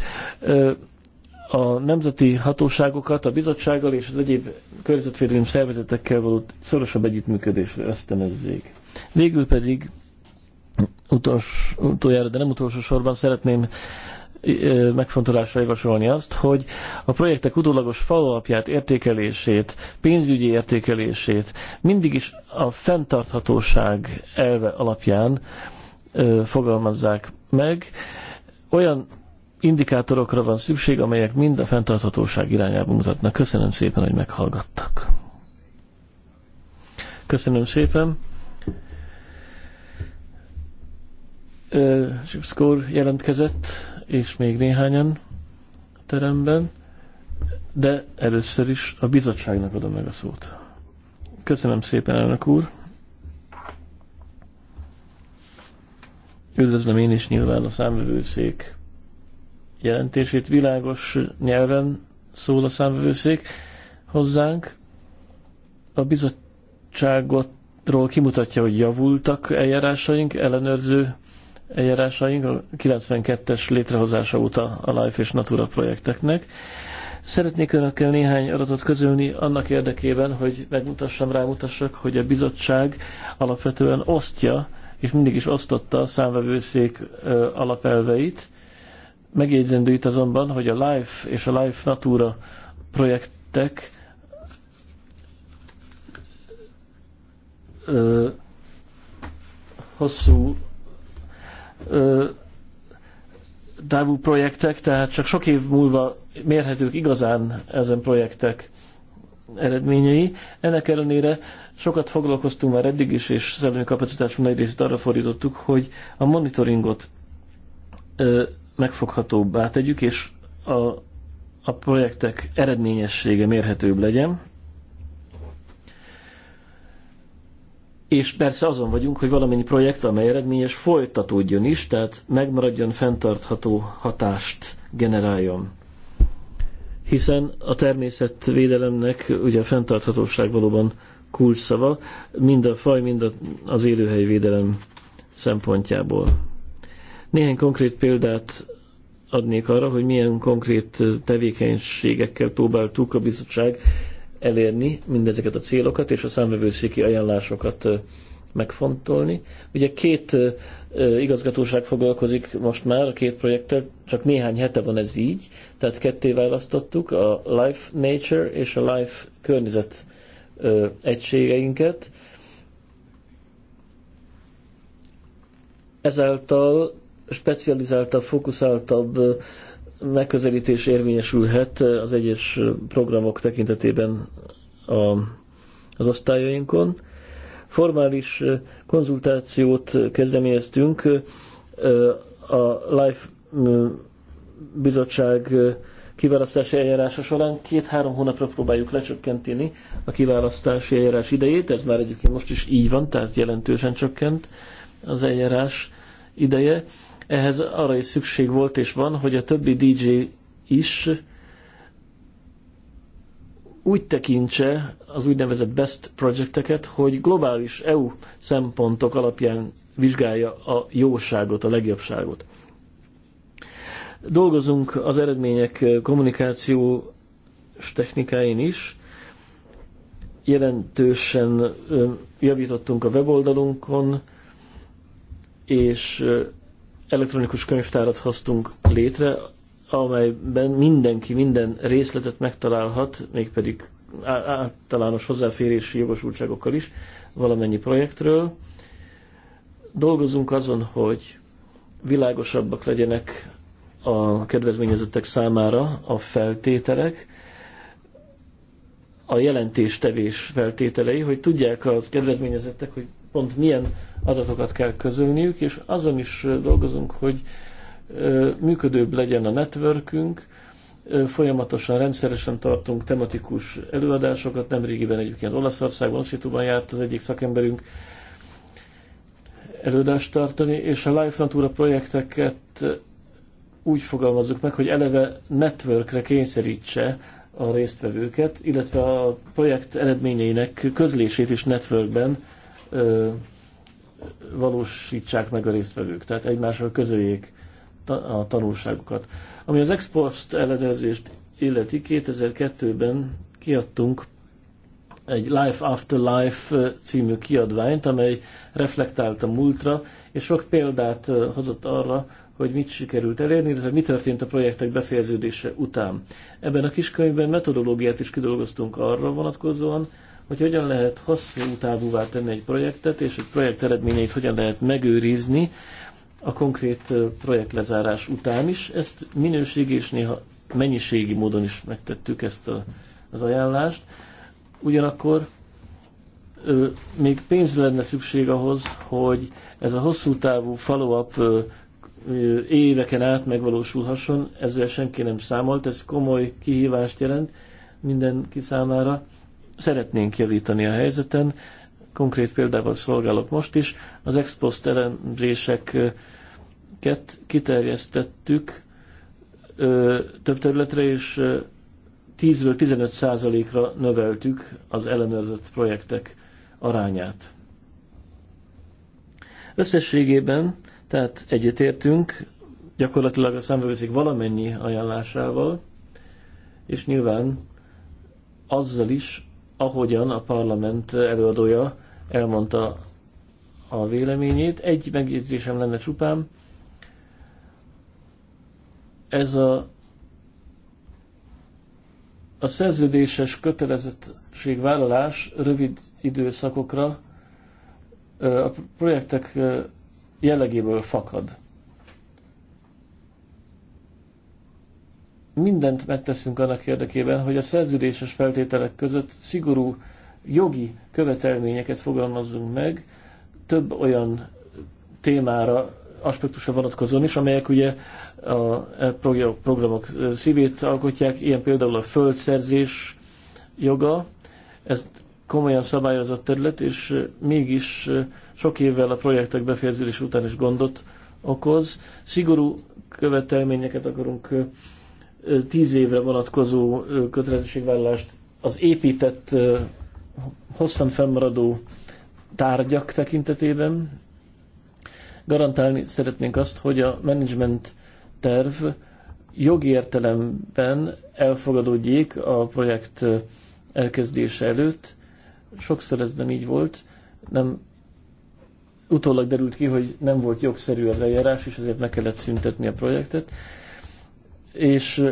a nemzeti hatóságokat a bizottsággal és az egyéb környezetvédelmi szervezetekkel való szorosabb együttműködésre ösztönözzék. Végül pedig utolsó, utoljára, de nem utolsó sorban szeretném megfontolásra javasolni azt, hogy a projektek utólagos falapját, értékelését, pénzügyi értékelését mindig is a fenntarthatóság elve alapján fogalmazzák meg. Olyan indikátorokra van szükség, amelyek mind a fenntarthatóság irányába mutatnak. Köszönöm szépen, hogy meghallgattak. Köszönöm szépen. Sipszkór jelentkezett és még néhányan a teremben, de először is a bizottságnak adom meg a szót. Köszönöm szépen, elnök úr! Üdvözlöm én is nyilván a számvevőszék jelentését. Világos nyelven szól a számvevőszék hozzánk. A bizottságotról kimutatja, hogy javultak eljárásaink, ellenőrző eljárásaink a 92-es létrehozása óta a Life és Natura projekteknek. Szeretnék önökkel néhány adatot közölni annak érdekében, hogy megmutassam, rámutassak, hogy a bizottság alapvetően osztja, és mindig is osztotta a számvevőszék alapelveit. Megjegyzendő itt azonban, hogy a Life és a Life Natura projektek hosszú távú projektek, tehát csak sok év múlva mérhetők igazán ezen projektek eredményei. Ennek ellenére sokat foglalkoztunk már eddig is, és szellemi kapacitásunk nagy részét arra fordítottuk, hogy a monitoringot ö, megfoghatóbbá tegyük, és a, a projektek eredményessége mérhetőbb legyen. és persze azon vagyunk, hogy valamennyi projekt, amely eredményes, folytatódjon is, tehát megmaradjon, fenntartható hatást generáljon. Hiszen a természetvédelemnek ugye a fenntarthatóság valóban szava, mind a faj, mind az élőhelyvédelem szempontjából. Néhány konkrét példát adnék arra, hogy milyen konkrét tevékenységekkel próbáltuk a bizottság elérni mindezeket a célokat és a számvevőszéki ajánlásokat megfontolni. Ugye két igazgatóság foglalkozik most már a két projekttel, csak néhány hete van ez így, tehát ketté választottuk a Life Nature és a Life Környezet egységeinket. Ezáltal specializáltabb, fókuszáltabb megközelítés érvényesülhet az egyes programok tekintetében a, az osztályainkon. Formális konzultációt kezdeményeztünk a LIFE bizottság kiválasztási eljárása során két-három hónapra próbáljuk lecsökkenteni a kiválasztási eljárás idejét, ez már egyébként most is így van, tehát jelentősen csökkent az eljárás ideje, ehhez arra is szükség volt és van, hogy a többi DJ is úgy tekintse az úgynevezett best projekteket, hogy globális EU szempontok alapján vizsgálja a jóságot, a legjobbságot. Dolgozunk az eredmények kommunikációs technikáin is. Jelentősen javítottunk a weboldalunkon, és elektronikus könyvtárat hoztunk létre, amelyben mindenki minden részletet megtalálhat, mégpedig általános hozzáférési jogosultságokkal is valamennyi projektről. Dolgozunk azon, hogy világosabbak legyenek a kedvezményezettek számára a feltételek, a jelentéstevés feltételei, hogy tudják a kedvezményezettek, hogy pont milyen adatokat kell közölniük, és azon is dolgozunk, hogy működőbb legyen a networkünk, folyamatosan, rendszeresen tartunk tematikus előadásokat, nemrégiben egyébként Olaszországban, Oszitúban járt az egyik szakemberünk előadást tartani, és a Life Natura projekteket úgy fogalmazzuk meg, hogy eleve networkre kényszerítse a résztvevőket, illetve a projekt eredményeinek közlését is networkben ö, valósítsák meg a résztvevők, tehát egymással közöljék a tanulságokat. Ami az export ellenőrzést illeti, 2002-ben kiadtunk egy Life After Life című kiadványt, amely reflektált a múltra, és sok példát hozott arra, hogy mit sikerült elérni, illetve mi történt a projektek befejeződése után. Ebben a kiskönyvben metodológiát is kidolgoztunk arra vonatkozóan, hogy hogyan lehet hosszú távúvá tenni egy projektet, és egy projekt eredményeit hogyan lehet megőrizni a konkrét projektlezárás után is. Ezt minőségi és néha mennyiségi módon is megtettük ezt a, az ajánlást. Ugyanakkor ö, még pénzre lenne szükség ahhoz, hogy ez a hosszú távú follow-up éveken át megvalósulhasson, ezzel senki nem számolt, ez komoly kihívást jelent mindenki számára szeretnénk javítani a helyzeten. Konkrét példával szolgálok most is. Az ex post elemzéseket kiterjesztettük ö, több területre, és 10 ről 15 százalékra növeltük az ellenőrzött projektek arányát. Összességében, tehát egyetértünk gyakorlatilag a számvevőszék valamennyi ajánlásával, és nyilván azzal is, ahogyan a parlament előadója elmondta a véleményét. Egy megjegyzésem lenne csupán. Ez a, a szerződéses kötelezettségvállalás rövid időszakokra a projektek jellegéből fakad. mindent megteszünk annak érdekében, hogy a szerződéses feltételek között szigorú jogi követelményeket fogalmazzunk meg, több olyan témára, aspektusra vonatkozóan is, amelyek ugye a e, programok e, szívét alkotják, ilyen például a földszerzés joga, ez komolyan szabályozott terület, és e, mégis sok évvel a projektek befejeződés után is gondot okoz. Szigorú követelményeket akarunk tíz évre vonatkozó kötelezettségvállalást az épített, hosszan fennmaradó tárgyak tekintetében. Garantálni szeretnénk azt, hogy a menedzsment terv jogi értelemben elfogadódjék a projekt elkezdése előtt. Sokszor ez nem így volt, nem utólag derült ki, hogy nem volt jogszerű az eljárás, és ezért meg kellett szüntetni a projektet és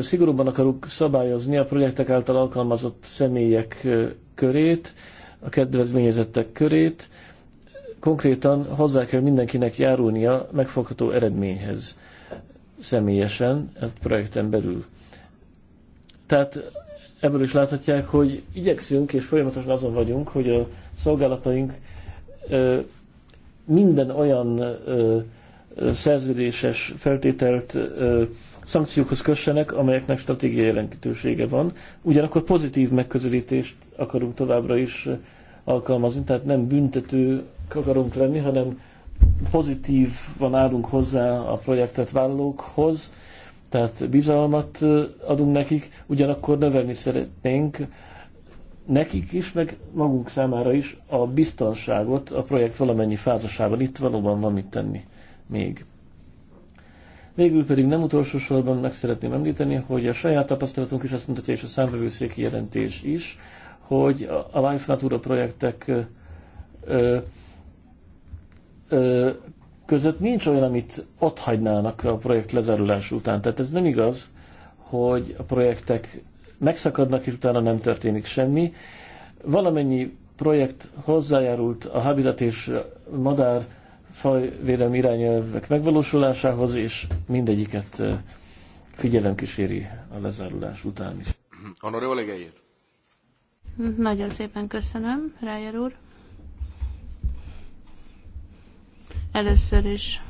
szigorúban akarunk szabályozni a projektek által alkalmazott személyek körét, a kedvezményezettek körét, konkrétan hozzá kell mindenkinek járulnia megfogható eredményhez személyesen a projekten belül. Tehát ebből is láthatják, hogy igyekszünk és folyamatosan azon vagyunk, hogy a szolgálataink minden olyan szerződéses feltételt szankciókhoz kössenek, amelyeknek stratégiai jelentősége van. Ugyanakkor pozitív megközelítést akarunk továbbra is eh, alkalmazni, tehát nem büntető akarunk lenni, hanem pozitívan állunk hozzá a projektet vállalókhoz, tehát bizalmat eh, adunk nekik, ugyanakkor növelni szeretnénk nekik is, meg magunk számára is a biztonságot a projekt valamennyi fázisában. Itt valóban van mit tenni még. Végül pedig nem utolsó sorban meg szeretném említeni, hogy a saját tapasztalatunk is azt mutatja, és a számbevőszéki jelentés is, hogy a Life Natura projektek ö, ö, között nincs olyan, amit ott hagynának a projekt lezárulás után. Tehát ez nem igaz, hogy a projektek megszakadnak, és utána nem történik semmi. Valamennyi projekt hozzájárult a habitat és madár fajvédelmi irányelvek megvalósulásához, és mindegyiket figyelem kíséri a lezárulás után is. Honorable Nagyon szépen köszönöm, Rájer úr. Először is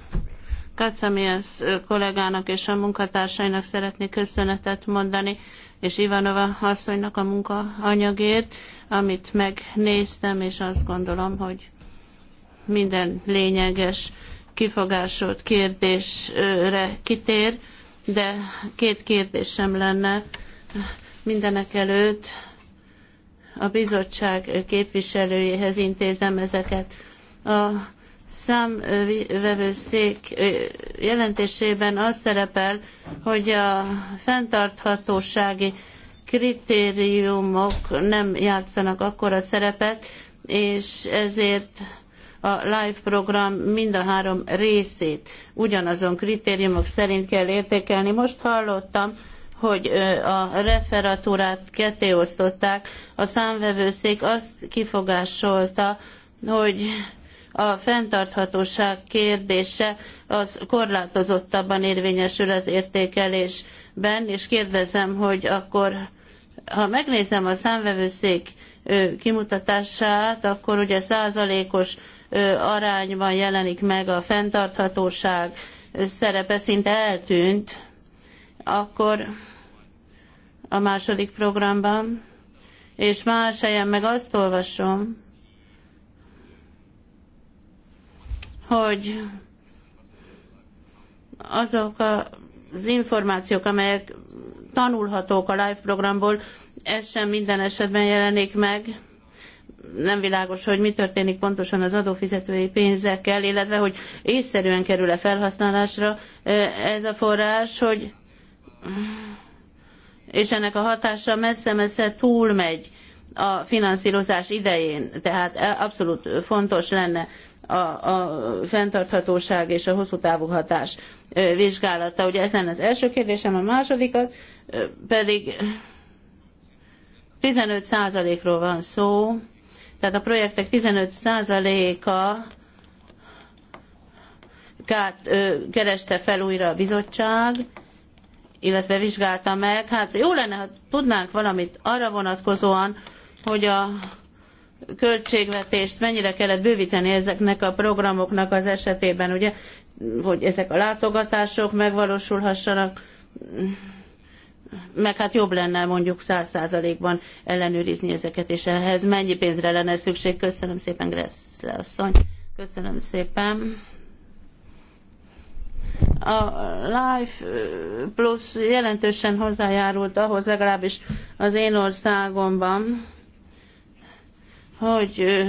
Kacamiasz kollégának és a munkatársainak szeretnék köszönetet mondani, és Ivanova asszonynak a munkaanyagért, amit megnéztem, és azt gondolom, hogy minden lényeges kifogásolt kérdésre kitér, de két kérdésem lenne mindenek előtt a bizottság képviselőjéhez intézem ezeket. A számvevőszék jelentésében az szerepel, hogy a fenntarthatósági kritériumok nem játszanak akkora szerepet, és ezért a live program mind a három részét ugyanazon kritériumok szerint kell értékelni. Most hallottam, hogy a referatúrát kettéosztották, a számvevőszék azt kifogásolta, hogy a fenntarthatóság kérdése az korlátozottabban érvényesül az értékelésben, és kérdezem, hogy akkor, ha megnézem a számvevőszék kimutatását, akkor ugye százalékos arányban jelenik meg a fenntarthatóság szerepe szinte eltűnt, akkor a második programban, és más helyen meg azt olvasom, hogy azok az információk, amelyek tanulhatók a live programból, ez sem minden esetben jelenik meg, nem világos, hogy mi történik pontosan az adófizetői pénzekkel, illetve hogy észszerűen kerül-e felhasználásra ez a forrás, hogy és ennek a hatása messze-messze túlmegy a finanszírozás idején, tehát e, abszolút fontos lenne a, a fenntarthatóság és a hosszú távú hatás vizsgálata. Ugye ez lenne az első kérdésem, a másodikat pedig 15%-ról van szó, tehát a projektek 15%-a Kát, kereste fel újra a bizottság, illetve vizsgálta meg. Hát jó lenne, ha tudnánk valamit arra vonatkozóan, hogy a költségvetést mennyire kellett bővíteni ezeknek a programoknak az esetében, ugye, hogy ezek a látogatások megvalósulhassanak meg hát jobb lenne mondjuk száz százalékban ellenőrizni ezeket, és ehhez mennyi pénzre lenne szükség. Köszönöm szépen, Gressle asszony. Köszönöm szépen. A Life Plus jelentősen hozzájárult ahhoz, legalábbis az én országomban, hogy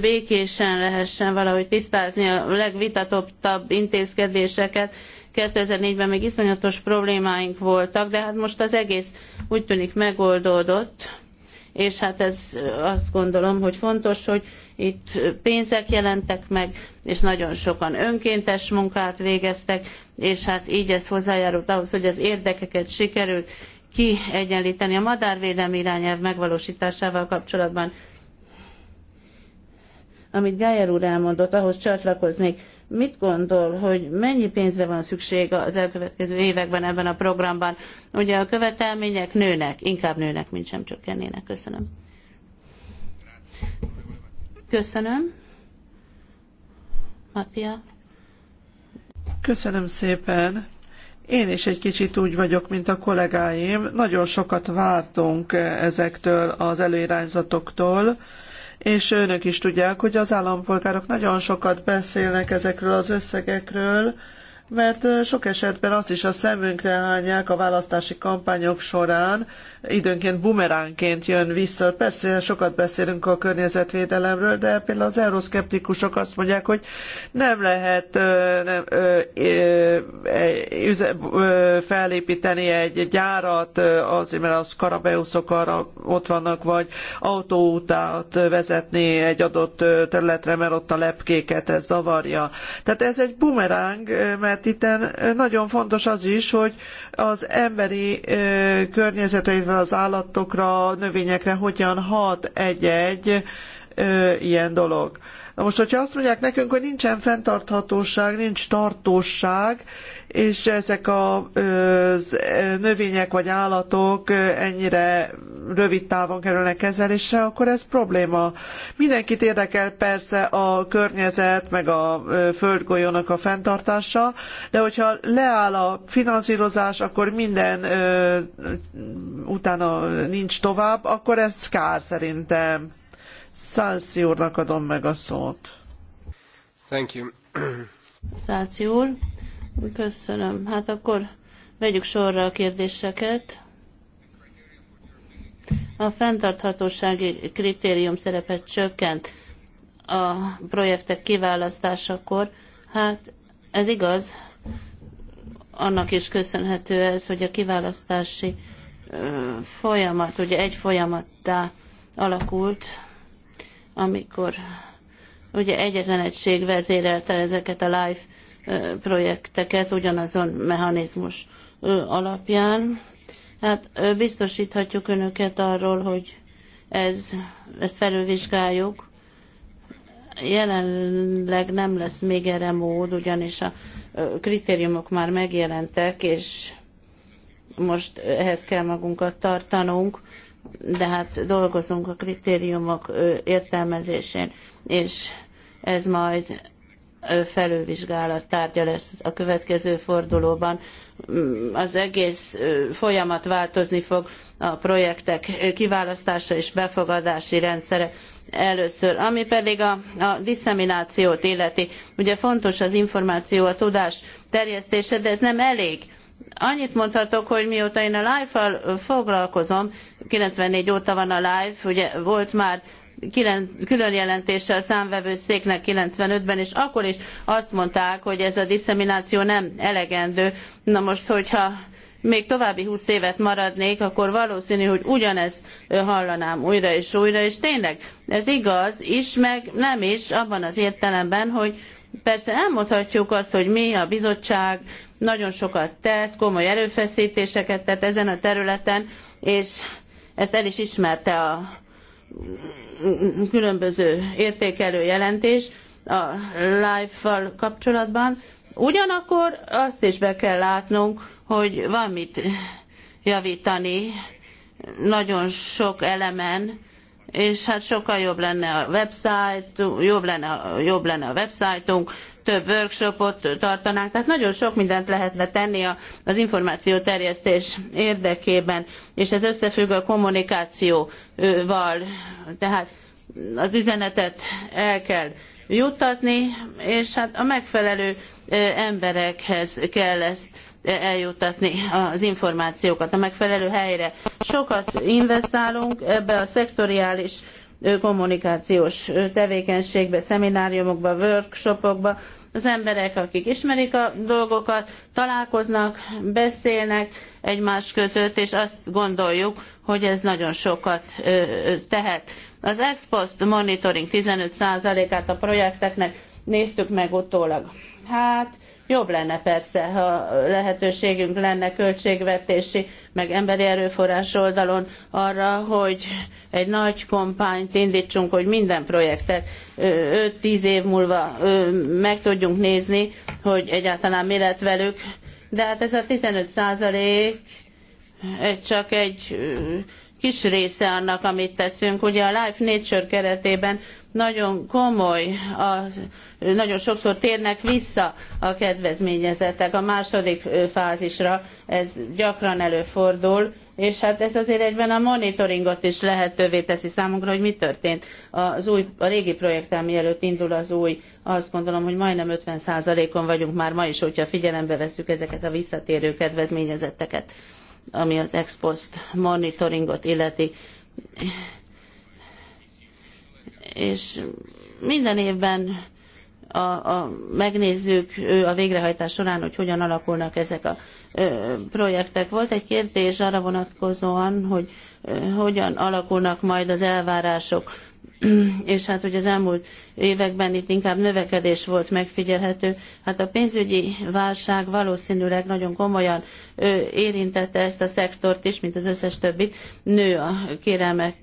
békésen lehessen valahogy tisztázni a legvitatottabb intézkedéseket, 2004-ben még iszonyatos problémáink voltak, de hát most az egész úgy tűnik megoldódott, és hát ez azt gondolom, hogy fontos, hogy itt pénzek jelentek meg, és nagyon sokan önkéntes munkát végeztek, és hát így ez hozzájárult ahhoz, hogy az érdekeket sikerült kiegyenlíteni a madárvédelmi irányelv megvalósításával kapcsolatban. Amit Gájer úr elmondott, ahhoz csatlakoznék, Mit gondol, hogy mennyi pénzre van szükség az elkövetkező években ebben a programban? Ugye a követelmények nőnek, inkább nőnek, mint sem csökkennének. Köszönöm. Köszönöm. Matia. Köszönöm szépen. Én is egy kicsit úgy vagyok, mint a kollégáim. Nagyon sokat vártunk ezektől az előirányzatoktól és önök is tudják, hogy az állampolgárok nagyon sokat beszélnek ezekről az összegekről, mert sok esetben azt is a szemünkre hányják a választási kampányok során, időnként bumeránként jön vissza. Persze sokat beszélünk a környezetvédelemről, de például az euroszkeptikusok azt mondják, hogy nem lehet nem, üze, felépíteni egy gyárat, azért mert az karabeuszok arra ott vannak, vagy autóutát vezetni egy adott területre, mert ott a lepkéket ez zavarja. Tehát ez egy bumeráng, mert mert itt nagyon fontos az is, hogy az emberi környezetre, illetve az állatokra, növényekre hogyan hat egy-egy ilyen dolog. Na most, hogyha azt mondják nekünk, hogy nincsen fenntarthatóság, nincs tartóság, és ezek a növények vagy állatok ennyire rövid távon kerülnek kezelésre, akkor ez probléma. Mindenkit érdekel persze a környezet, meg a földgolyónak a fenntartása, de hogyha leáll a finanszírozás, akkor minden utána nincs tovább, akkor ez kár szerintem. Szálszi úrnak adom meg a szót. Thank you. Szálci úr, köszönöm. Hát akkor vegyük sorra a kérdéseket. A fenntarthatósági kritérium szerepet csökkent a projektek kiválasztásakor. Hát ez igaz, annak is köszönhető ez, hogy a kiválasztási folyamat, ugye egy folyamattá alakult, amikor ugye egyetlen egység vezérelte ezeket a live projekteket ugyanazon mechanizmus alapján. Hát biztosíthatjuk önöket arról, hogy ez, ezt felülvizsgáljuk. Jelenleg nem lesz még erre mód, ugyanis a kritériumok már megjelentek, és most ehhez kell magunkat tartanunk de hát dolgozunk a kritériumok értelmezésén, és ez majd felülvizsgálat tárgya lesz a következő fordulóban. Mm, az egész folyamat változni fog, a projektek kiválasztása és befogadási rendszere először. Ami pedig a, a disszeminációt illeti, ugye fontos az információ, a tudás terjesztése, de ez nem elég annyit mondhatok, hogy mióta én a Life-al foglalkozom, 94 óta van a Life, ugye volt már külön jelentéssel a számvevőszéknek 95-ben, és akkor is azt mondták, hogy ez a disszemináció nem elegendő. Na most, hogyha még további 20 évet maradnék, akkor valószínű, hogy ugyanezt hallanám újra és újra, és tényleg ez igaz is, meg nem is, abban az értelemben, hogy persze elmondhatjuk azt, hogy mi a bizottság, nagyon sokat tett, komoly erőfeszítéseket tett ezen a területen, és ezt el is ismerte a különböző értékelő jelentés a life-val kapcsolatban. Ugyanakkor azt is be kell látnunk, hogy van mit javítani nagyon sok elemen, és hát sokkal jobb lenne a website, jobb lenne, jobb lenne a websájtunk, több workshopot tartanánk, tehát nagyon sok mindent lehetne tenni az információ terjesztés érdekében, és ez összefügg a kommunikációval, tehát az üzenetet el kell juttatni, és hát a megfelelő emberekhez kell ezt eljuttatni az információkat a megfelelő helyre. Sokat investálunk ebbe a szektoriális kommunikációs tevékenységbe, szemináriumokba, workshopokba. Az emberek, akik ismerik a dolgokat, találkoznak, beszélnek egymás között, és azt gondoljuk, hogy ez nagyon sokat tehet. Az ex-post monitoring 15%-át a projekteknek néztük meg utólag. Hát, Jobb lenne persze, ha lehetőségünk lenne költségvetési, meg emberi erőforrás oldalon arra, hogy egy nagy kampányt indítsunk, hogy minden projektet 5-10 év múlva meg tudjunk nézni, hogy egyáltalán mi lett velük. De hát ez a 15 százalék, csak egy kis része annak, amit teszünk. Ugye a Life Nature keretében nagyon komoly, a, nagyon sokszor térnek vissza a kedvezményezettek a második fázisra, ez gyakran előfordul, és hát ez azért egyben a monitoringot is lehetővé teszi számunkra, hogy mi történt az új, a régi projekttel mielőtt indul az új. Azt gondolom, hogy majdnem 50%-on vagyunk már ma is, hogyha figyelembe vesszük ezeket a visszatérő kedvezményezetteket ami az ex post monitoringot illeti. És minden évben a, a, megnézzük a végrehajtás során, hogy hogyan alakulnak ezek a ö, projektek. Volt egy kérdés arra vonatkozóan, hogy ö, hogyan alakulnak majd az elvárások és hát hogy az elmúlt években itt inkább növekedés volt megfigyelhető. Hát a pénzügyi válság valószínűleg nagyon komolyan érintette ezt a szektort is, mint az összes többit. Nő a kérelmek,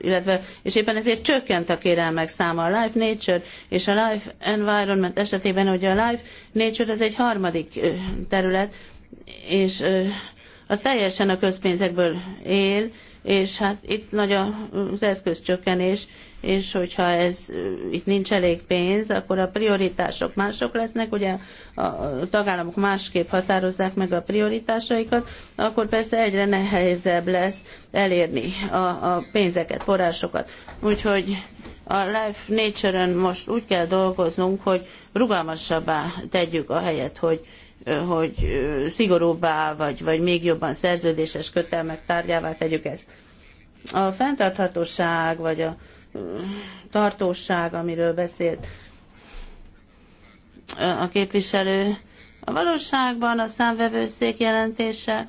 illetve, és éppen ezért csökkent a kérelmek száma. A Life Nature és a Life Environment esetében, hogy a Life Nature az egy harmadik terület, és az teljesen a közpénzekből él, és hát itt nagy az eszközcsökkenés, és hogyha ez, itt nincs elég pénz, akkor a prioritások mások lesznek, ugye a tagállamok másképp határozzák meg a prioritásaikat, akkor persze egyre nehezebb lesz elérni a, a pénzeket, forrásokat. Úgyhogy a Life Nature-ön most úgy kell dolgoznunk, hogy rugalmasabbá tegyük a helyet, hogy hogy szigorúbbá, vagy, vagy még jobban szerződéses kötelmek tárgyává tegyük ezt. A fenntarthatóság, vagy a tartóság, amiről beszélt a képviselő, a valóságban a számvevőszék jelentése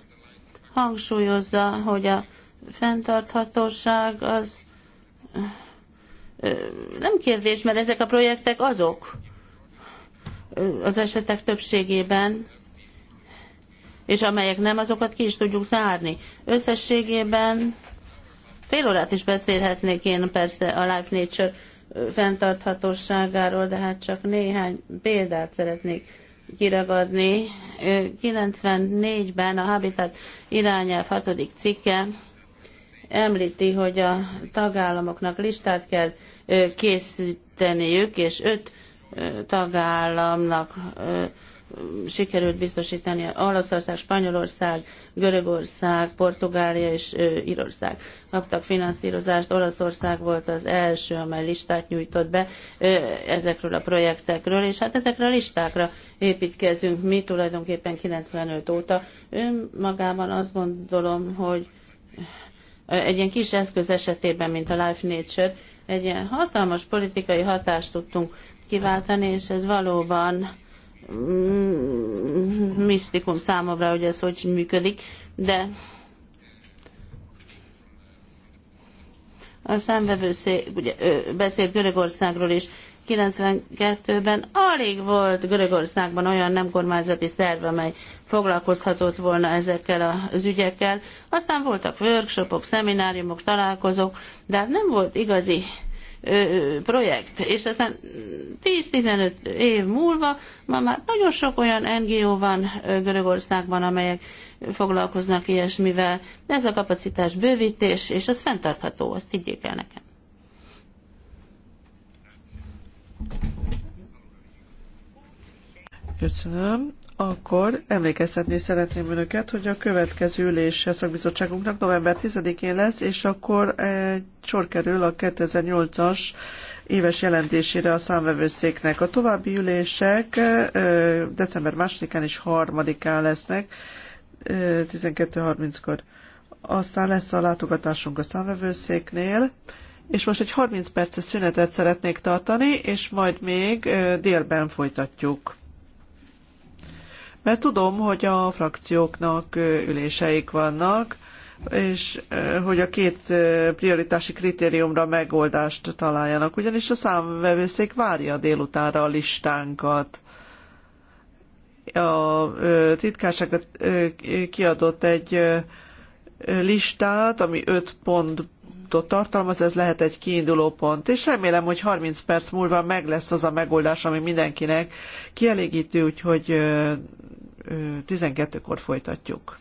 hangsúlyozza, hogy a fenntarthatóság az nem kérdés, mert ezek a projektek azok, az esetek többségében, és amelyek nem, azokat ki is tudjuk zárni. Összességében fél órát is beszélhetnék én persze a Life Nature fenntarthatóságáról, de hát csak néhány példát szeretnék kiragadni. 94-ben a Habitat irányelv hatodik cikke említi, hogy a tagállamoknak listát kell készíteniük, és öt tagállamnak sikerült biztosítani Olaszország, Spanyolország, Görögország, Portugália és Írország kaptak finanszírozást. Olaszország volt az első, amely listát nyújtott be ezekről a projektekről, és hát ezekre a listákra építkezünk mi tulajdonképpen 95 óta. Ön magában azt gondolom, hogy egy ilyen kis eszköz esetében, mint a Life Nature, egy ilyen hatalmas politikai hatást tudtunk kiváltani, és ez valóban mm, misztikum számomra, hogy ez hogy működik, de a számvevőszék ugye, beszélt Görögországról is, 92-ben alig volt Görögországban olyan nem kormányzati szerv, amely foglalkozhatott volna ezekkel az ügyekkel. Aztán voltak workshopok, szemináriumok, találkozók, de hát nem volt igazi projekt. És aztán 10-15 év múlva ma már nagyon sok olyan NGO van Görögországban, amelyek foglalkoznak ilyesmivel. De ez a kapacitás bővítés, és az fenntartható, azt higgyék el nekem. Köszönöm. Akkor emlékeztetni szeretném önöket, hogy a következő ülés a szakbizottságunknak november 10-én lesz, és akkor egy sor kerül a 2008-as éves jelentésére a számvevőszéknek. A további ülések december 2-án és 3-án lesznek, 12.30-kor. Aztán lesz a látogatásunk a számvevőszéknél, és most egy 30 perces szünetet szeretnék tartani, és majd még délben folytatjuk. Mert tudom, hogy a frakcióknak üléseik vannak, és hogy a két prioritási kritériumra megoldást találjanak, ugyanis a számvevőszék várja délutánra a listánkat. A titkárság kiadott egy listát, ami öt pontot tartalmaz, ez lehet egy kiinduló pont, és remélem, hogy 30 perc múlva meg lesz az a megoldás, ami mindenkinek kielégítő, úgyhogy 12-kor folytatjuk.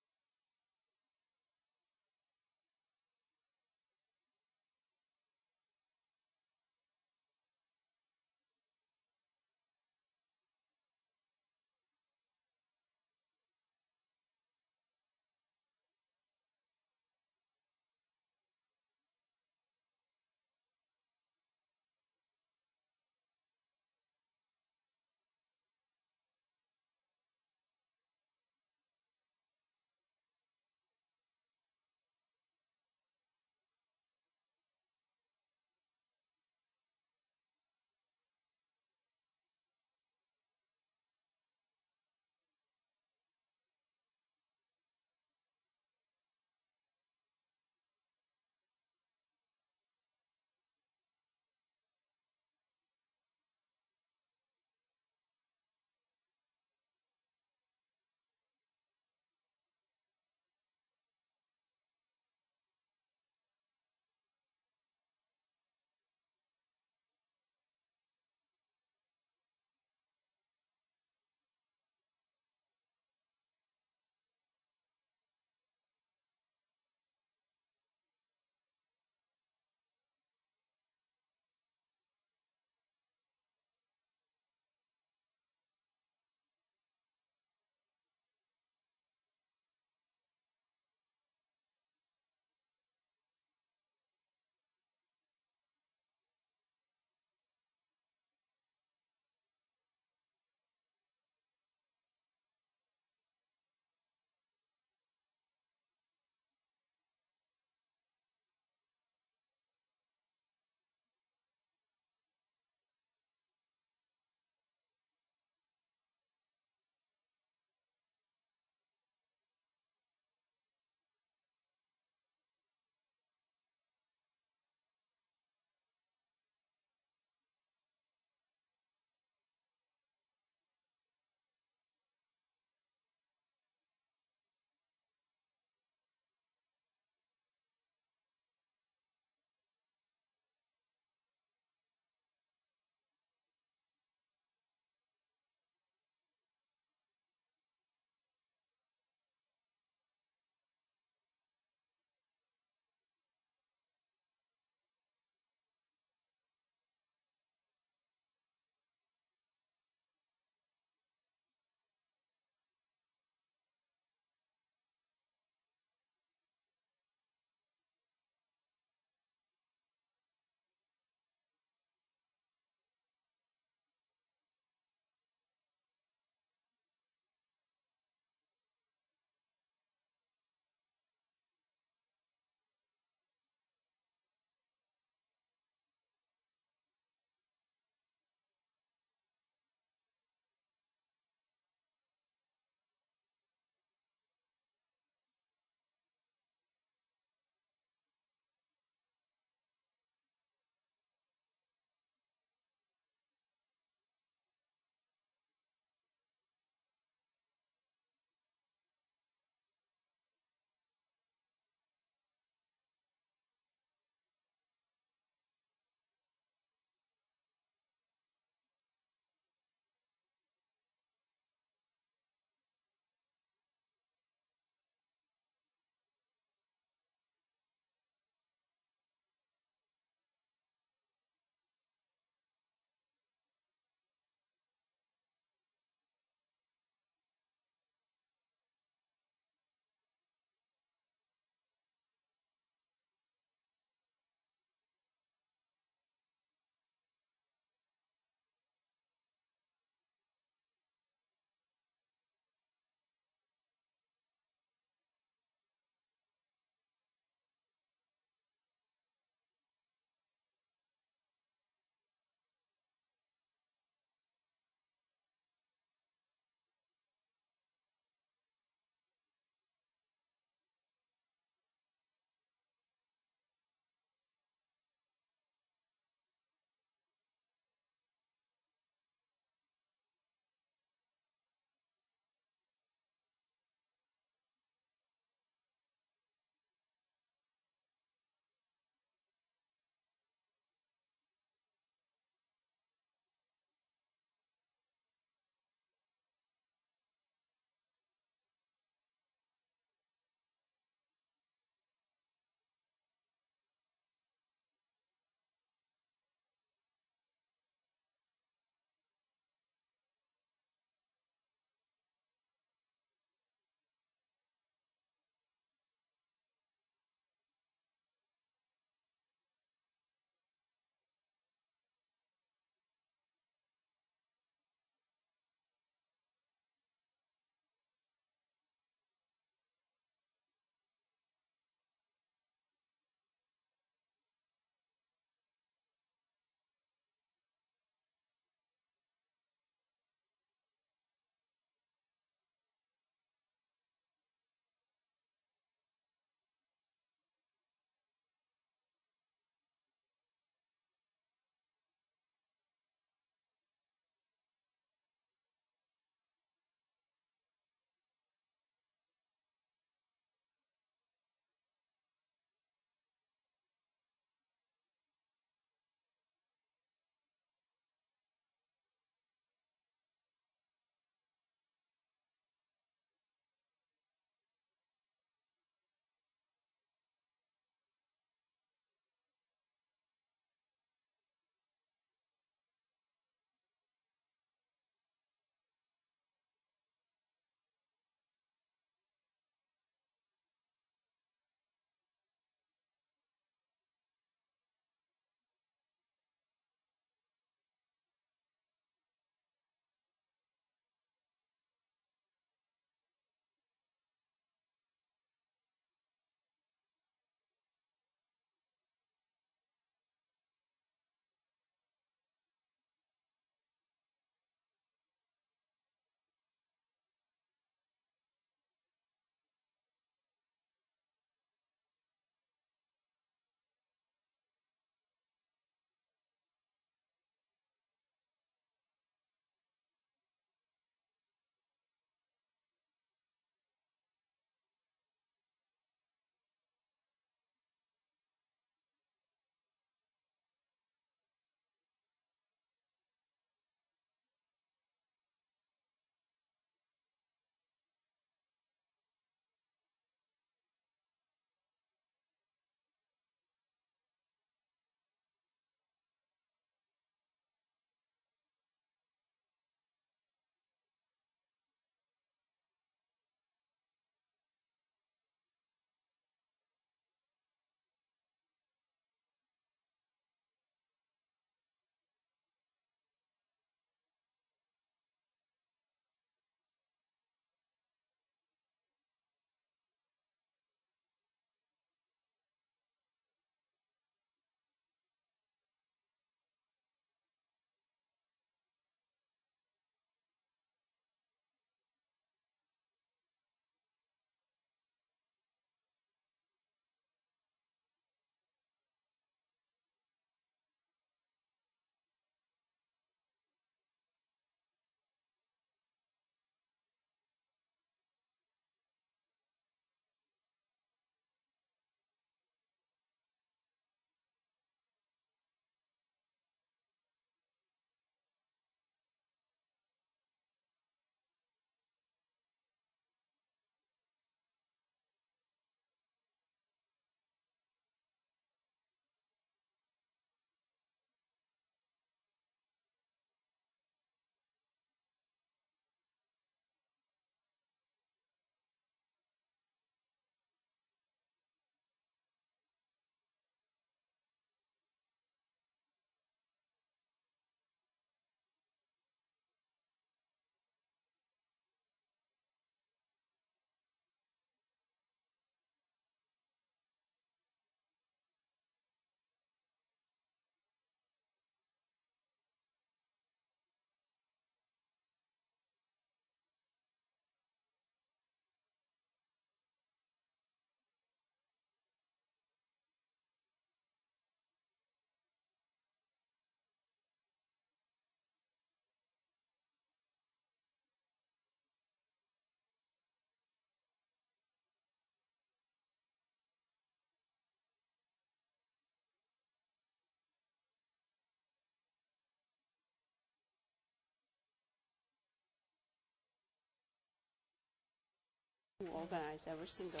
who organize single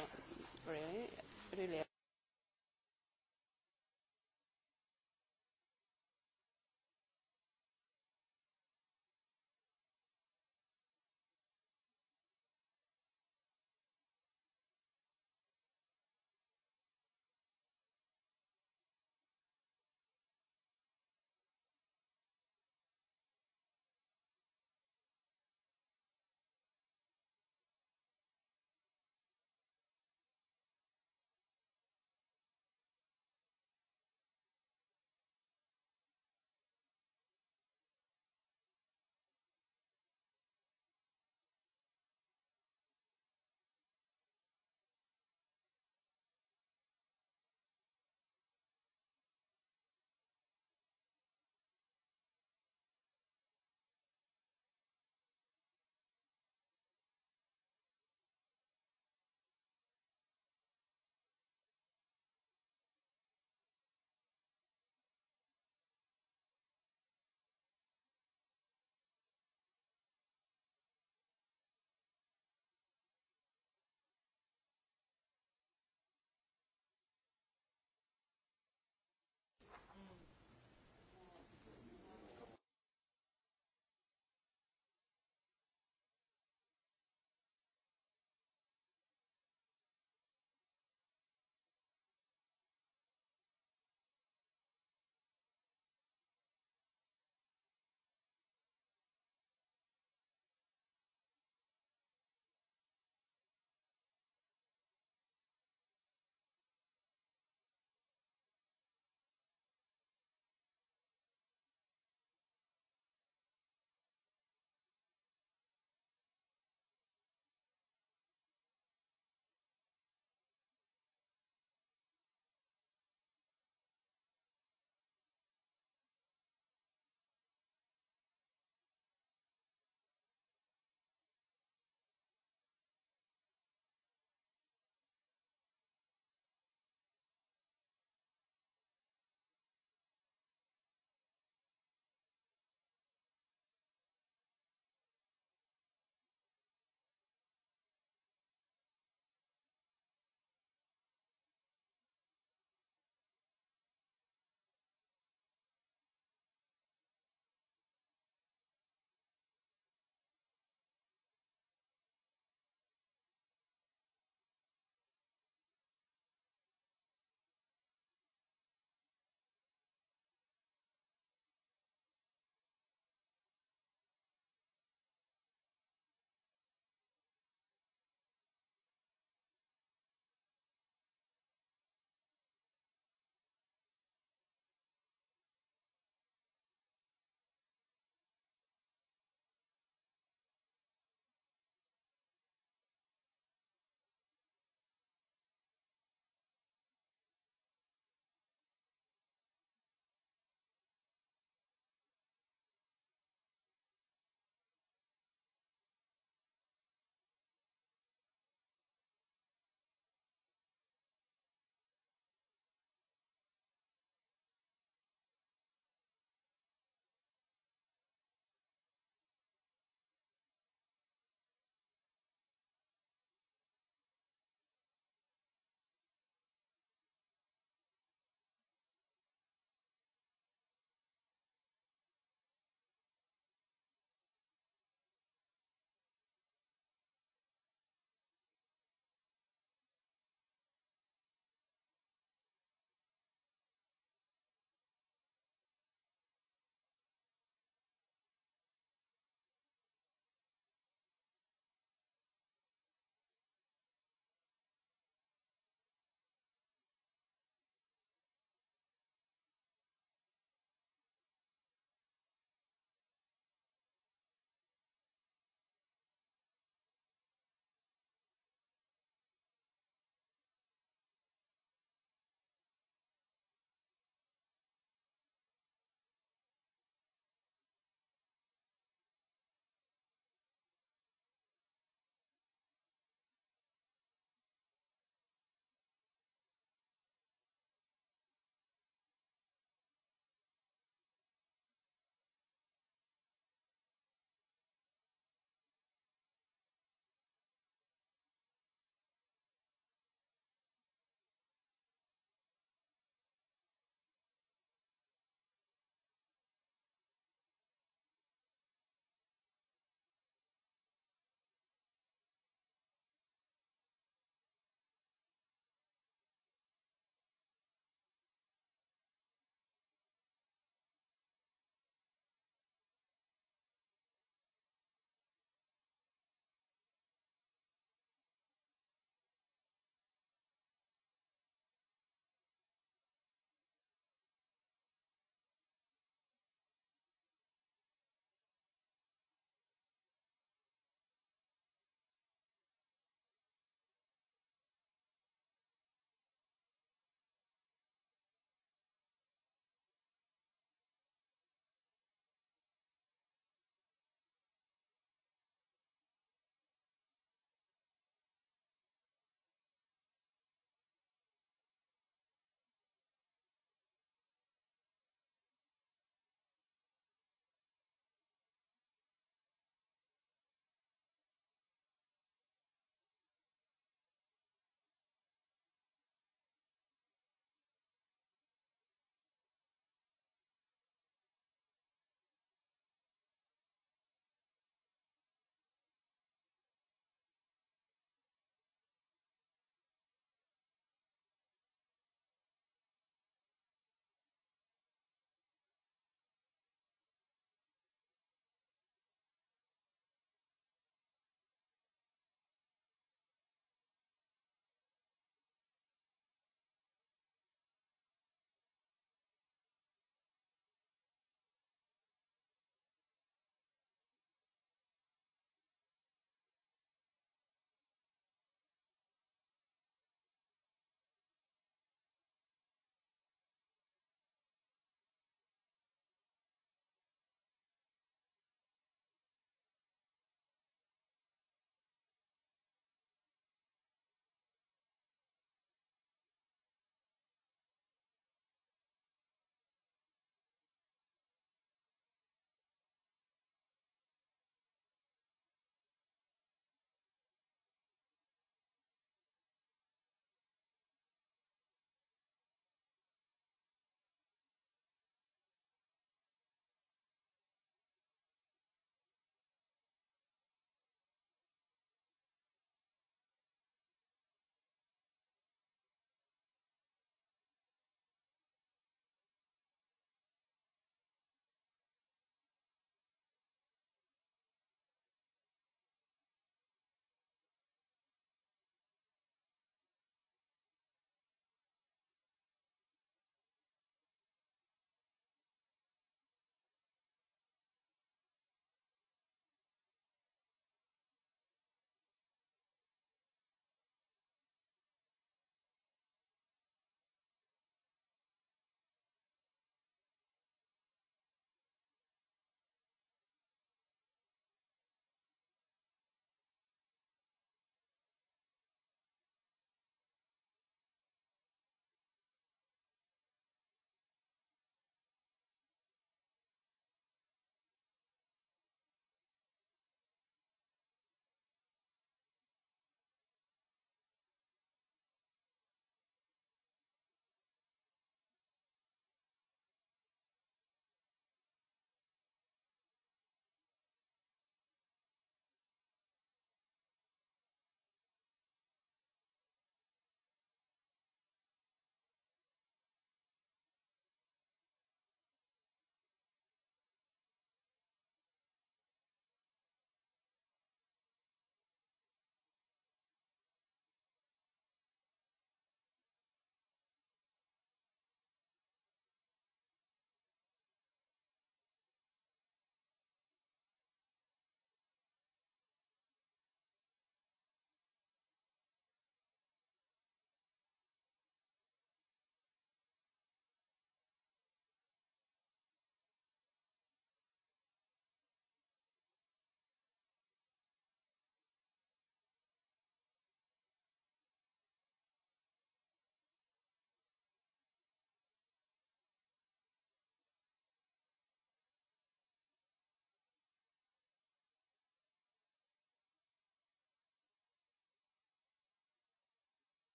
really, really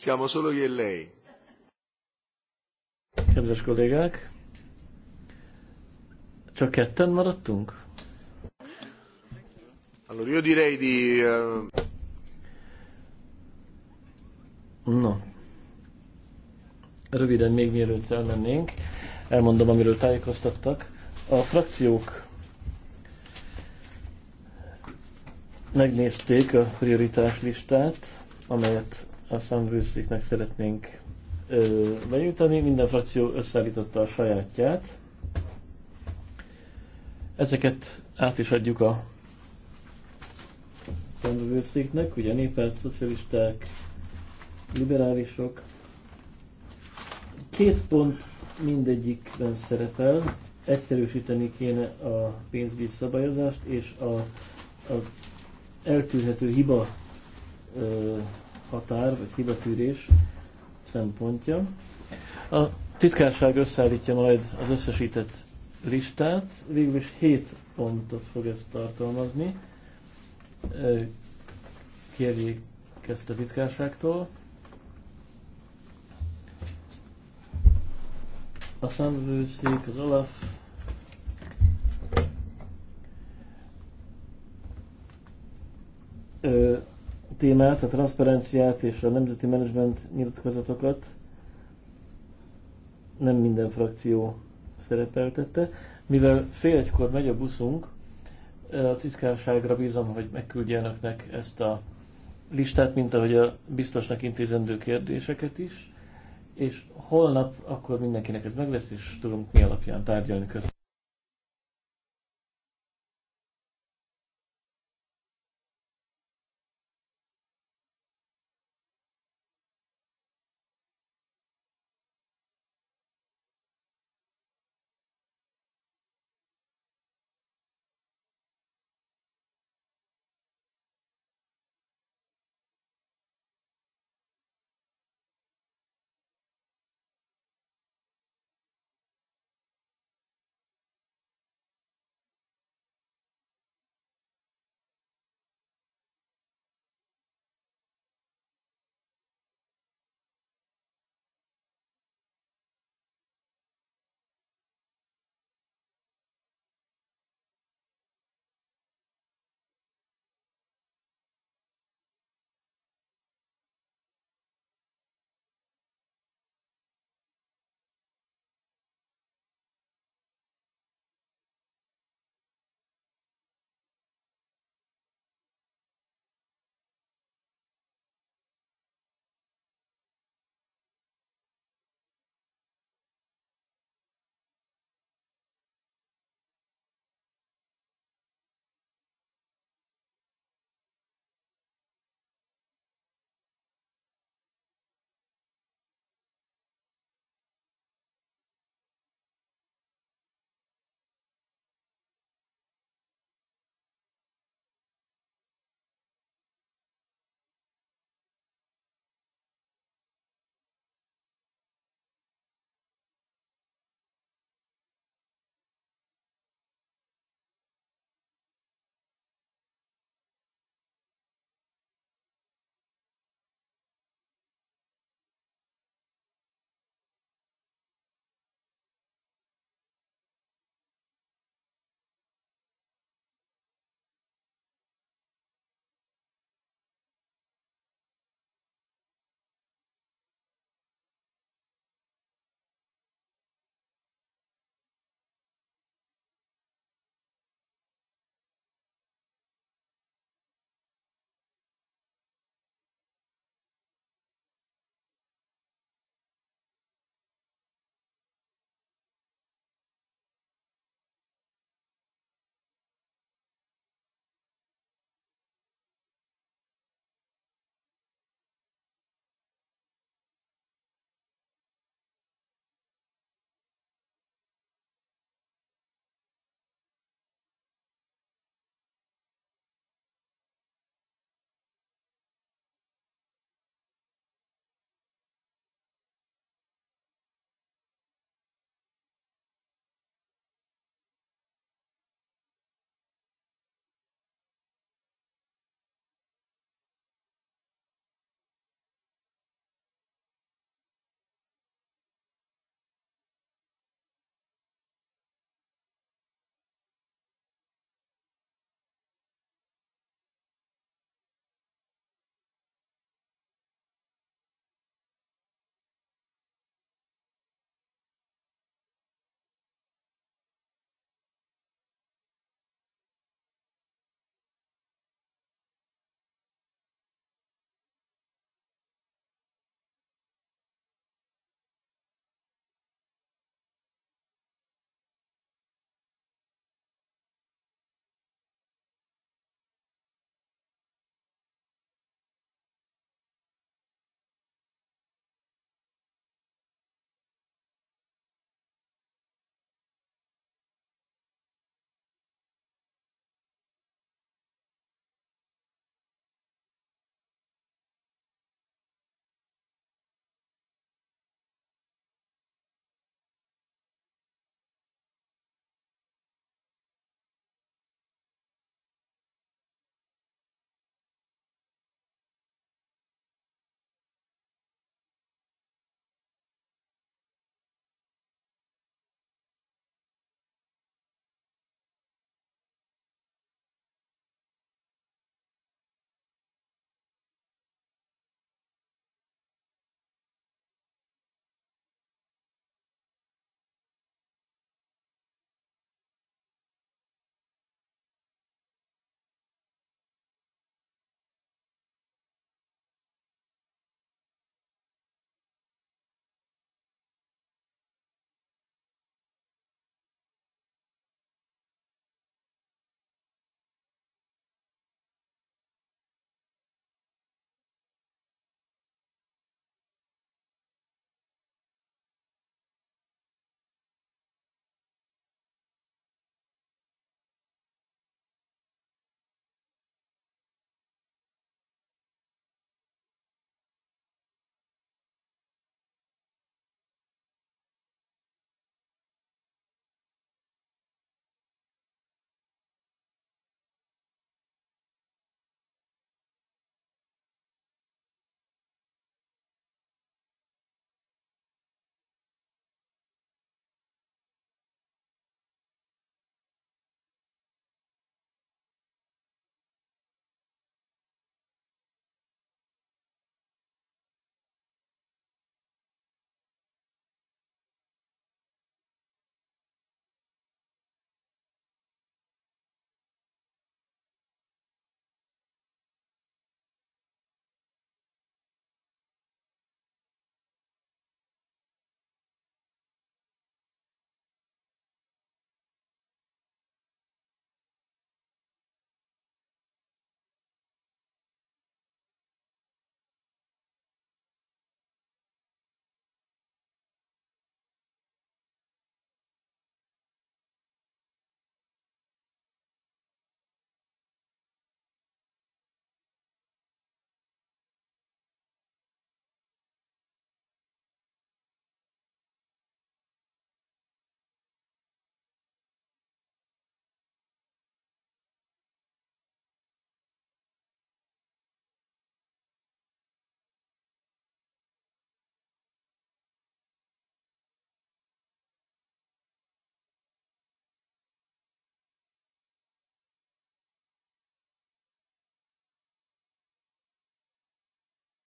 Siamo solo io e lei. Kedves kollégák, csak ketten maradtunk? Allora io direi di... Uh... No. Röviden még mielőtt elmennénk, elmondom, amiről tájékoztattak. A frakciók megnézték a prioritás listát, amelyet a számvőszéknek szeretnénk ö, benyújtani. Minden frakció összeállította a sajátját. Ezeket át is adjuk a számvőszéknek, ugye népelt szocialisták, liberálisok. Két pont mindegyikben szerepel. Egyszerűsíteni kéne a pénzügyi szabályozást és a, a eltűnhető hiba ö, határ vagy hibatűrés szempontja. A titkárság összeállítja majd az összesített listát, végül is 7 pontot fog ez tartalmazni. Kérjék ezt a titkárságtól. A szemvőszék, az Olaf, ö, témát, a transzparenciát és a nemzeti menedzsment nyilatkozatokat nem minden frakció szerepeltette. Mivel fél egykor megy a buszunk, eh, a titkárságra bízom, hogy megküldje önöknek ezt a listát, mint ahogy a biztosnak intézendő kérdéseket is, és holnap akkor mindenkinek ez meg lesz, és tudunk mi alapján tárgyalni. Köszönöm.